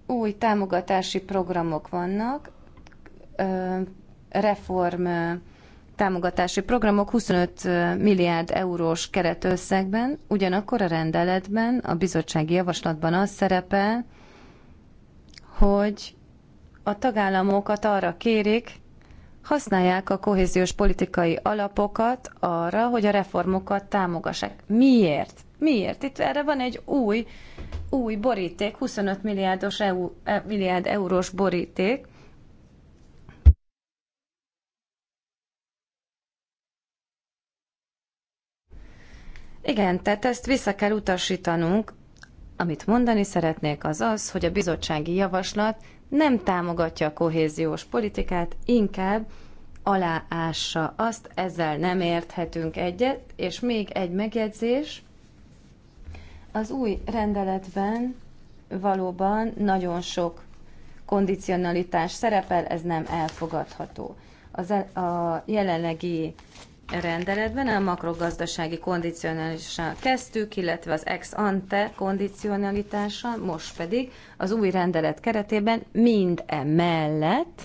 új támogatási programok vannak, reform támogatási programok 25 milliárd eurós keretösszegben, ugyanakkor a rendeletben, a bizottsági javaslatban az szerepel, hogy a tagállamokat arra kérik, használják a kohéziós politikai alapokat arra, hogy a reformokat támogassák. Miért? Miért? Itt erre van egy új, új boríték, 25 milliárdos EU, e, milliárd eurós boríték, Igen, tehát ezt vissza kell utasítanunk. Amit mondani szeretnék az az, hogy a bizottsági javaslat nem támogatja a kohéziós politikát, inkább aláássa azt, ezzel nem érthetünk egyet, és még egy megjegyzés, az új rendeletben valóban nagyon sok kondicionalitás szerepel, ez nem elfogadható. Az, e- a jelenlegi rendeletben a makrogazdasági kondicionalitással kezdtük, illetve az ex ante kondicionalitással, most pedig az új rendelet keretében mind emellett,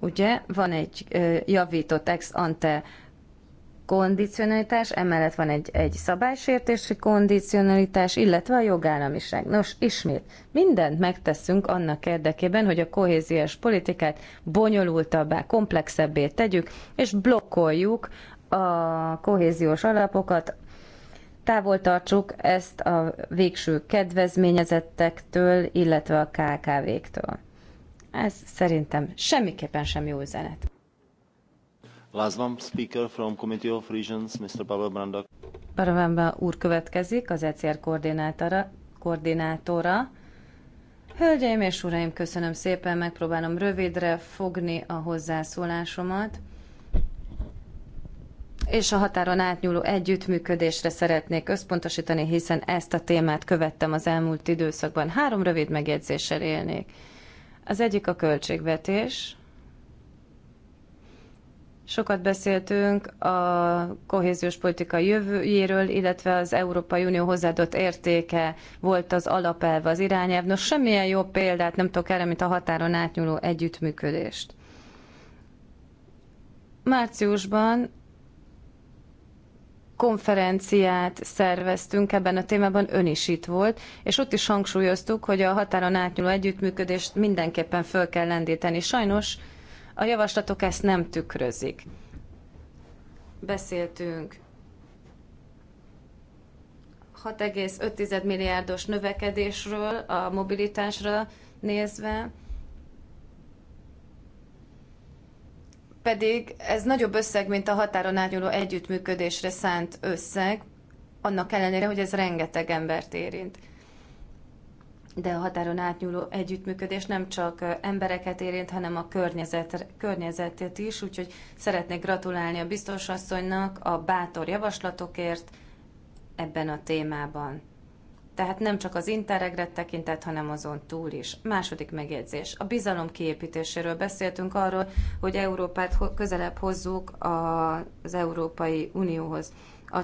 ugye van egy javított ex ante kondicionalitás, emellett van egy, egy szabálysértési kondicionalitás, illetve a jogállamiság. Nos, ismét, mindent megteszünk annak érdekében, hogy a kohéziós politikát bonyolultabbá, komplexebbé tegyük, és blokkoljuk a kohéziós alapokat, távol tartsuk ezt a végső kedvezményezettektől, illetve a kkv ktől Ez szerintem semmiképpen sem jó üzenet. Last speaker from Committee of Regions, Mr. Pavel úr következik, az ECR koordinátora, koordinátora. Hölgyeim és uraim, köszönöm szépen, megpróbálom rövidre fogni a hozzászólásomat és a határon átnyúló együttműködésre szeretnék összpontosítani, hiszen ezt a témát követtem az elmúlt időszakban. Három rövid megjegyzéssel élnék. Az egyik a költségvetés. Sokat beszéltünk a kohéziós politika jövőjéről, illetve az Európai Unió hozzáadott értéke volt az alapelve, az irányelv. Nos, semmilyen jobb példát nem tudok erre, mint a határon átnyúló együttműködést. Márciusban konferenciát szerveztünk ebben a témában, ön is itt volt, és ott is hangsúlyoztuk, hogy a határon átnyúló együttműködést mindenképpen föl kell lendíteni. Sajnos a javaslatok ezt nem tükrözik. Beszéltünk 6,5 milliárdos növekedésről a mobilitásra nézve, pedig ez nagyobb összeg, mint a határon átnyúló együttműködésre szánt összeg, annak ellenére, hogy ez rengeteg embert érint. De a határon átnyúló együttműködés nem csak embereket érint, hanem a környezet, környezetet is, úgyhogy szeretnék gratulálni a biztosasszonynak a bátor javaslatokért ebben a témában. Tehát nem csak az interregre tekintett, hanem azon túl is. Második megjegyzés. A bizalom kiépítéséről beszéltünk arról, hogy Európát közelebb hozzuk az Európai Unióhoz. A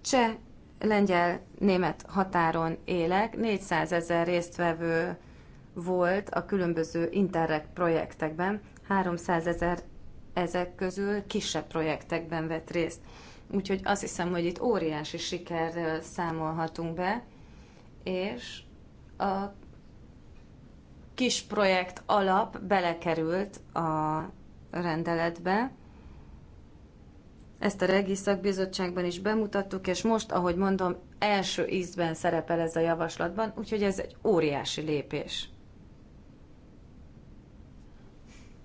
cseh lengyel-német határon élek, 400 ezer résztvevő volt a különböző interreg projektekben, 300 ezer ezek közül kisebb projektekben vett részt. Úgyhogy azt hiszem, hogy itt óriási sikerrel számolhatunk be és a kis projekt alap belekerült a rendeletbe. Ezt a Regi Szakbizottságban is bemutattuk, és most, ahogy mondom, első ízben szerepel ez a javaslatban, úgyhogy ez egy óriási lépés.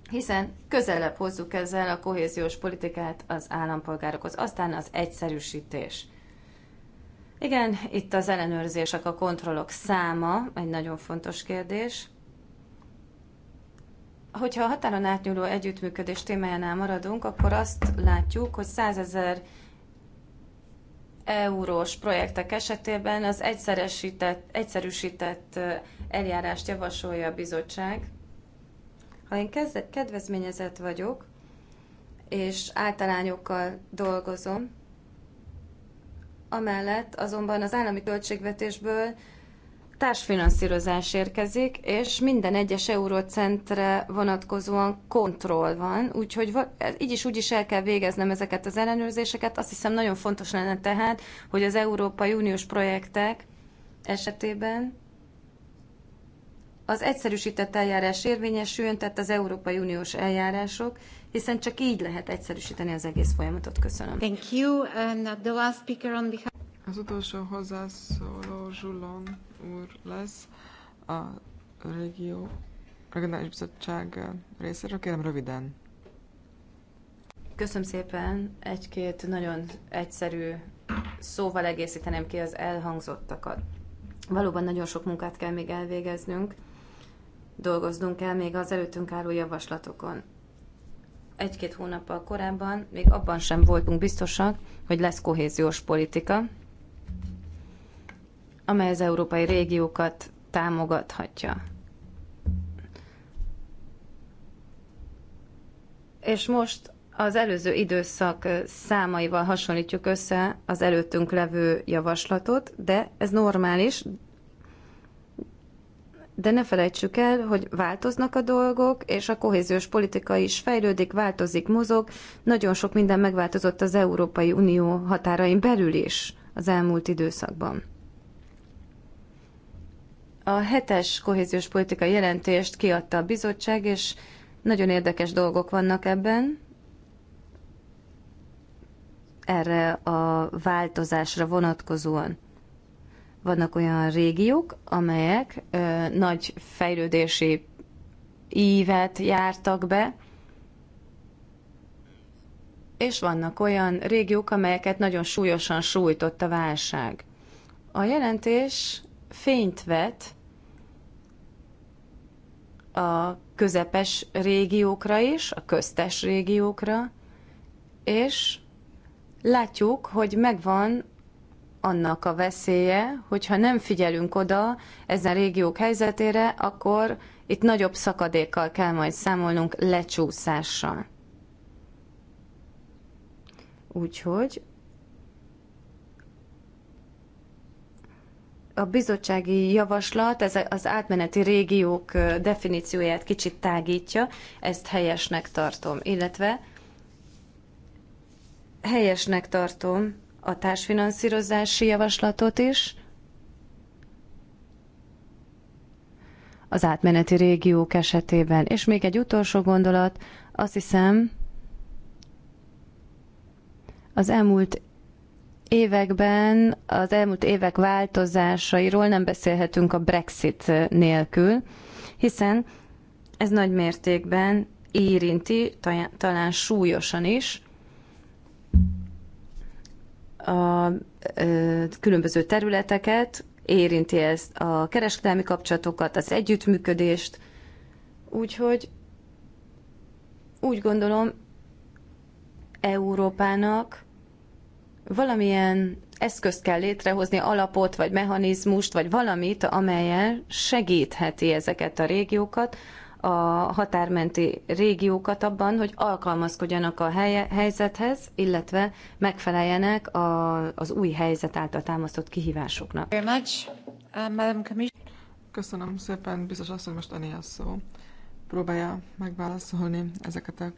Hiszen közelebb hozzuk ezzel a kohéziós politikát az állampolgárokhoz, aztán az egyszerűsítés – igen, itt az ellenőrzések, a kontrollok száma egy nagyon fontos kérdés. Hogyha a határon átnyúló együttműködés témájánál maradunk, akkor azt látjuk, hogy 100 ezer eurós projektek esetében az egyszeresített, egyszerűsített eljárást javasolja a bizottság. Ha én kezd, kedvezményezett vagyok, és általányokkal dolgozom, amellett azonban az állami költségvetésből társfinanszírozás érkezik, és minden egyes eurócentre vonatkozóan kontroll van, úgyhogy így is úgy is el kell végeznem ezeket az ellenőrzéseket. Azt hiszem nagyon fontos lenne tehát, hogy az Európai Uniós projektek esetében az egyszerűsített eljárás érvényesüljön, tehát az Európai Uniós eljárások, hiszen csak így lehet egyszerűsíteni az egész folyamatot. Köszönöm. Thank you. And the last speaker on behalf... Az utolsó hozzászóló Zsulon úr lesz a régió regionális bizottság részéről. Kérem röviden. Köszönöm szépen. Egy-két nagyon egyszerű szóval egészíteném ki az elhangzottakat. Valóban nagyon sok munkát kell még elvégeznünk, dolgoznunk kell még az előttünk álló javaslatokon egy-két hónappal korábban még abban sem voltunk biztosak, hogy lesz kohéziós politika, amely az európai régiókat támogathatja. És most az előző időszak számaival hasonlítjuk össze az előttünk levő javaslatot, de ez normális, de ne felejtsük el, hogy változnak a dolgok, és a kohéziós politika is fejlődik, változik, mozog. Nagyon sok minden megváltozott az Európai Unió határain belül is az elmúlt időszakban. A hetes kohéziós politika jelentést kiadta a bizottság, és nagyon érdekes dolgok vannak ebben. Erre a változásra vonatkozóan. Vannak olyan régiók, amelyek ö, nagy fejlődési ívet jártak be, és vannak olyan régiók, amelyeket nagyon súlyosan sújtott a válság. A jelentés fényt vet a közepes régiókra is, a köztes régiókra, és látjuk, hogy megvan annak a veszélye, hogyha nem figyelünk oda ezen régiók helyzetére, akkor itt nagyobb szakadékkal kell majd számolnunk lecsúszással. Úgyhogy a bizottsági javaslat ez az átmeneti régiók definícióját kicsit tágítja, ezt helyesnek tartom, illetve helyesnek tartom a társfinanszírozási javaslatot is, az átmeneti régiók esetében. És még egy utolsó gondolat, azt hiszem, az elmúlt években, az elmúlt évek változásairól nem beszélhetünk a Brexit nélkül, hiszen ez nagy mértékben érinti, talán súlyosan is a különböző területeket, érinti ez a kereskedelmi kapcsolatokat, az együttműködést. Úgyhogy úgy gondolom, Európának valamilyen eszközt kell létrehozni, alapot, vagy mechanizmust, vagy valamit, amelyel segítheti ezeket a régiókat a határmenti régiókat abban, hogy alkalmazkodjanak a helye, helyzethez, illetve megfeleljenek a, az új helyzet által támasztott kihívásoknak. Uh, Köszönöm szépen, biztos azt, hogy most Ani a szó. Próbálja megválaszolni ezeket a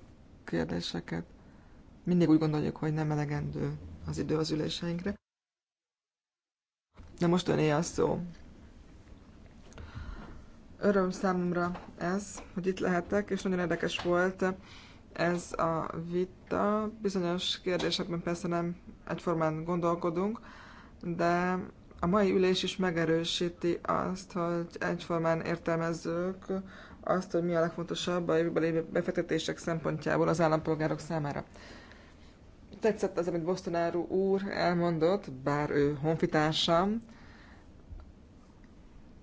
kérdéseket. Mindig úgy gondoljuk, hogy nem elegendő az idő az üléseinkre. De most Ani a szó. Öröm számomra ez, hogy itt lehetek, és nagyon érdekes volt ez a vita. Bizonyos kérdésekben persze nem egyformán gondolkodunk, de a mai ülés is megerősíti azt, hogy egyformán értelmezzük azt, hogy mi a legfontosabb a jövőbeli befektetések szempontjából az állampolgárok számára. Tetszett az, amit Bostonáru úr elmondott, bár ő honfitársam,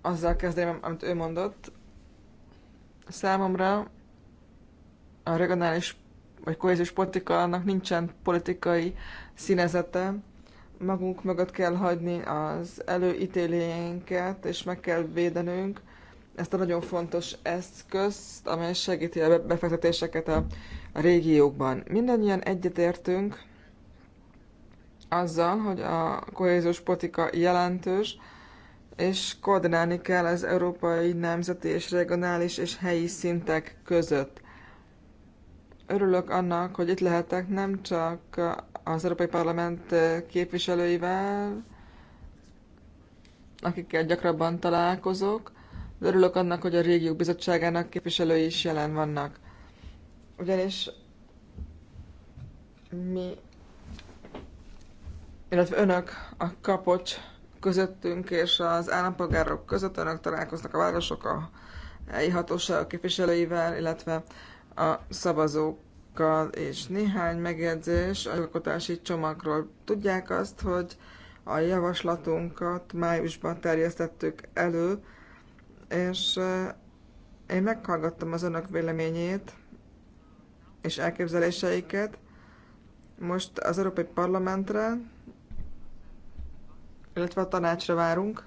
azzal kezdeném, amit ő mondott. Számomra a regionális vagy kohéziós politika annak nincsen politikai színezete. Magunk mögött kell hagyni az előítéléinket, és meg kell védenünk ezt a nagyon fontos eszközt, amely segíti a befektetéseket a, régiókban. Mindannyian egyetértünk azzal, hogy a kohéziós politika jelentős, és koordinálni kell az európai nemzeti és regionális és helyi szintek között. Örülök annak, hogy itt lehetek nem csak az Európai Parlament képviselőivel, akikkel gyakrabban találkozok, de örülök annak, hogy a régiók bizottságának képviselői is jelen vannak. Ugyanis mi, illetve önök a kapocs közöttünk és az állampolgárok között. Önök találkoznak a városok, a helyi hatóság képviselőivel, illetve a szavazókkal, és néhány megjegyzés a jogalkotási csomagról. Tudják azt, hogy a javaslatunkat májusban terjesztettük elő, és eh, én meghallgattam az önök véleményét és elképzeléseiket. Most az Európai Parlamentre illetve a tanácsra várunk,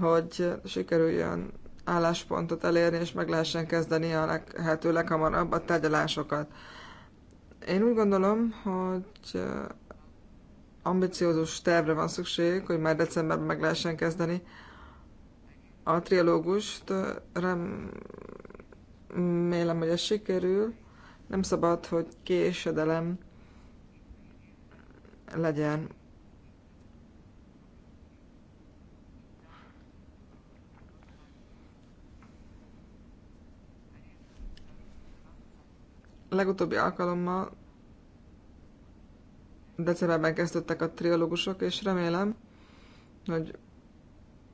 hogy sikerüljön álláspontot elérni, és meg lehessen kezdeni a lehető leghamarabb a tárgyalásokat. Én úgy gondolom, hogy ambiciózus tervre van szükség, hogy már decemberben meg lehessen kezdeni a trialógust. Remélem, hogy ez sikerül. Nem szabad, hogy késedelem legyen. legutóbbi alkalommal decemberben kezdődtek a triológusok, és remélem, hogy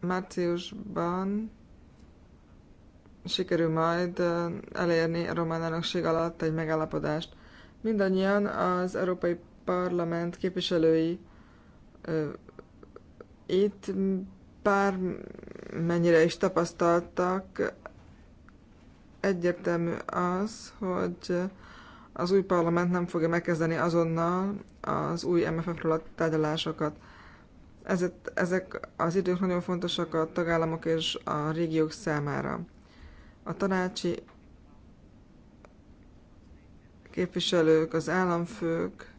márciusban sikerül majd elérni a román elnökség alatt egy megállapodást. Mindannyian az Európai Parlament képviselői ö, itt pár mennyire is tapasztaltak, egyértelmű az, hogy az új parlament nem fogja megkezdeni azonnal az új MFF-ről a tárgyalásokat. Ezek, ezek az idők nagyon fontosak a tagállamok és a régiók számára. A tanácsi képviselők, az államfők,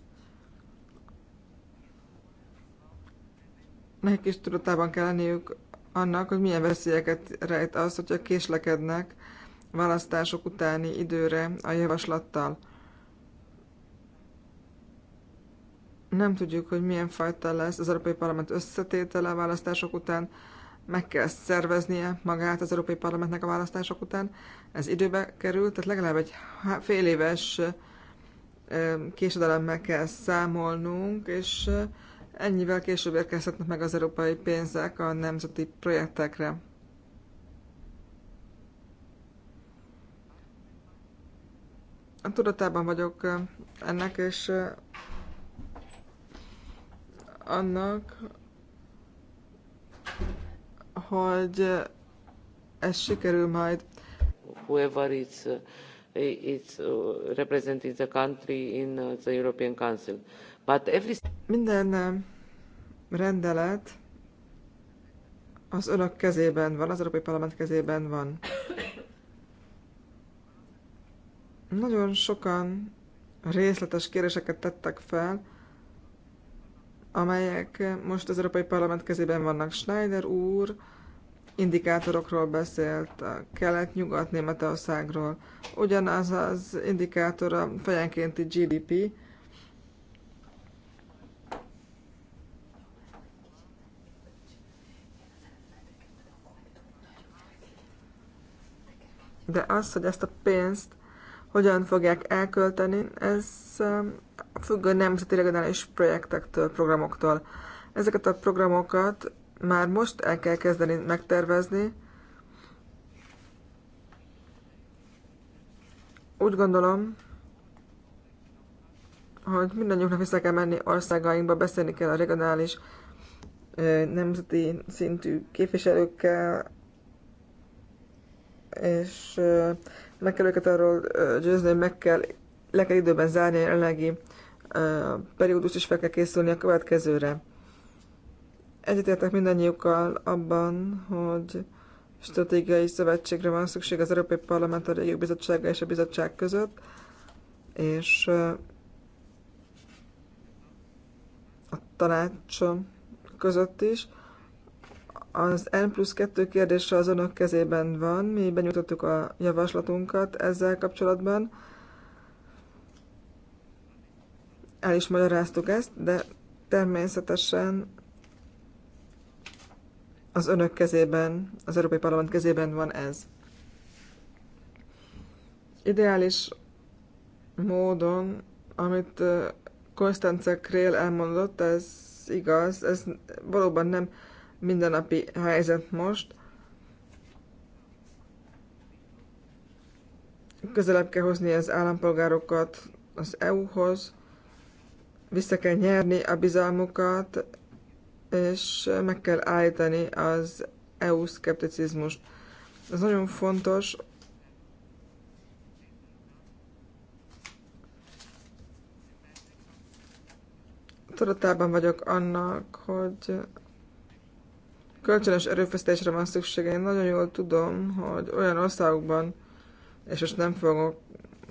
nekik is tudatában kell lenniük annak, hogy milyen veszélyeket rejt az, hogyha késlekednek választások utáni időre a javaslattal. nem tudjuk, hogy milyen fajta lesz az Európai Parlament összetétele a választások után, meg kell szerveznie magát az Európai Parlamentnek a választások után. Ez időbe került, tehát legalább egy fél éves késedelemmel kell számolnunk, és ennyivel később érkezhetnek meg az európai pénzek a nemzeti projektekre. Tudatában vagyok ennek, és annak, hogy ez sikerül majd. Whoever is, uh, eh, it's, uh, eh, representing the country in uh, the European Council. But every... Minden rendelet az önök kezében van, az Európai Parlament kezében van. Nagyon sokan részletes kéréseket tettek fel, amelyek most az Európai Parlament kezében vannak. Schneider úr indikátorokról beszélt, a kelet-nyugat Németországról. Ugyanaz az indikátor a fejenkénti GDP, de az, hogy ezt a pénzt hogyan fogják elkölteni, ez um, függő nemzeti regionális projektektől, programoktól. Ezeket a programokat már most el kell kezdeni megtervezni. Úgy gondolom, hogy mindannyiunknak vissza kell menni országainkba, beszélni kell a regionális, nemzeti szintű képviselőkkel, és meg kell őket arról győzni, hogy meg kell, le kell időben zárni a jelenlegi periódus is fel kell készülni a következőre. Egyetértek mindannyiukkal abban, hogy stratégiai szövetségre van szükség az Európai Parlament, a Régiók Bizottsága és a Bizottság között, és a tanács között is. Az N plusz 2 kérdése az önök kezében van, mi benyújtottuk a javaslatunkat ezzel kapcsolatban, el is magyaráztuk ezt, de természetesen az önök kezében, az Európai Parlament kezében van ez. Ideális módon, amit Konstance Krél elmondott, ez igaz, ez valóban nem mindennapi helyzet most. Közelebb kell hozni az állampolgárokat az EU-hoz, vissza kell nyerni a bizalmukat, és meg kell állítani az EU szkepticizmust. Ez nagyon fontos, tudatában vagyok annak, hogy kölcsönös erőfeszítésre van szüksége. Én nagyon jól tudom, hogy olyan országokban, és most nem fogok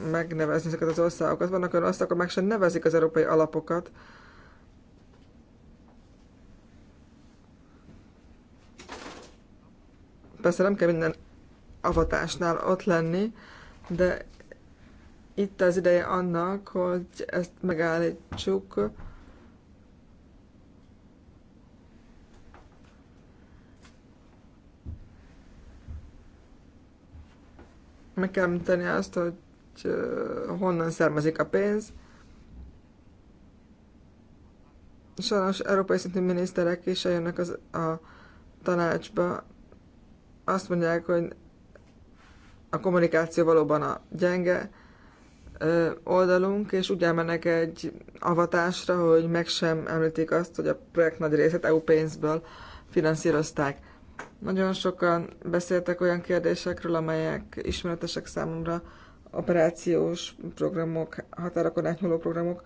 megnevezni ezeket az országokat. Vannak olyan országok, amelyek sem nevezik az európai alapokat. Persze nem kell minden avatásnál ott lenni, de itt az ideje annak, hogy ezt megállítsuk. Meg kell tenni azt, hogy honnan származik a pénz. Sajnos európai szintű miniszterek is eljönnek az, a tanácsba, azt mondják, hogy a kommunikáció valóban a gyenge oldalunk, és úgy elmennek egy avatásra, hogy meg sem említik azt, hogy a projekt nagy részét EU pénzből finanszírozták. Nagyon sokan beszéltek olyan kérdésekről, amelyek ismeretesek számomra, operációs programok, határokon átnyúló programok.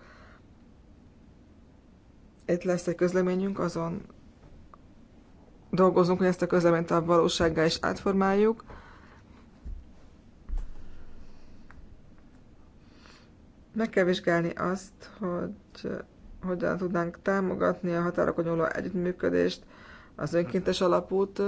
Itt lesz egy közleményünk, azon dolgozunk, hogy ezt a közleményt a valósággá is átformáljuk. Meg kell vizsgálni azt, hogy hogyan tudnánk támogatni a határokon nyúló együttműködést, az önkéntes alapút,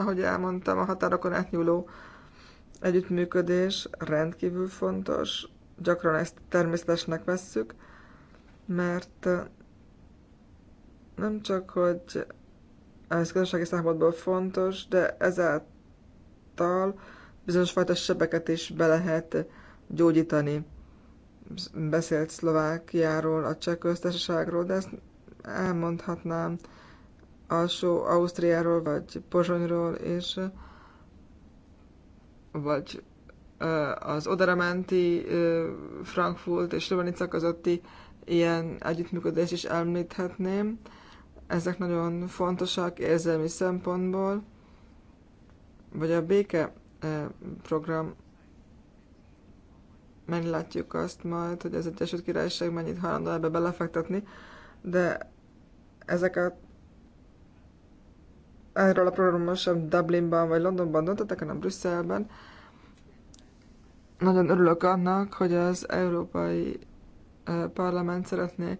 ahogy elmondtam, a határokon átnyúló együttműködés rendkívül fontos. Gyakran ezt természetesnek vesszük, mert eh, nem csak, hogy ez közösségi szempontból fontos, de ezáltal bizonyos fajta sebeket is be lehet gyógyítani. Beszélt Szlovákiáról, a cseh köztársaságról, de ezt elmondhatnám alsó Ausztriáról, vagy Pozsonyról, és vagy az Odaramenti, Frankfurt és Löbenica közötti ilyen együttműködést is említhetném. Ezek nagyon fontosak érzelmi szempontból, vagy a béke program meglátjuk azt majd, hogy az Egyesült Királyság mennyit hajlandó ebbe belefektetni, de ezek a erről a programról sem Dublinban vagy Londonban döntöttek, hanem Brüsszelben. Nagyon örülök annak, hogy az Európai Parlament szeretné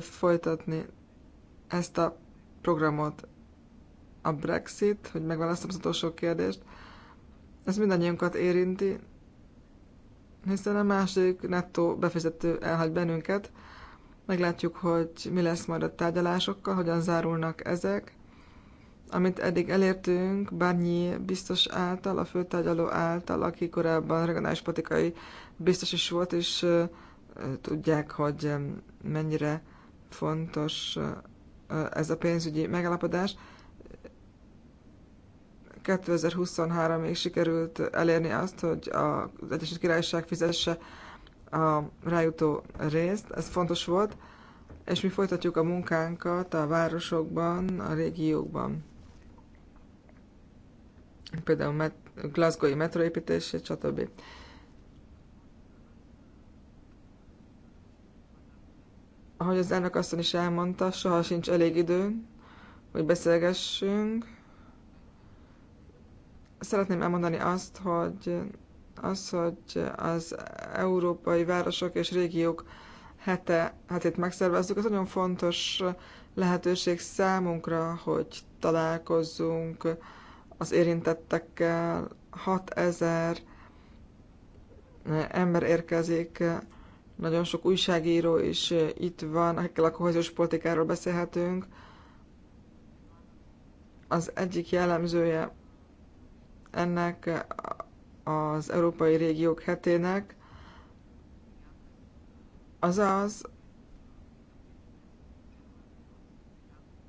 folytatni ezt a programot. A Brexit, hogy megválasztom az utolsó kérdést, ez mindannyiunkat érinti, hiszen a másik nettó befizető elhagy bennünket, Meglátjuk, hogy mi lesz majd a tárgyalásokkal, hogyan zárulnak ezek. Amit eddig elértünk, Barnyi biztos által, a főtárgyaló által, aki korábban regionális politikai biztos is volt, és tudják, hogy mennyire fontos ez a pénzügyi megállapodás. 2023-ig sikerült elérni azt, hogy az Egyesült Királyság fizesse a rájutó részt, ez fontos volt, és mi folytatjuk a munkánkat a városokban, a régiókban. Például met- Glasgow-i metroépítés, stb. Ahogy az elnök asszony is elmondta, soha sincs elég idő, hogy beszélgessünk. Szeretném elmondani azt, hogy az, hogy az európai városok és régiók hete, hetét megszervezzük, az nagyon fontos lehetőség számunkra, hogy találkozzunk az érintettekkel. 6000 ember érkezik, nagyon sok újságíró is itt van, akikkel a kohéziós politikáról beszélhetünk. Az egyik jellemzője ennek az Európai Régiók hetének, az az,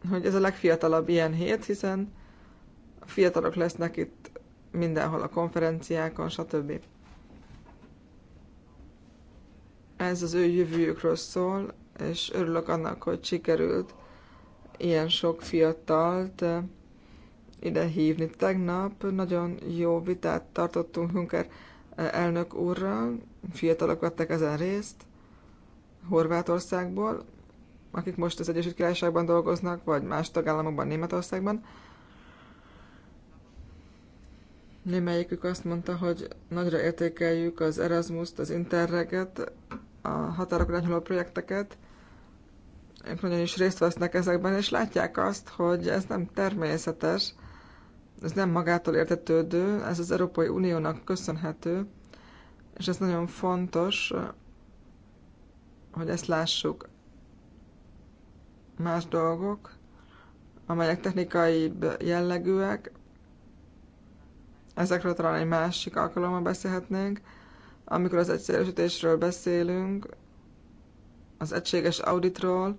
hogy ez a legfiatalabb ilyen hét, hiszen fiatalok lesznek itt mindenhol a konferenciákon, stb. Ez az ő jövőjükről szól, és örülök annak, hogy sikerült ilyen sok fiatalt ide hívni. Tegnap nagyon jó vitát tartottunk Hunker eh, elnök úrral, fiatalok vettek ezen részt Horvátországból, akik most az Egyesült Királyságban dolgoznak, vagy más tagállamokban, Németországban. Némelyikük azt mondta, hogy nagyra értékeljük az Erasmus-t, az Interreget, a határokon átnyúló projekteket. Ők nagyon is részt vesznek ezekben, és látják azt, hogy ez nem természetes, ez nem magától értetődő, ez az Európai Uniónak köszönhető, és ez nagyon fontos, hogy ezt lássuk. Más dolgok, amelyek technikai jellegűek, ezekről talán egy másik alkalommal beszélhetnénk, amikor az egyszerűsítésről beszélünk, az egységes auditról,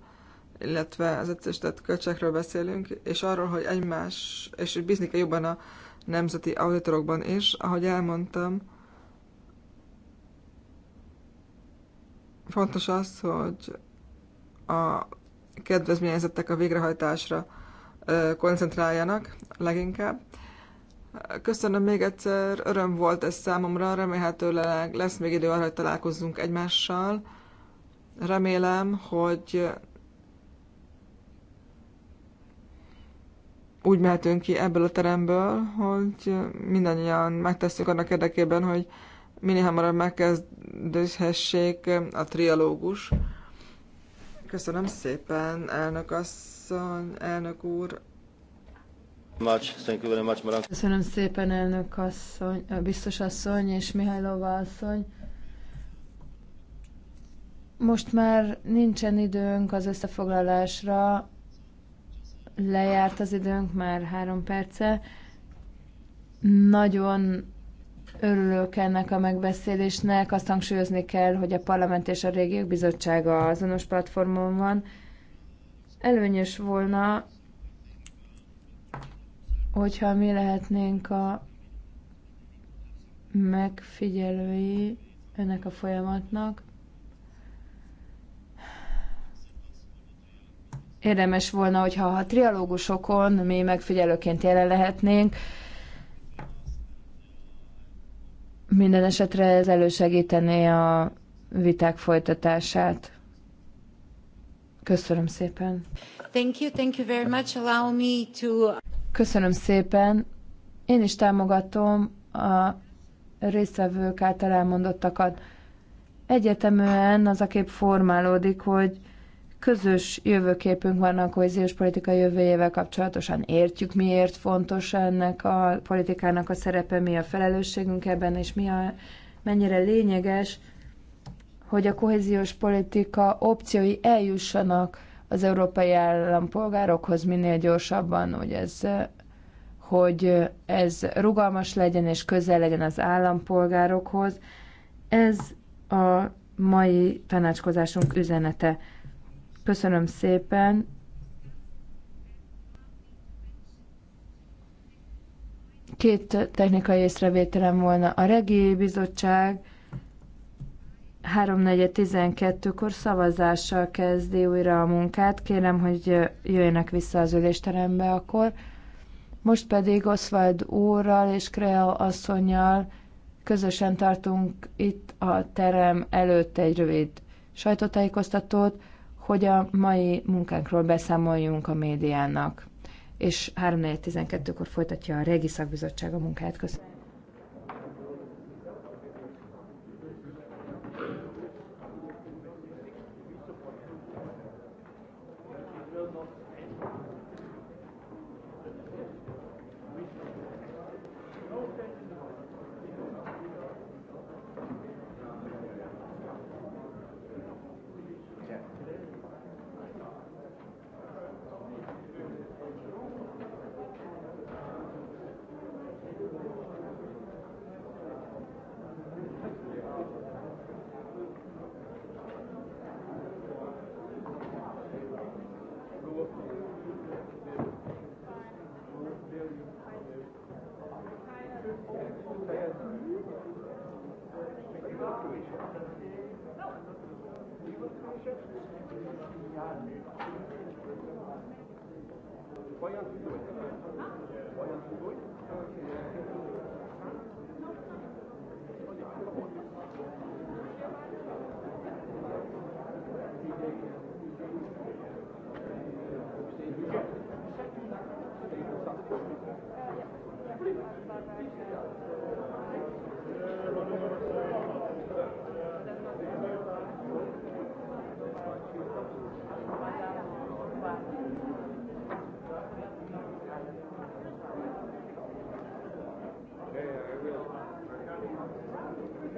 illetve az egyszerűsített költségekről beszélünk, és arról, hogy egymás, és bízni kell jobban a nemzeti auditorokban is, ahogy elmondtam, fontos az, hogy a kedvezményezettek a végrehajtásra koncentráljanak leginkább. Köszönöm még egyszer, öröm volt ez számomra, remélhetőleg lesz még idő arra, hogy találkozzunk egymással. Remélem, hogy úgy mehetünk ki ebből a teremből, hogy mindannyian megteszünk annak érdekében, hogy minél hamarabb megkezdődhessék a trialógus. Köszönöm szépen, elnök asszony, elnök úr. Köszönöm szépen, elnök asszony, biztos asszony és Mihálylova asszony. Most már nincsen időnk az összefoglalásra, lejárt az időnk, már három perce. Nagyon örülök ennek a megbeszélésnek. Azt hangsúlyozni kell, hogy a Parlament és a Régiók Bizottsága azonos platformon van. Előnyös volna, hogyha mi lehetnénk a megfigyelői ennek a folyamatnak. érdemes volna, hogyha a trialógusokon mi megfigyelőként jelen lehetnénk. Minden esetre ez elősegítené a viták folytatását. Köszönöm szépen. Thank you, thank you very much. Allow me to... Köszönöm szépen. Én is támogatom a résztvevők által elmondottakat. Egyeteműen az a kép formálódik, hogy közös jövőképünk van a kohéziós politika jövőjével kapcsolatosan. Értjük, miért fontos ennek a politikának a szerepe, mi a felelősségünk ebben, és mi a, mennyire lényeges, hogy a kohéziós politika opciói eljussanak az európai állampolgárokhoz minél gyorsabban, hogy ez, hogy ez rugalmas legyen és közel legyen az állampolgárokhoz. Ez a mai tanácskozásunk üzenete. Köszönöm szépen. Két technikai észrevételem volna. A Regi Bizottság 3.4.12-kor szavazással kezdi újra a munkát. Kérem, hogy jöjjenek vissza az ülésterembe akkor. Most pedig Oswald úrral és Krea asszonyjal közösen tartunk itt a terem előtt egy rövid sajtótájékoztatót hogy a mai munkánkról beszámoljunk a médiának. És 3.4.12-kor folytatja a Regi Szakbizottság a munkáját. Köszönöm.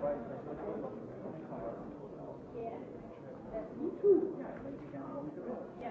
Yeah, that's me too. Yeah.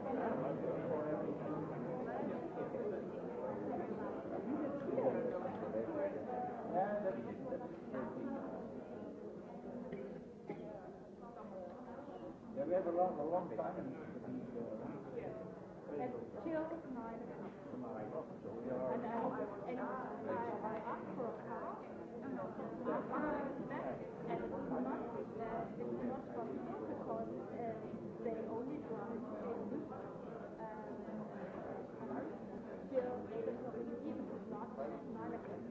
a long, a long time. And, and she also nine o'clock. And I, and I, I asked for a car. And I was back, and it was not, uh, it was not possible because uh, they only drive in Luton. Um, yeah, even not nine o'clock.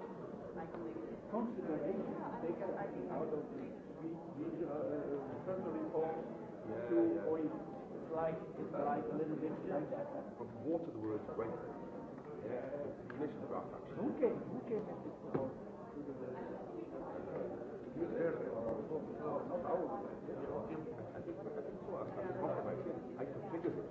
considering taken out of these uh, personal reports yeah, to yeah. oil. It's like, it's like a little bit like that. From water the word great. Yeah. Commission about that. Who came, who came with this report? You there? No, not ours. I think so. I can confirm. I can figure it.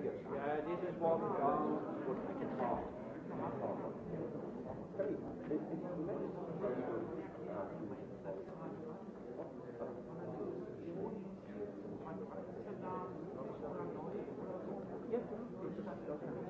Yeah, this is what we got. Thank you.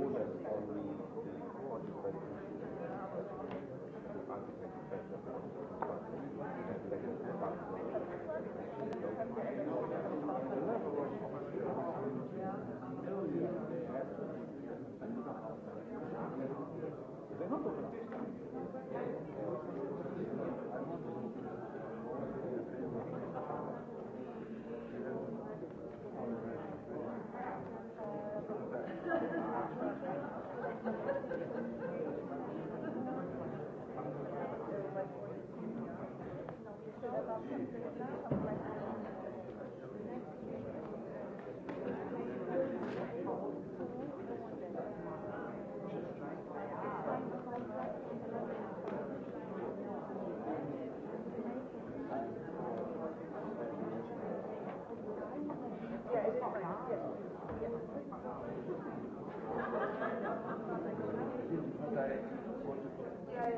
József tanul,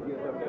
Köszönöm.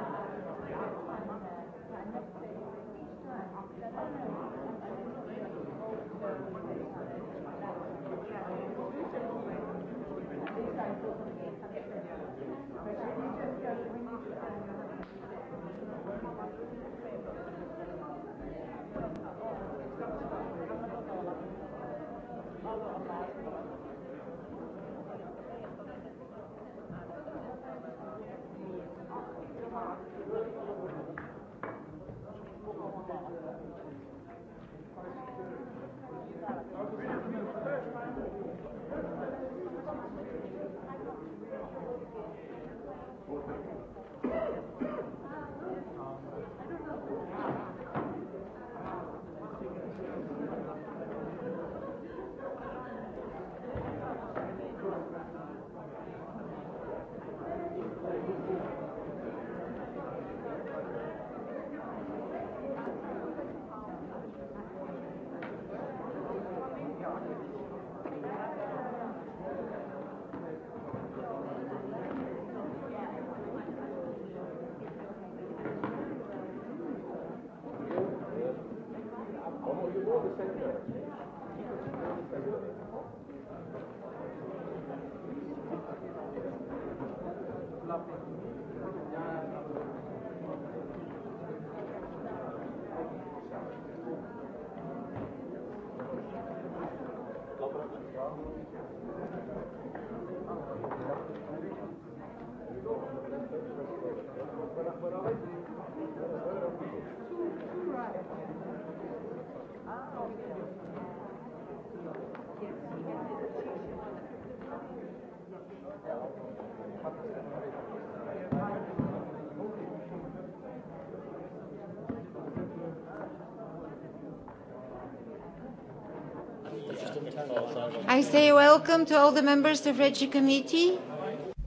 I say welcome to all the members of Regi Committee.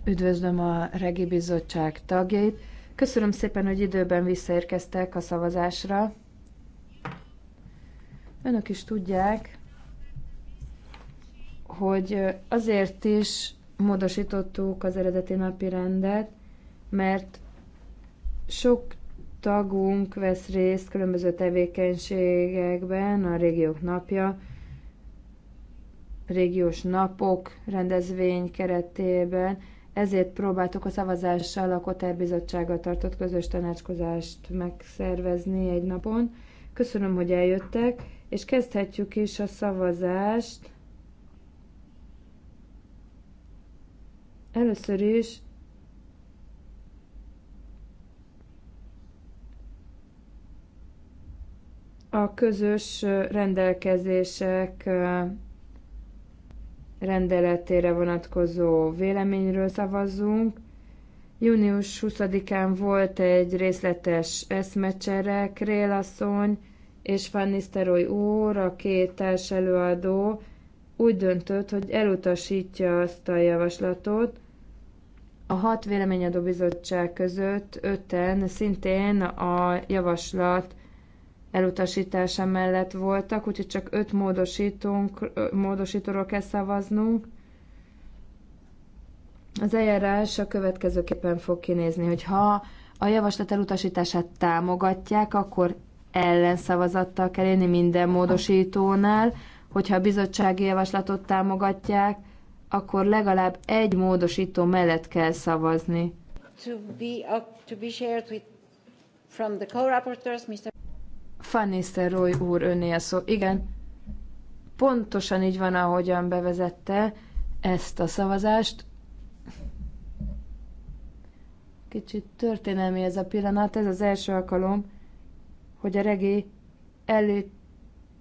Üdvözlöm a Regi Bizottság tagjait. Köszönöm szépen, hogy időben visszaérkeztek a szavazásra. Önök is tudják, hogy azért is módosítottuk az eredeti napi rendet, mert sok tagunk vesz részt különböző tevékenységekben, a régiók napja, régiós napok rendezvény keretében, ezért próbáltuk a szavazással a Koter Bizottsággal tartott közös tanácskozást megszervezni egy napon. Köszönöm, hogy eljöttek és kezdhetjük is a szavazást. Először is a közös rendelkezések rendeletére vonatkozó véleményről szavazzunk. Június 20-án volt egy részletes eszmecsere, Krélasszony, és Van Nistelrooy úr, a két társ előadó úgy döntött, hogy elutasítja azt a javaslatot. A hat véleményadó bizottság között öten szintén a javaslat elutasítása mellett voltak, úgyhogy csak öt módosítunk, módosítóról kell szavaznunk. Az eljárás a következőképpen fog kinézni, hogy ha a javaslat elutasítását támogatják, akkor ellenszavazattal kell élni minden módosítónál, hogyha a bizottsági javaslatot támogatják, akkor legalább egy módosító mellett kell szavazni. To be, uh, to be shared with, from the co Mr. Fannister Roy úr önél szó. Igen, pontosan így van, ahogyan bevezette ezt a szavazást. Kicsit történelmi ez a pillanat, ez az első alkalom, hogy a regé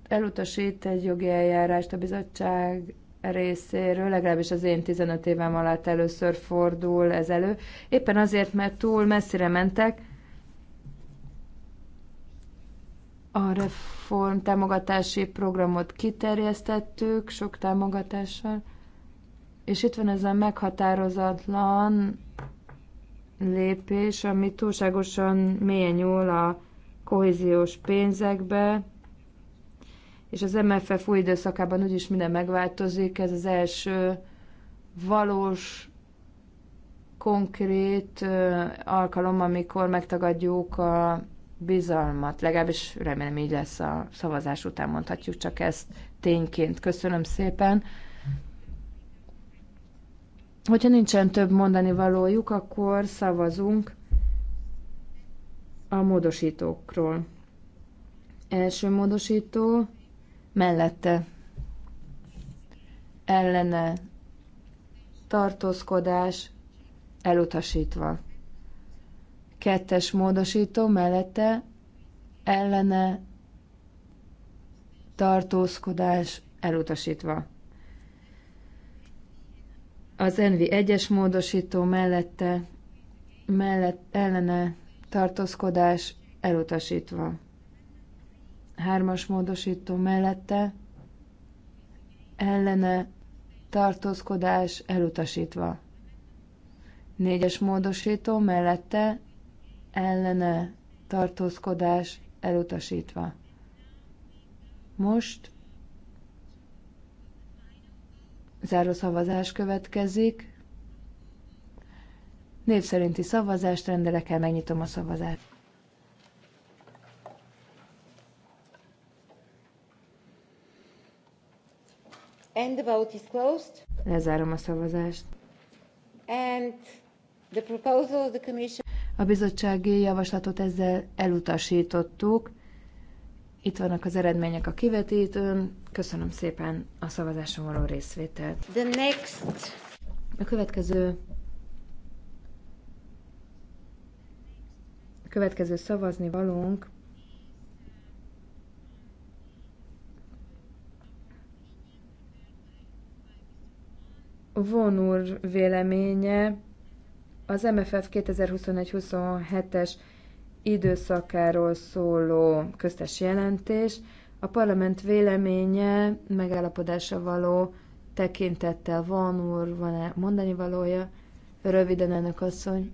elutasít egy jogi eljárást a bizottság részéről, legalábbis az én 15 évem alatt először fordul ez elő, éppen azért, mert túl messzire mentek a reform támogatási programot kiterjesztettük sok támogatással, és itt van ez a meghatározatlan lépés, ami túlságosan mélyen nyúl a kohéziós pénzekbe, és az MFF új időszakában úgyis minden megváltozik, ez az első valós, konkrét alkalom, amikor megtagadjuk a bizalmat. Legalábbis remélem így lesz a szavazás után mondhatjuk csak ezt tényként. Köszönöm szépen. Hogyha nincsen több mondani valójuk, akkor szavazunk a módosítókról. Első módosító mellette ellene tartózkodás elutasítva. Kettes módosító mellette ellene tartózkodás elutasítva. Az envi egyes módosító mellette, mellett ellene tartózkodás elutasítva. Hármas módosító mellette ellene tartózkodás elutasítva. Négyes módosító mellette ellene tartózkodás elutasítva. Most záró szavazás következik. Név szerinti szavazást rendelek el, megnyitom a szavazást. And the vote is closed. Lezárom a szavazást. And the proposal of the commission... A bizottsági javaslatot ezzel elutasítottuk. Itt vannak az eredmények a kivetítőn. Köszönöm szépen a szavazáson való részvételt. The next. A következő következő szavazni valónk Vonur véleménye az MFF 2021-27-es időszakáról szóló köztes jelentés, a parlament véleménye megállapodása való tekintettel van úr, van -e mondani valója? Röviden, elnök asszony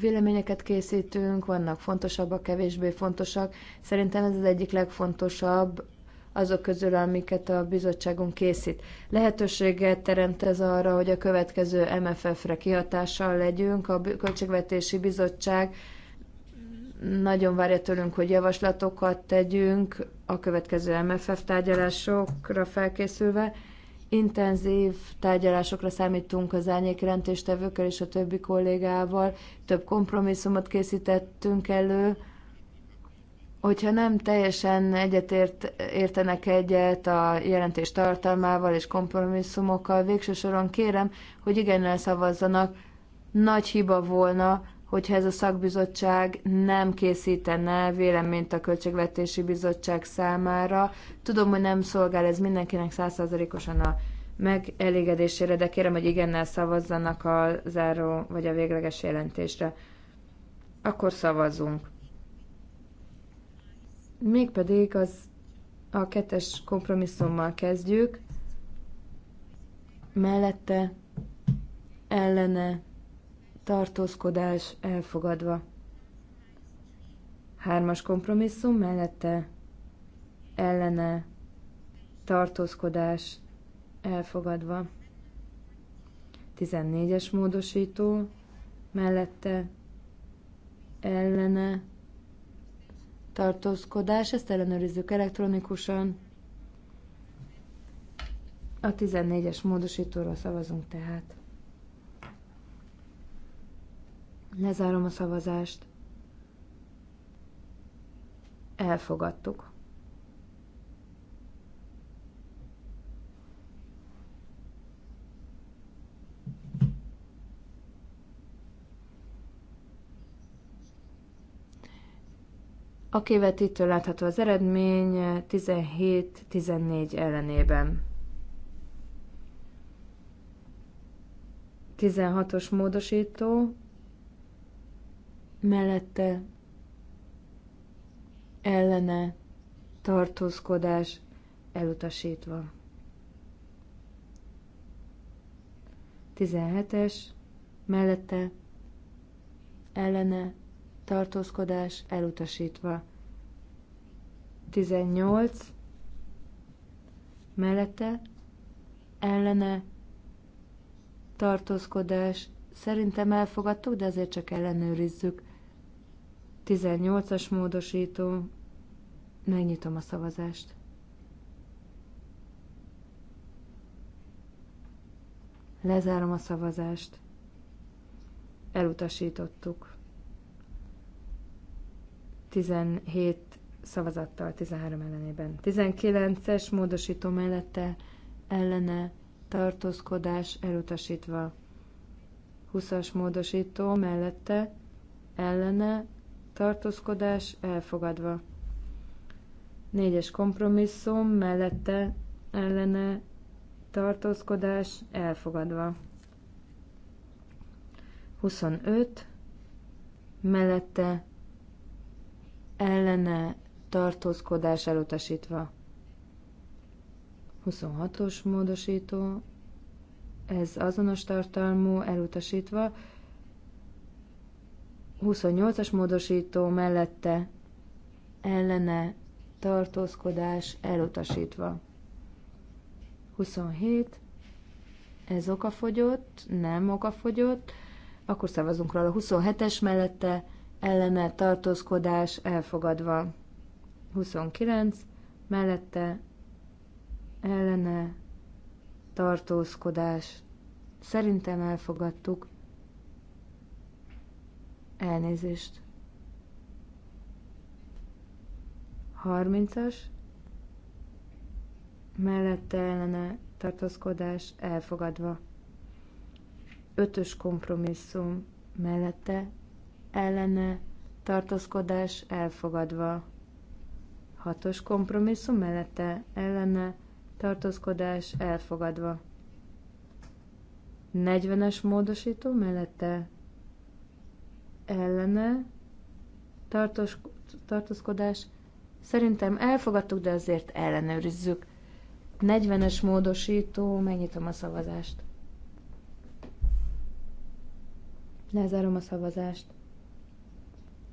véleményeket készítünk, vannak fontosabbak, kevésbé fontosak. Szerintem ez az egyik legfontosabb azok közül, amiket a bizottságunk készít. Lehetőséget teremt ez arra, hogy a következő MFF-re kihatással legyünk. A Költségvetési Bizottság nagyon várja tőlünk, hogy javaslatokat tegyünk a következő MFF tárgyalásokra felkészülve Intenzív tárgyalásokra számítunk az árnyékjelentéstevőkkel és a többi kollégával, több kompromisszumot készítettünk elő, hogyha nem teljesen egyetért értenek egyet a jelentés tartalmával és kompromisszumokkal, végső soron kérem, hogy igennel szavazzanak. Nagy hiba volna, hogyha ez a szakbizottság nem készítene véleményt a Költségvetési Bizottság számára. Tudom, hogy nem szolgál ez mindenkinek százszázalékosan a megelégedésére, de kérem, hogy igennel szavazzanak a záró vagy a végleges jelentésre. Akkor szavazunk. Mégpedig az a kettes kompromisszummal kezdjük. Mellette, ellene, tartózkodás elfogadva. Hármas kompromisszum mellette ellene tartózkodás elfogadva. 14-es módosító mellette ellene tartózkodás, ezt ellenőrizzük elektronikusan. A 14-es módosítóról szavazunk tehát. Lezárom a szavazást. Elfogadtuk. A kivetítő látható az eredmény 17-14 ellenében. 16-os módosító mellette ellene tartózkodás elutasítva. 17-es mellette ellene tartózkodás elutasítva. 18 mellette ellene tartózkodás szerintem elfogadtuk, de azért csak ellenőrizzük. 18-as módosító. Megnyitom a szavazást. Lezárom a szavazást. Elutasítottuk. 17 szavazattal, 13 ellenében. 19-es módosító mellette ellene tartózkodás elutasítva. 20-as módosító mellette ellene tartózkodás elfogadva. Négyes kompromisszum mellette ellene tartózkodás elfogadva. 25 mellette ellene tartózkodás elutasítva. 26-os módosító, ez azonos tartalmú elutasítva, 28-as módosító mellette ellene tartózkodás elutasítva. 27. Ez okafogyott, nem okafogyott. Akkor szavazunk róla. 27-es mellette ellene tartózkodás elfogadva. 29. Mellette ellene tartózkodás. Szerintem elfogadtuk. Elnézést. 30-as. Mellette ellene tartózkodás elfogadva. 5-ös kompromisszum. Mellette ellene tartózkodás elfogadva. 6-os kompromisszum mellette ellene tartózkodás elfogadva. 40-es módosító mellette ellene tartos, tartózkodás. Szerintem elfogadtuk, de azért ellenőrizzük. 40-es módosító, megnyitom a szavazást. Lezárom a szavazást.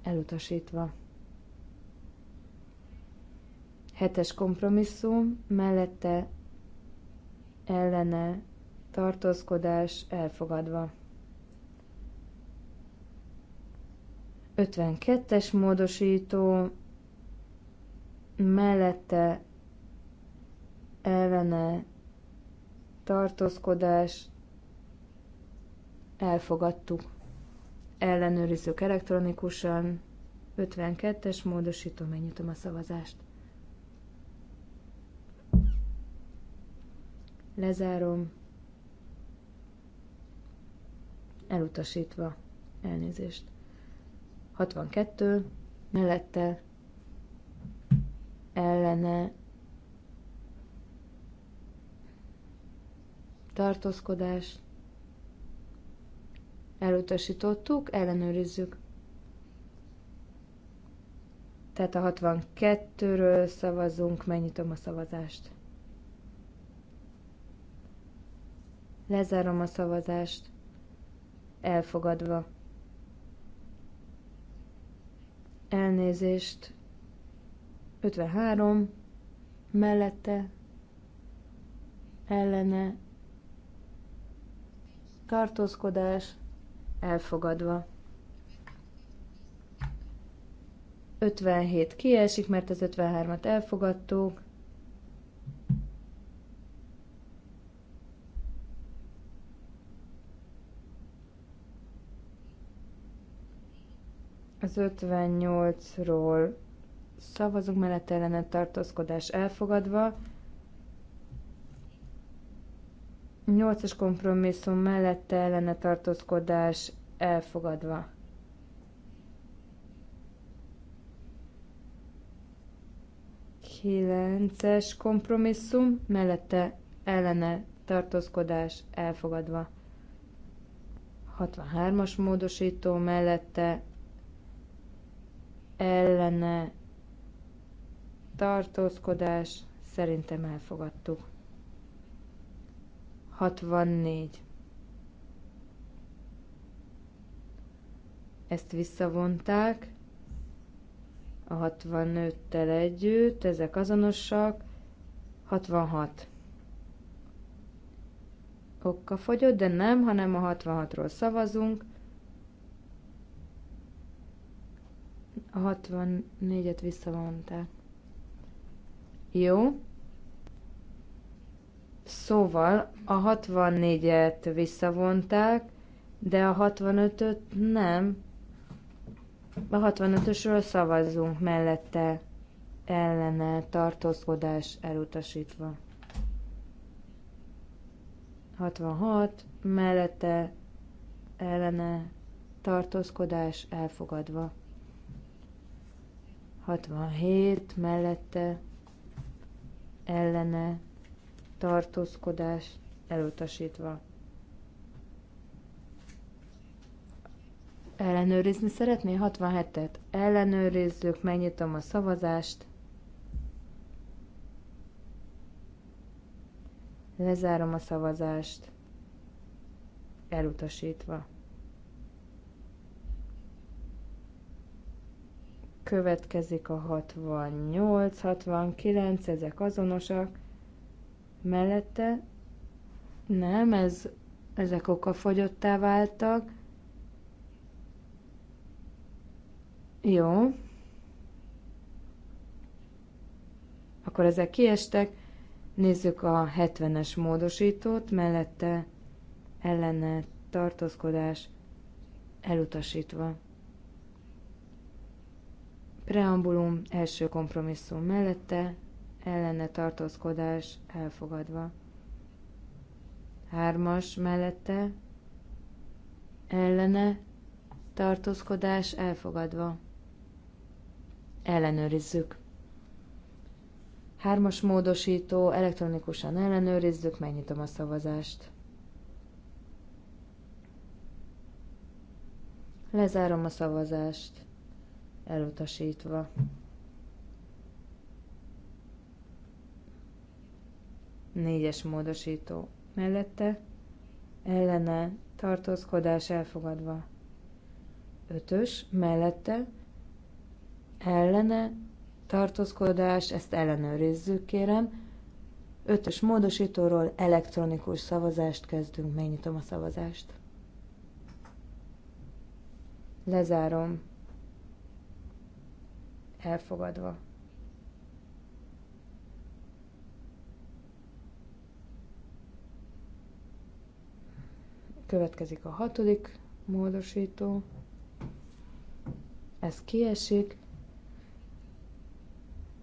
Elutasítva. Hetes kompromisszum, mellette ellene tartózkodás elfogadva. 52-es módosító mellette ellene tartózkodás elfogadtuk. Ellenőrizzük elektronikusan. 52-es módosító, megnyitom a szavazást. Lezárom. Elutasítva. Elnézést. 62 mellette ellene tartózkodás elutasítottuk, ellenőrizzük. Tehát a 62-ről szavazunk, megnyitom a szavazást. Lezárom a szavazást. Elfogadva. elnézést 53 mellette ellene tartózkodás elfogadva. 57 kiesik, mert az 53-at elfogadtuk. Az 58-ról szavazunk mellett ellene tartózkodás elfogadva. 8-as kompromisszum mellette ellene tartózkodás elfogadva. Kilences kompromisszum, mellette ellene tartózkodás elfogadva. 63-as módosító mellette ellene tartózkodás, szerintem elfogadtuk. 64. Ezt visszavonták, a 65-tel együtt, ezek azonosak, 66. Okka fogyott, de nem, hanem a 66-ról szavazunk, A 64-et visszavonták. Jó. Szóval a 64-et visszavonták, de a 65-öt nem. A 65-ösről szavazzunk mellette ellene tartózkodás elutasítva. 66 mellette ellene tartózkodás elfogadva. 67 mellette ellene tartózkodás elutasítva. Ellenőrizni szeretné 67-et? Ellenőrizzük, megnyitom a szavazást. Lezárom a szavazást. Elutasítva. következik a 68, 69, ezek azonosak. Mellette nem, ez, ezek okafogyottá váltak. Jó. Akkor ezek kiestek. Nézzük a 70-es módosítót, mellette ellene tartózkodás elutasítva. Preambulum első kompromisszum mellette, ellene tartózkodás elfogadva. Hármas mellette, ellene tartózkodás elfogadva. Ellenőrizzük. Hármas módosító, elektronikusan ellenőrizzük, megnyitom a szavazást. Lezárom a szavazást elutasítva. Négyes módosító mellette, ellene tartózkodás elfogadva. Ötös mellette, ellene tartózkodás, ezt ellenőrizzük kérem. Ötös módosítóról elektronikus szavazást kezdünk, megnyitom a szavazást. Lezárom elfogadva. Következik a hatodik módosító. Ez kiesik.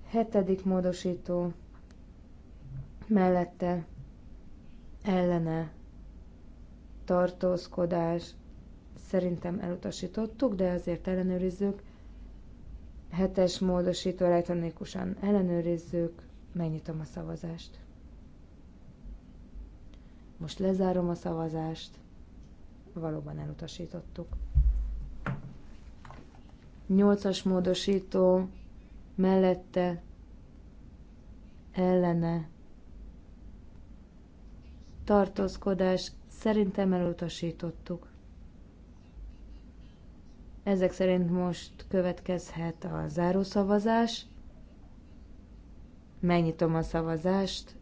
Hetedik módosító mellette ellene tartózkodás. Szerintem elutasítottuk, de azért ellenőrizzük. Hetes módosító elektronikusan ellenőrizzük, megnyitom a szavazást. Most lezárom a szavazást, valóban elutasítottuk. Nyolcas módosító mellette ellene tartózkodás szerintem elutasítottuk. Ezek szerint most következhet a zárószavazás. Megnyitom a szavazást.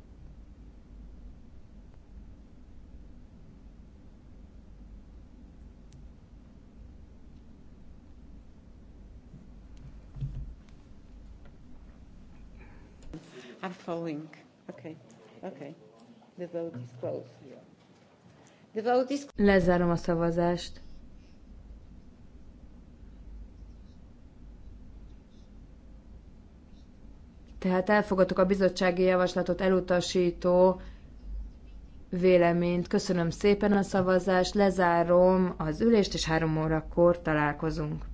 I'm following. Okay. Okay. The vote is closed. The vote is... Lezárom a szavazást. Tehát elfogadtuk a bizottsági javaslatot elutasító véleményt. Köszönöm szépen a szavazást, lezárom az ülést, és három órakor találkozunk.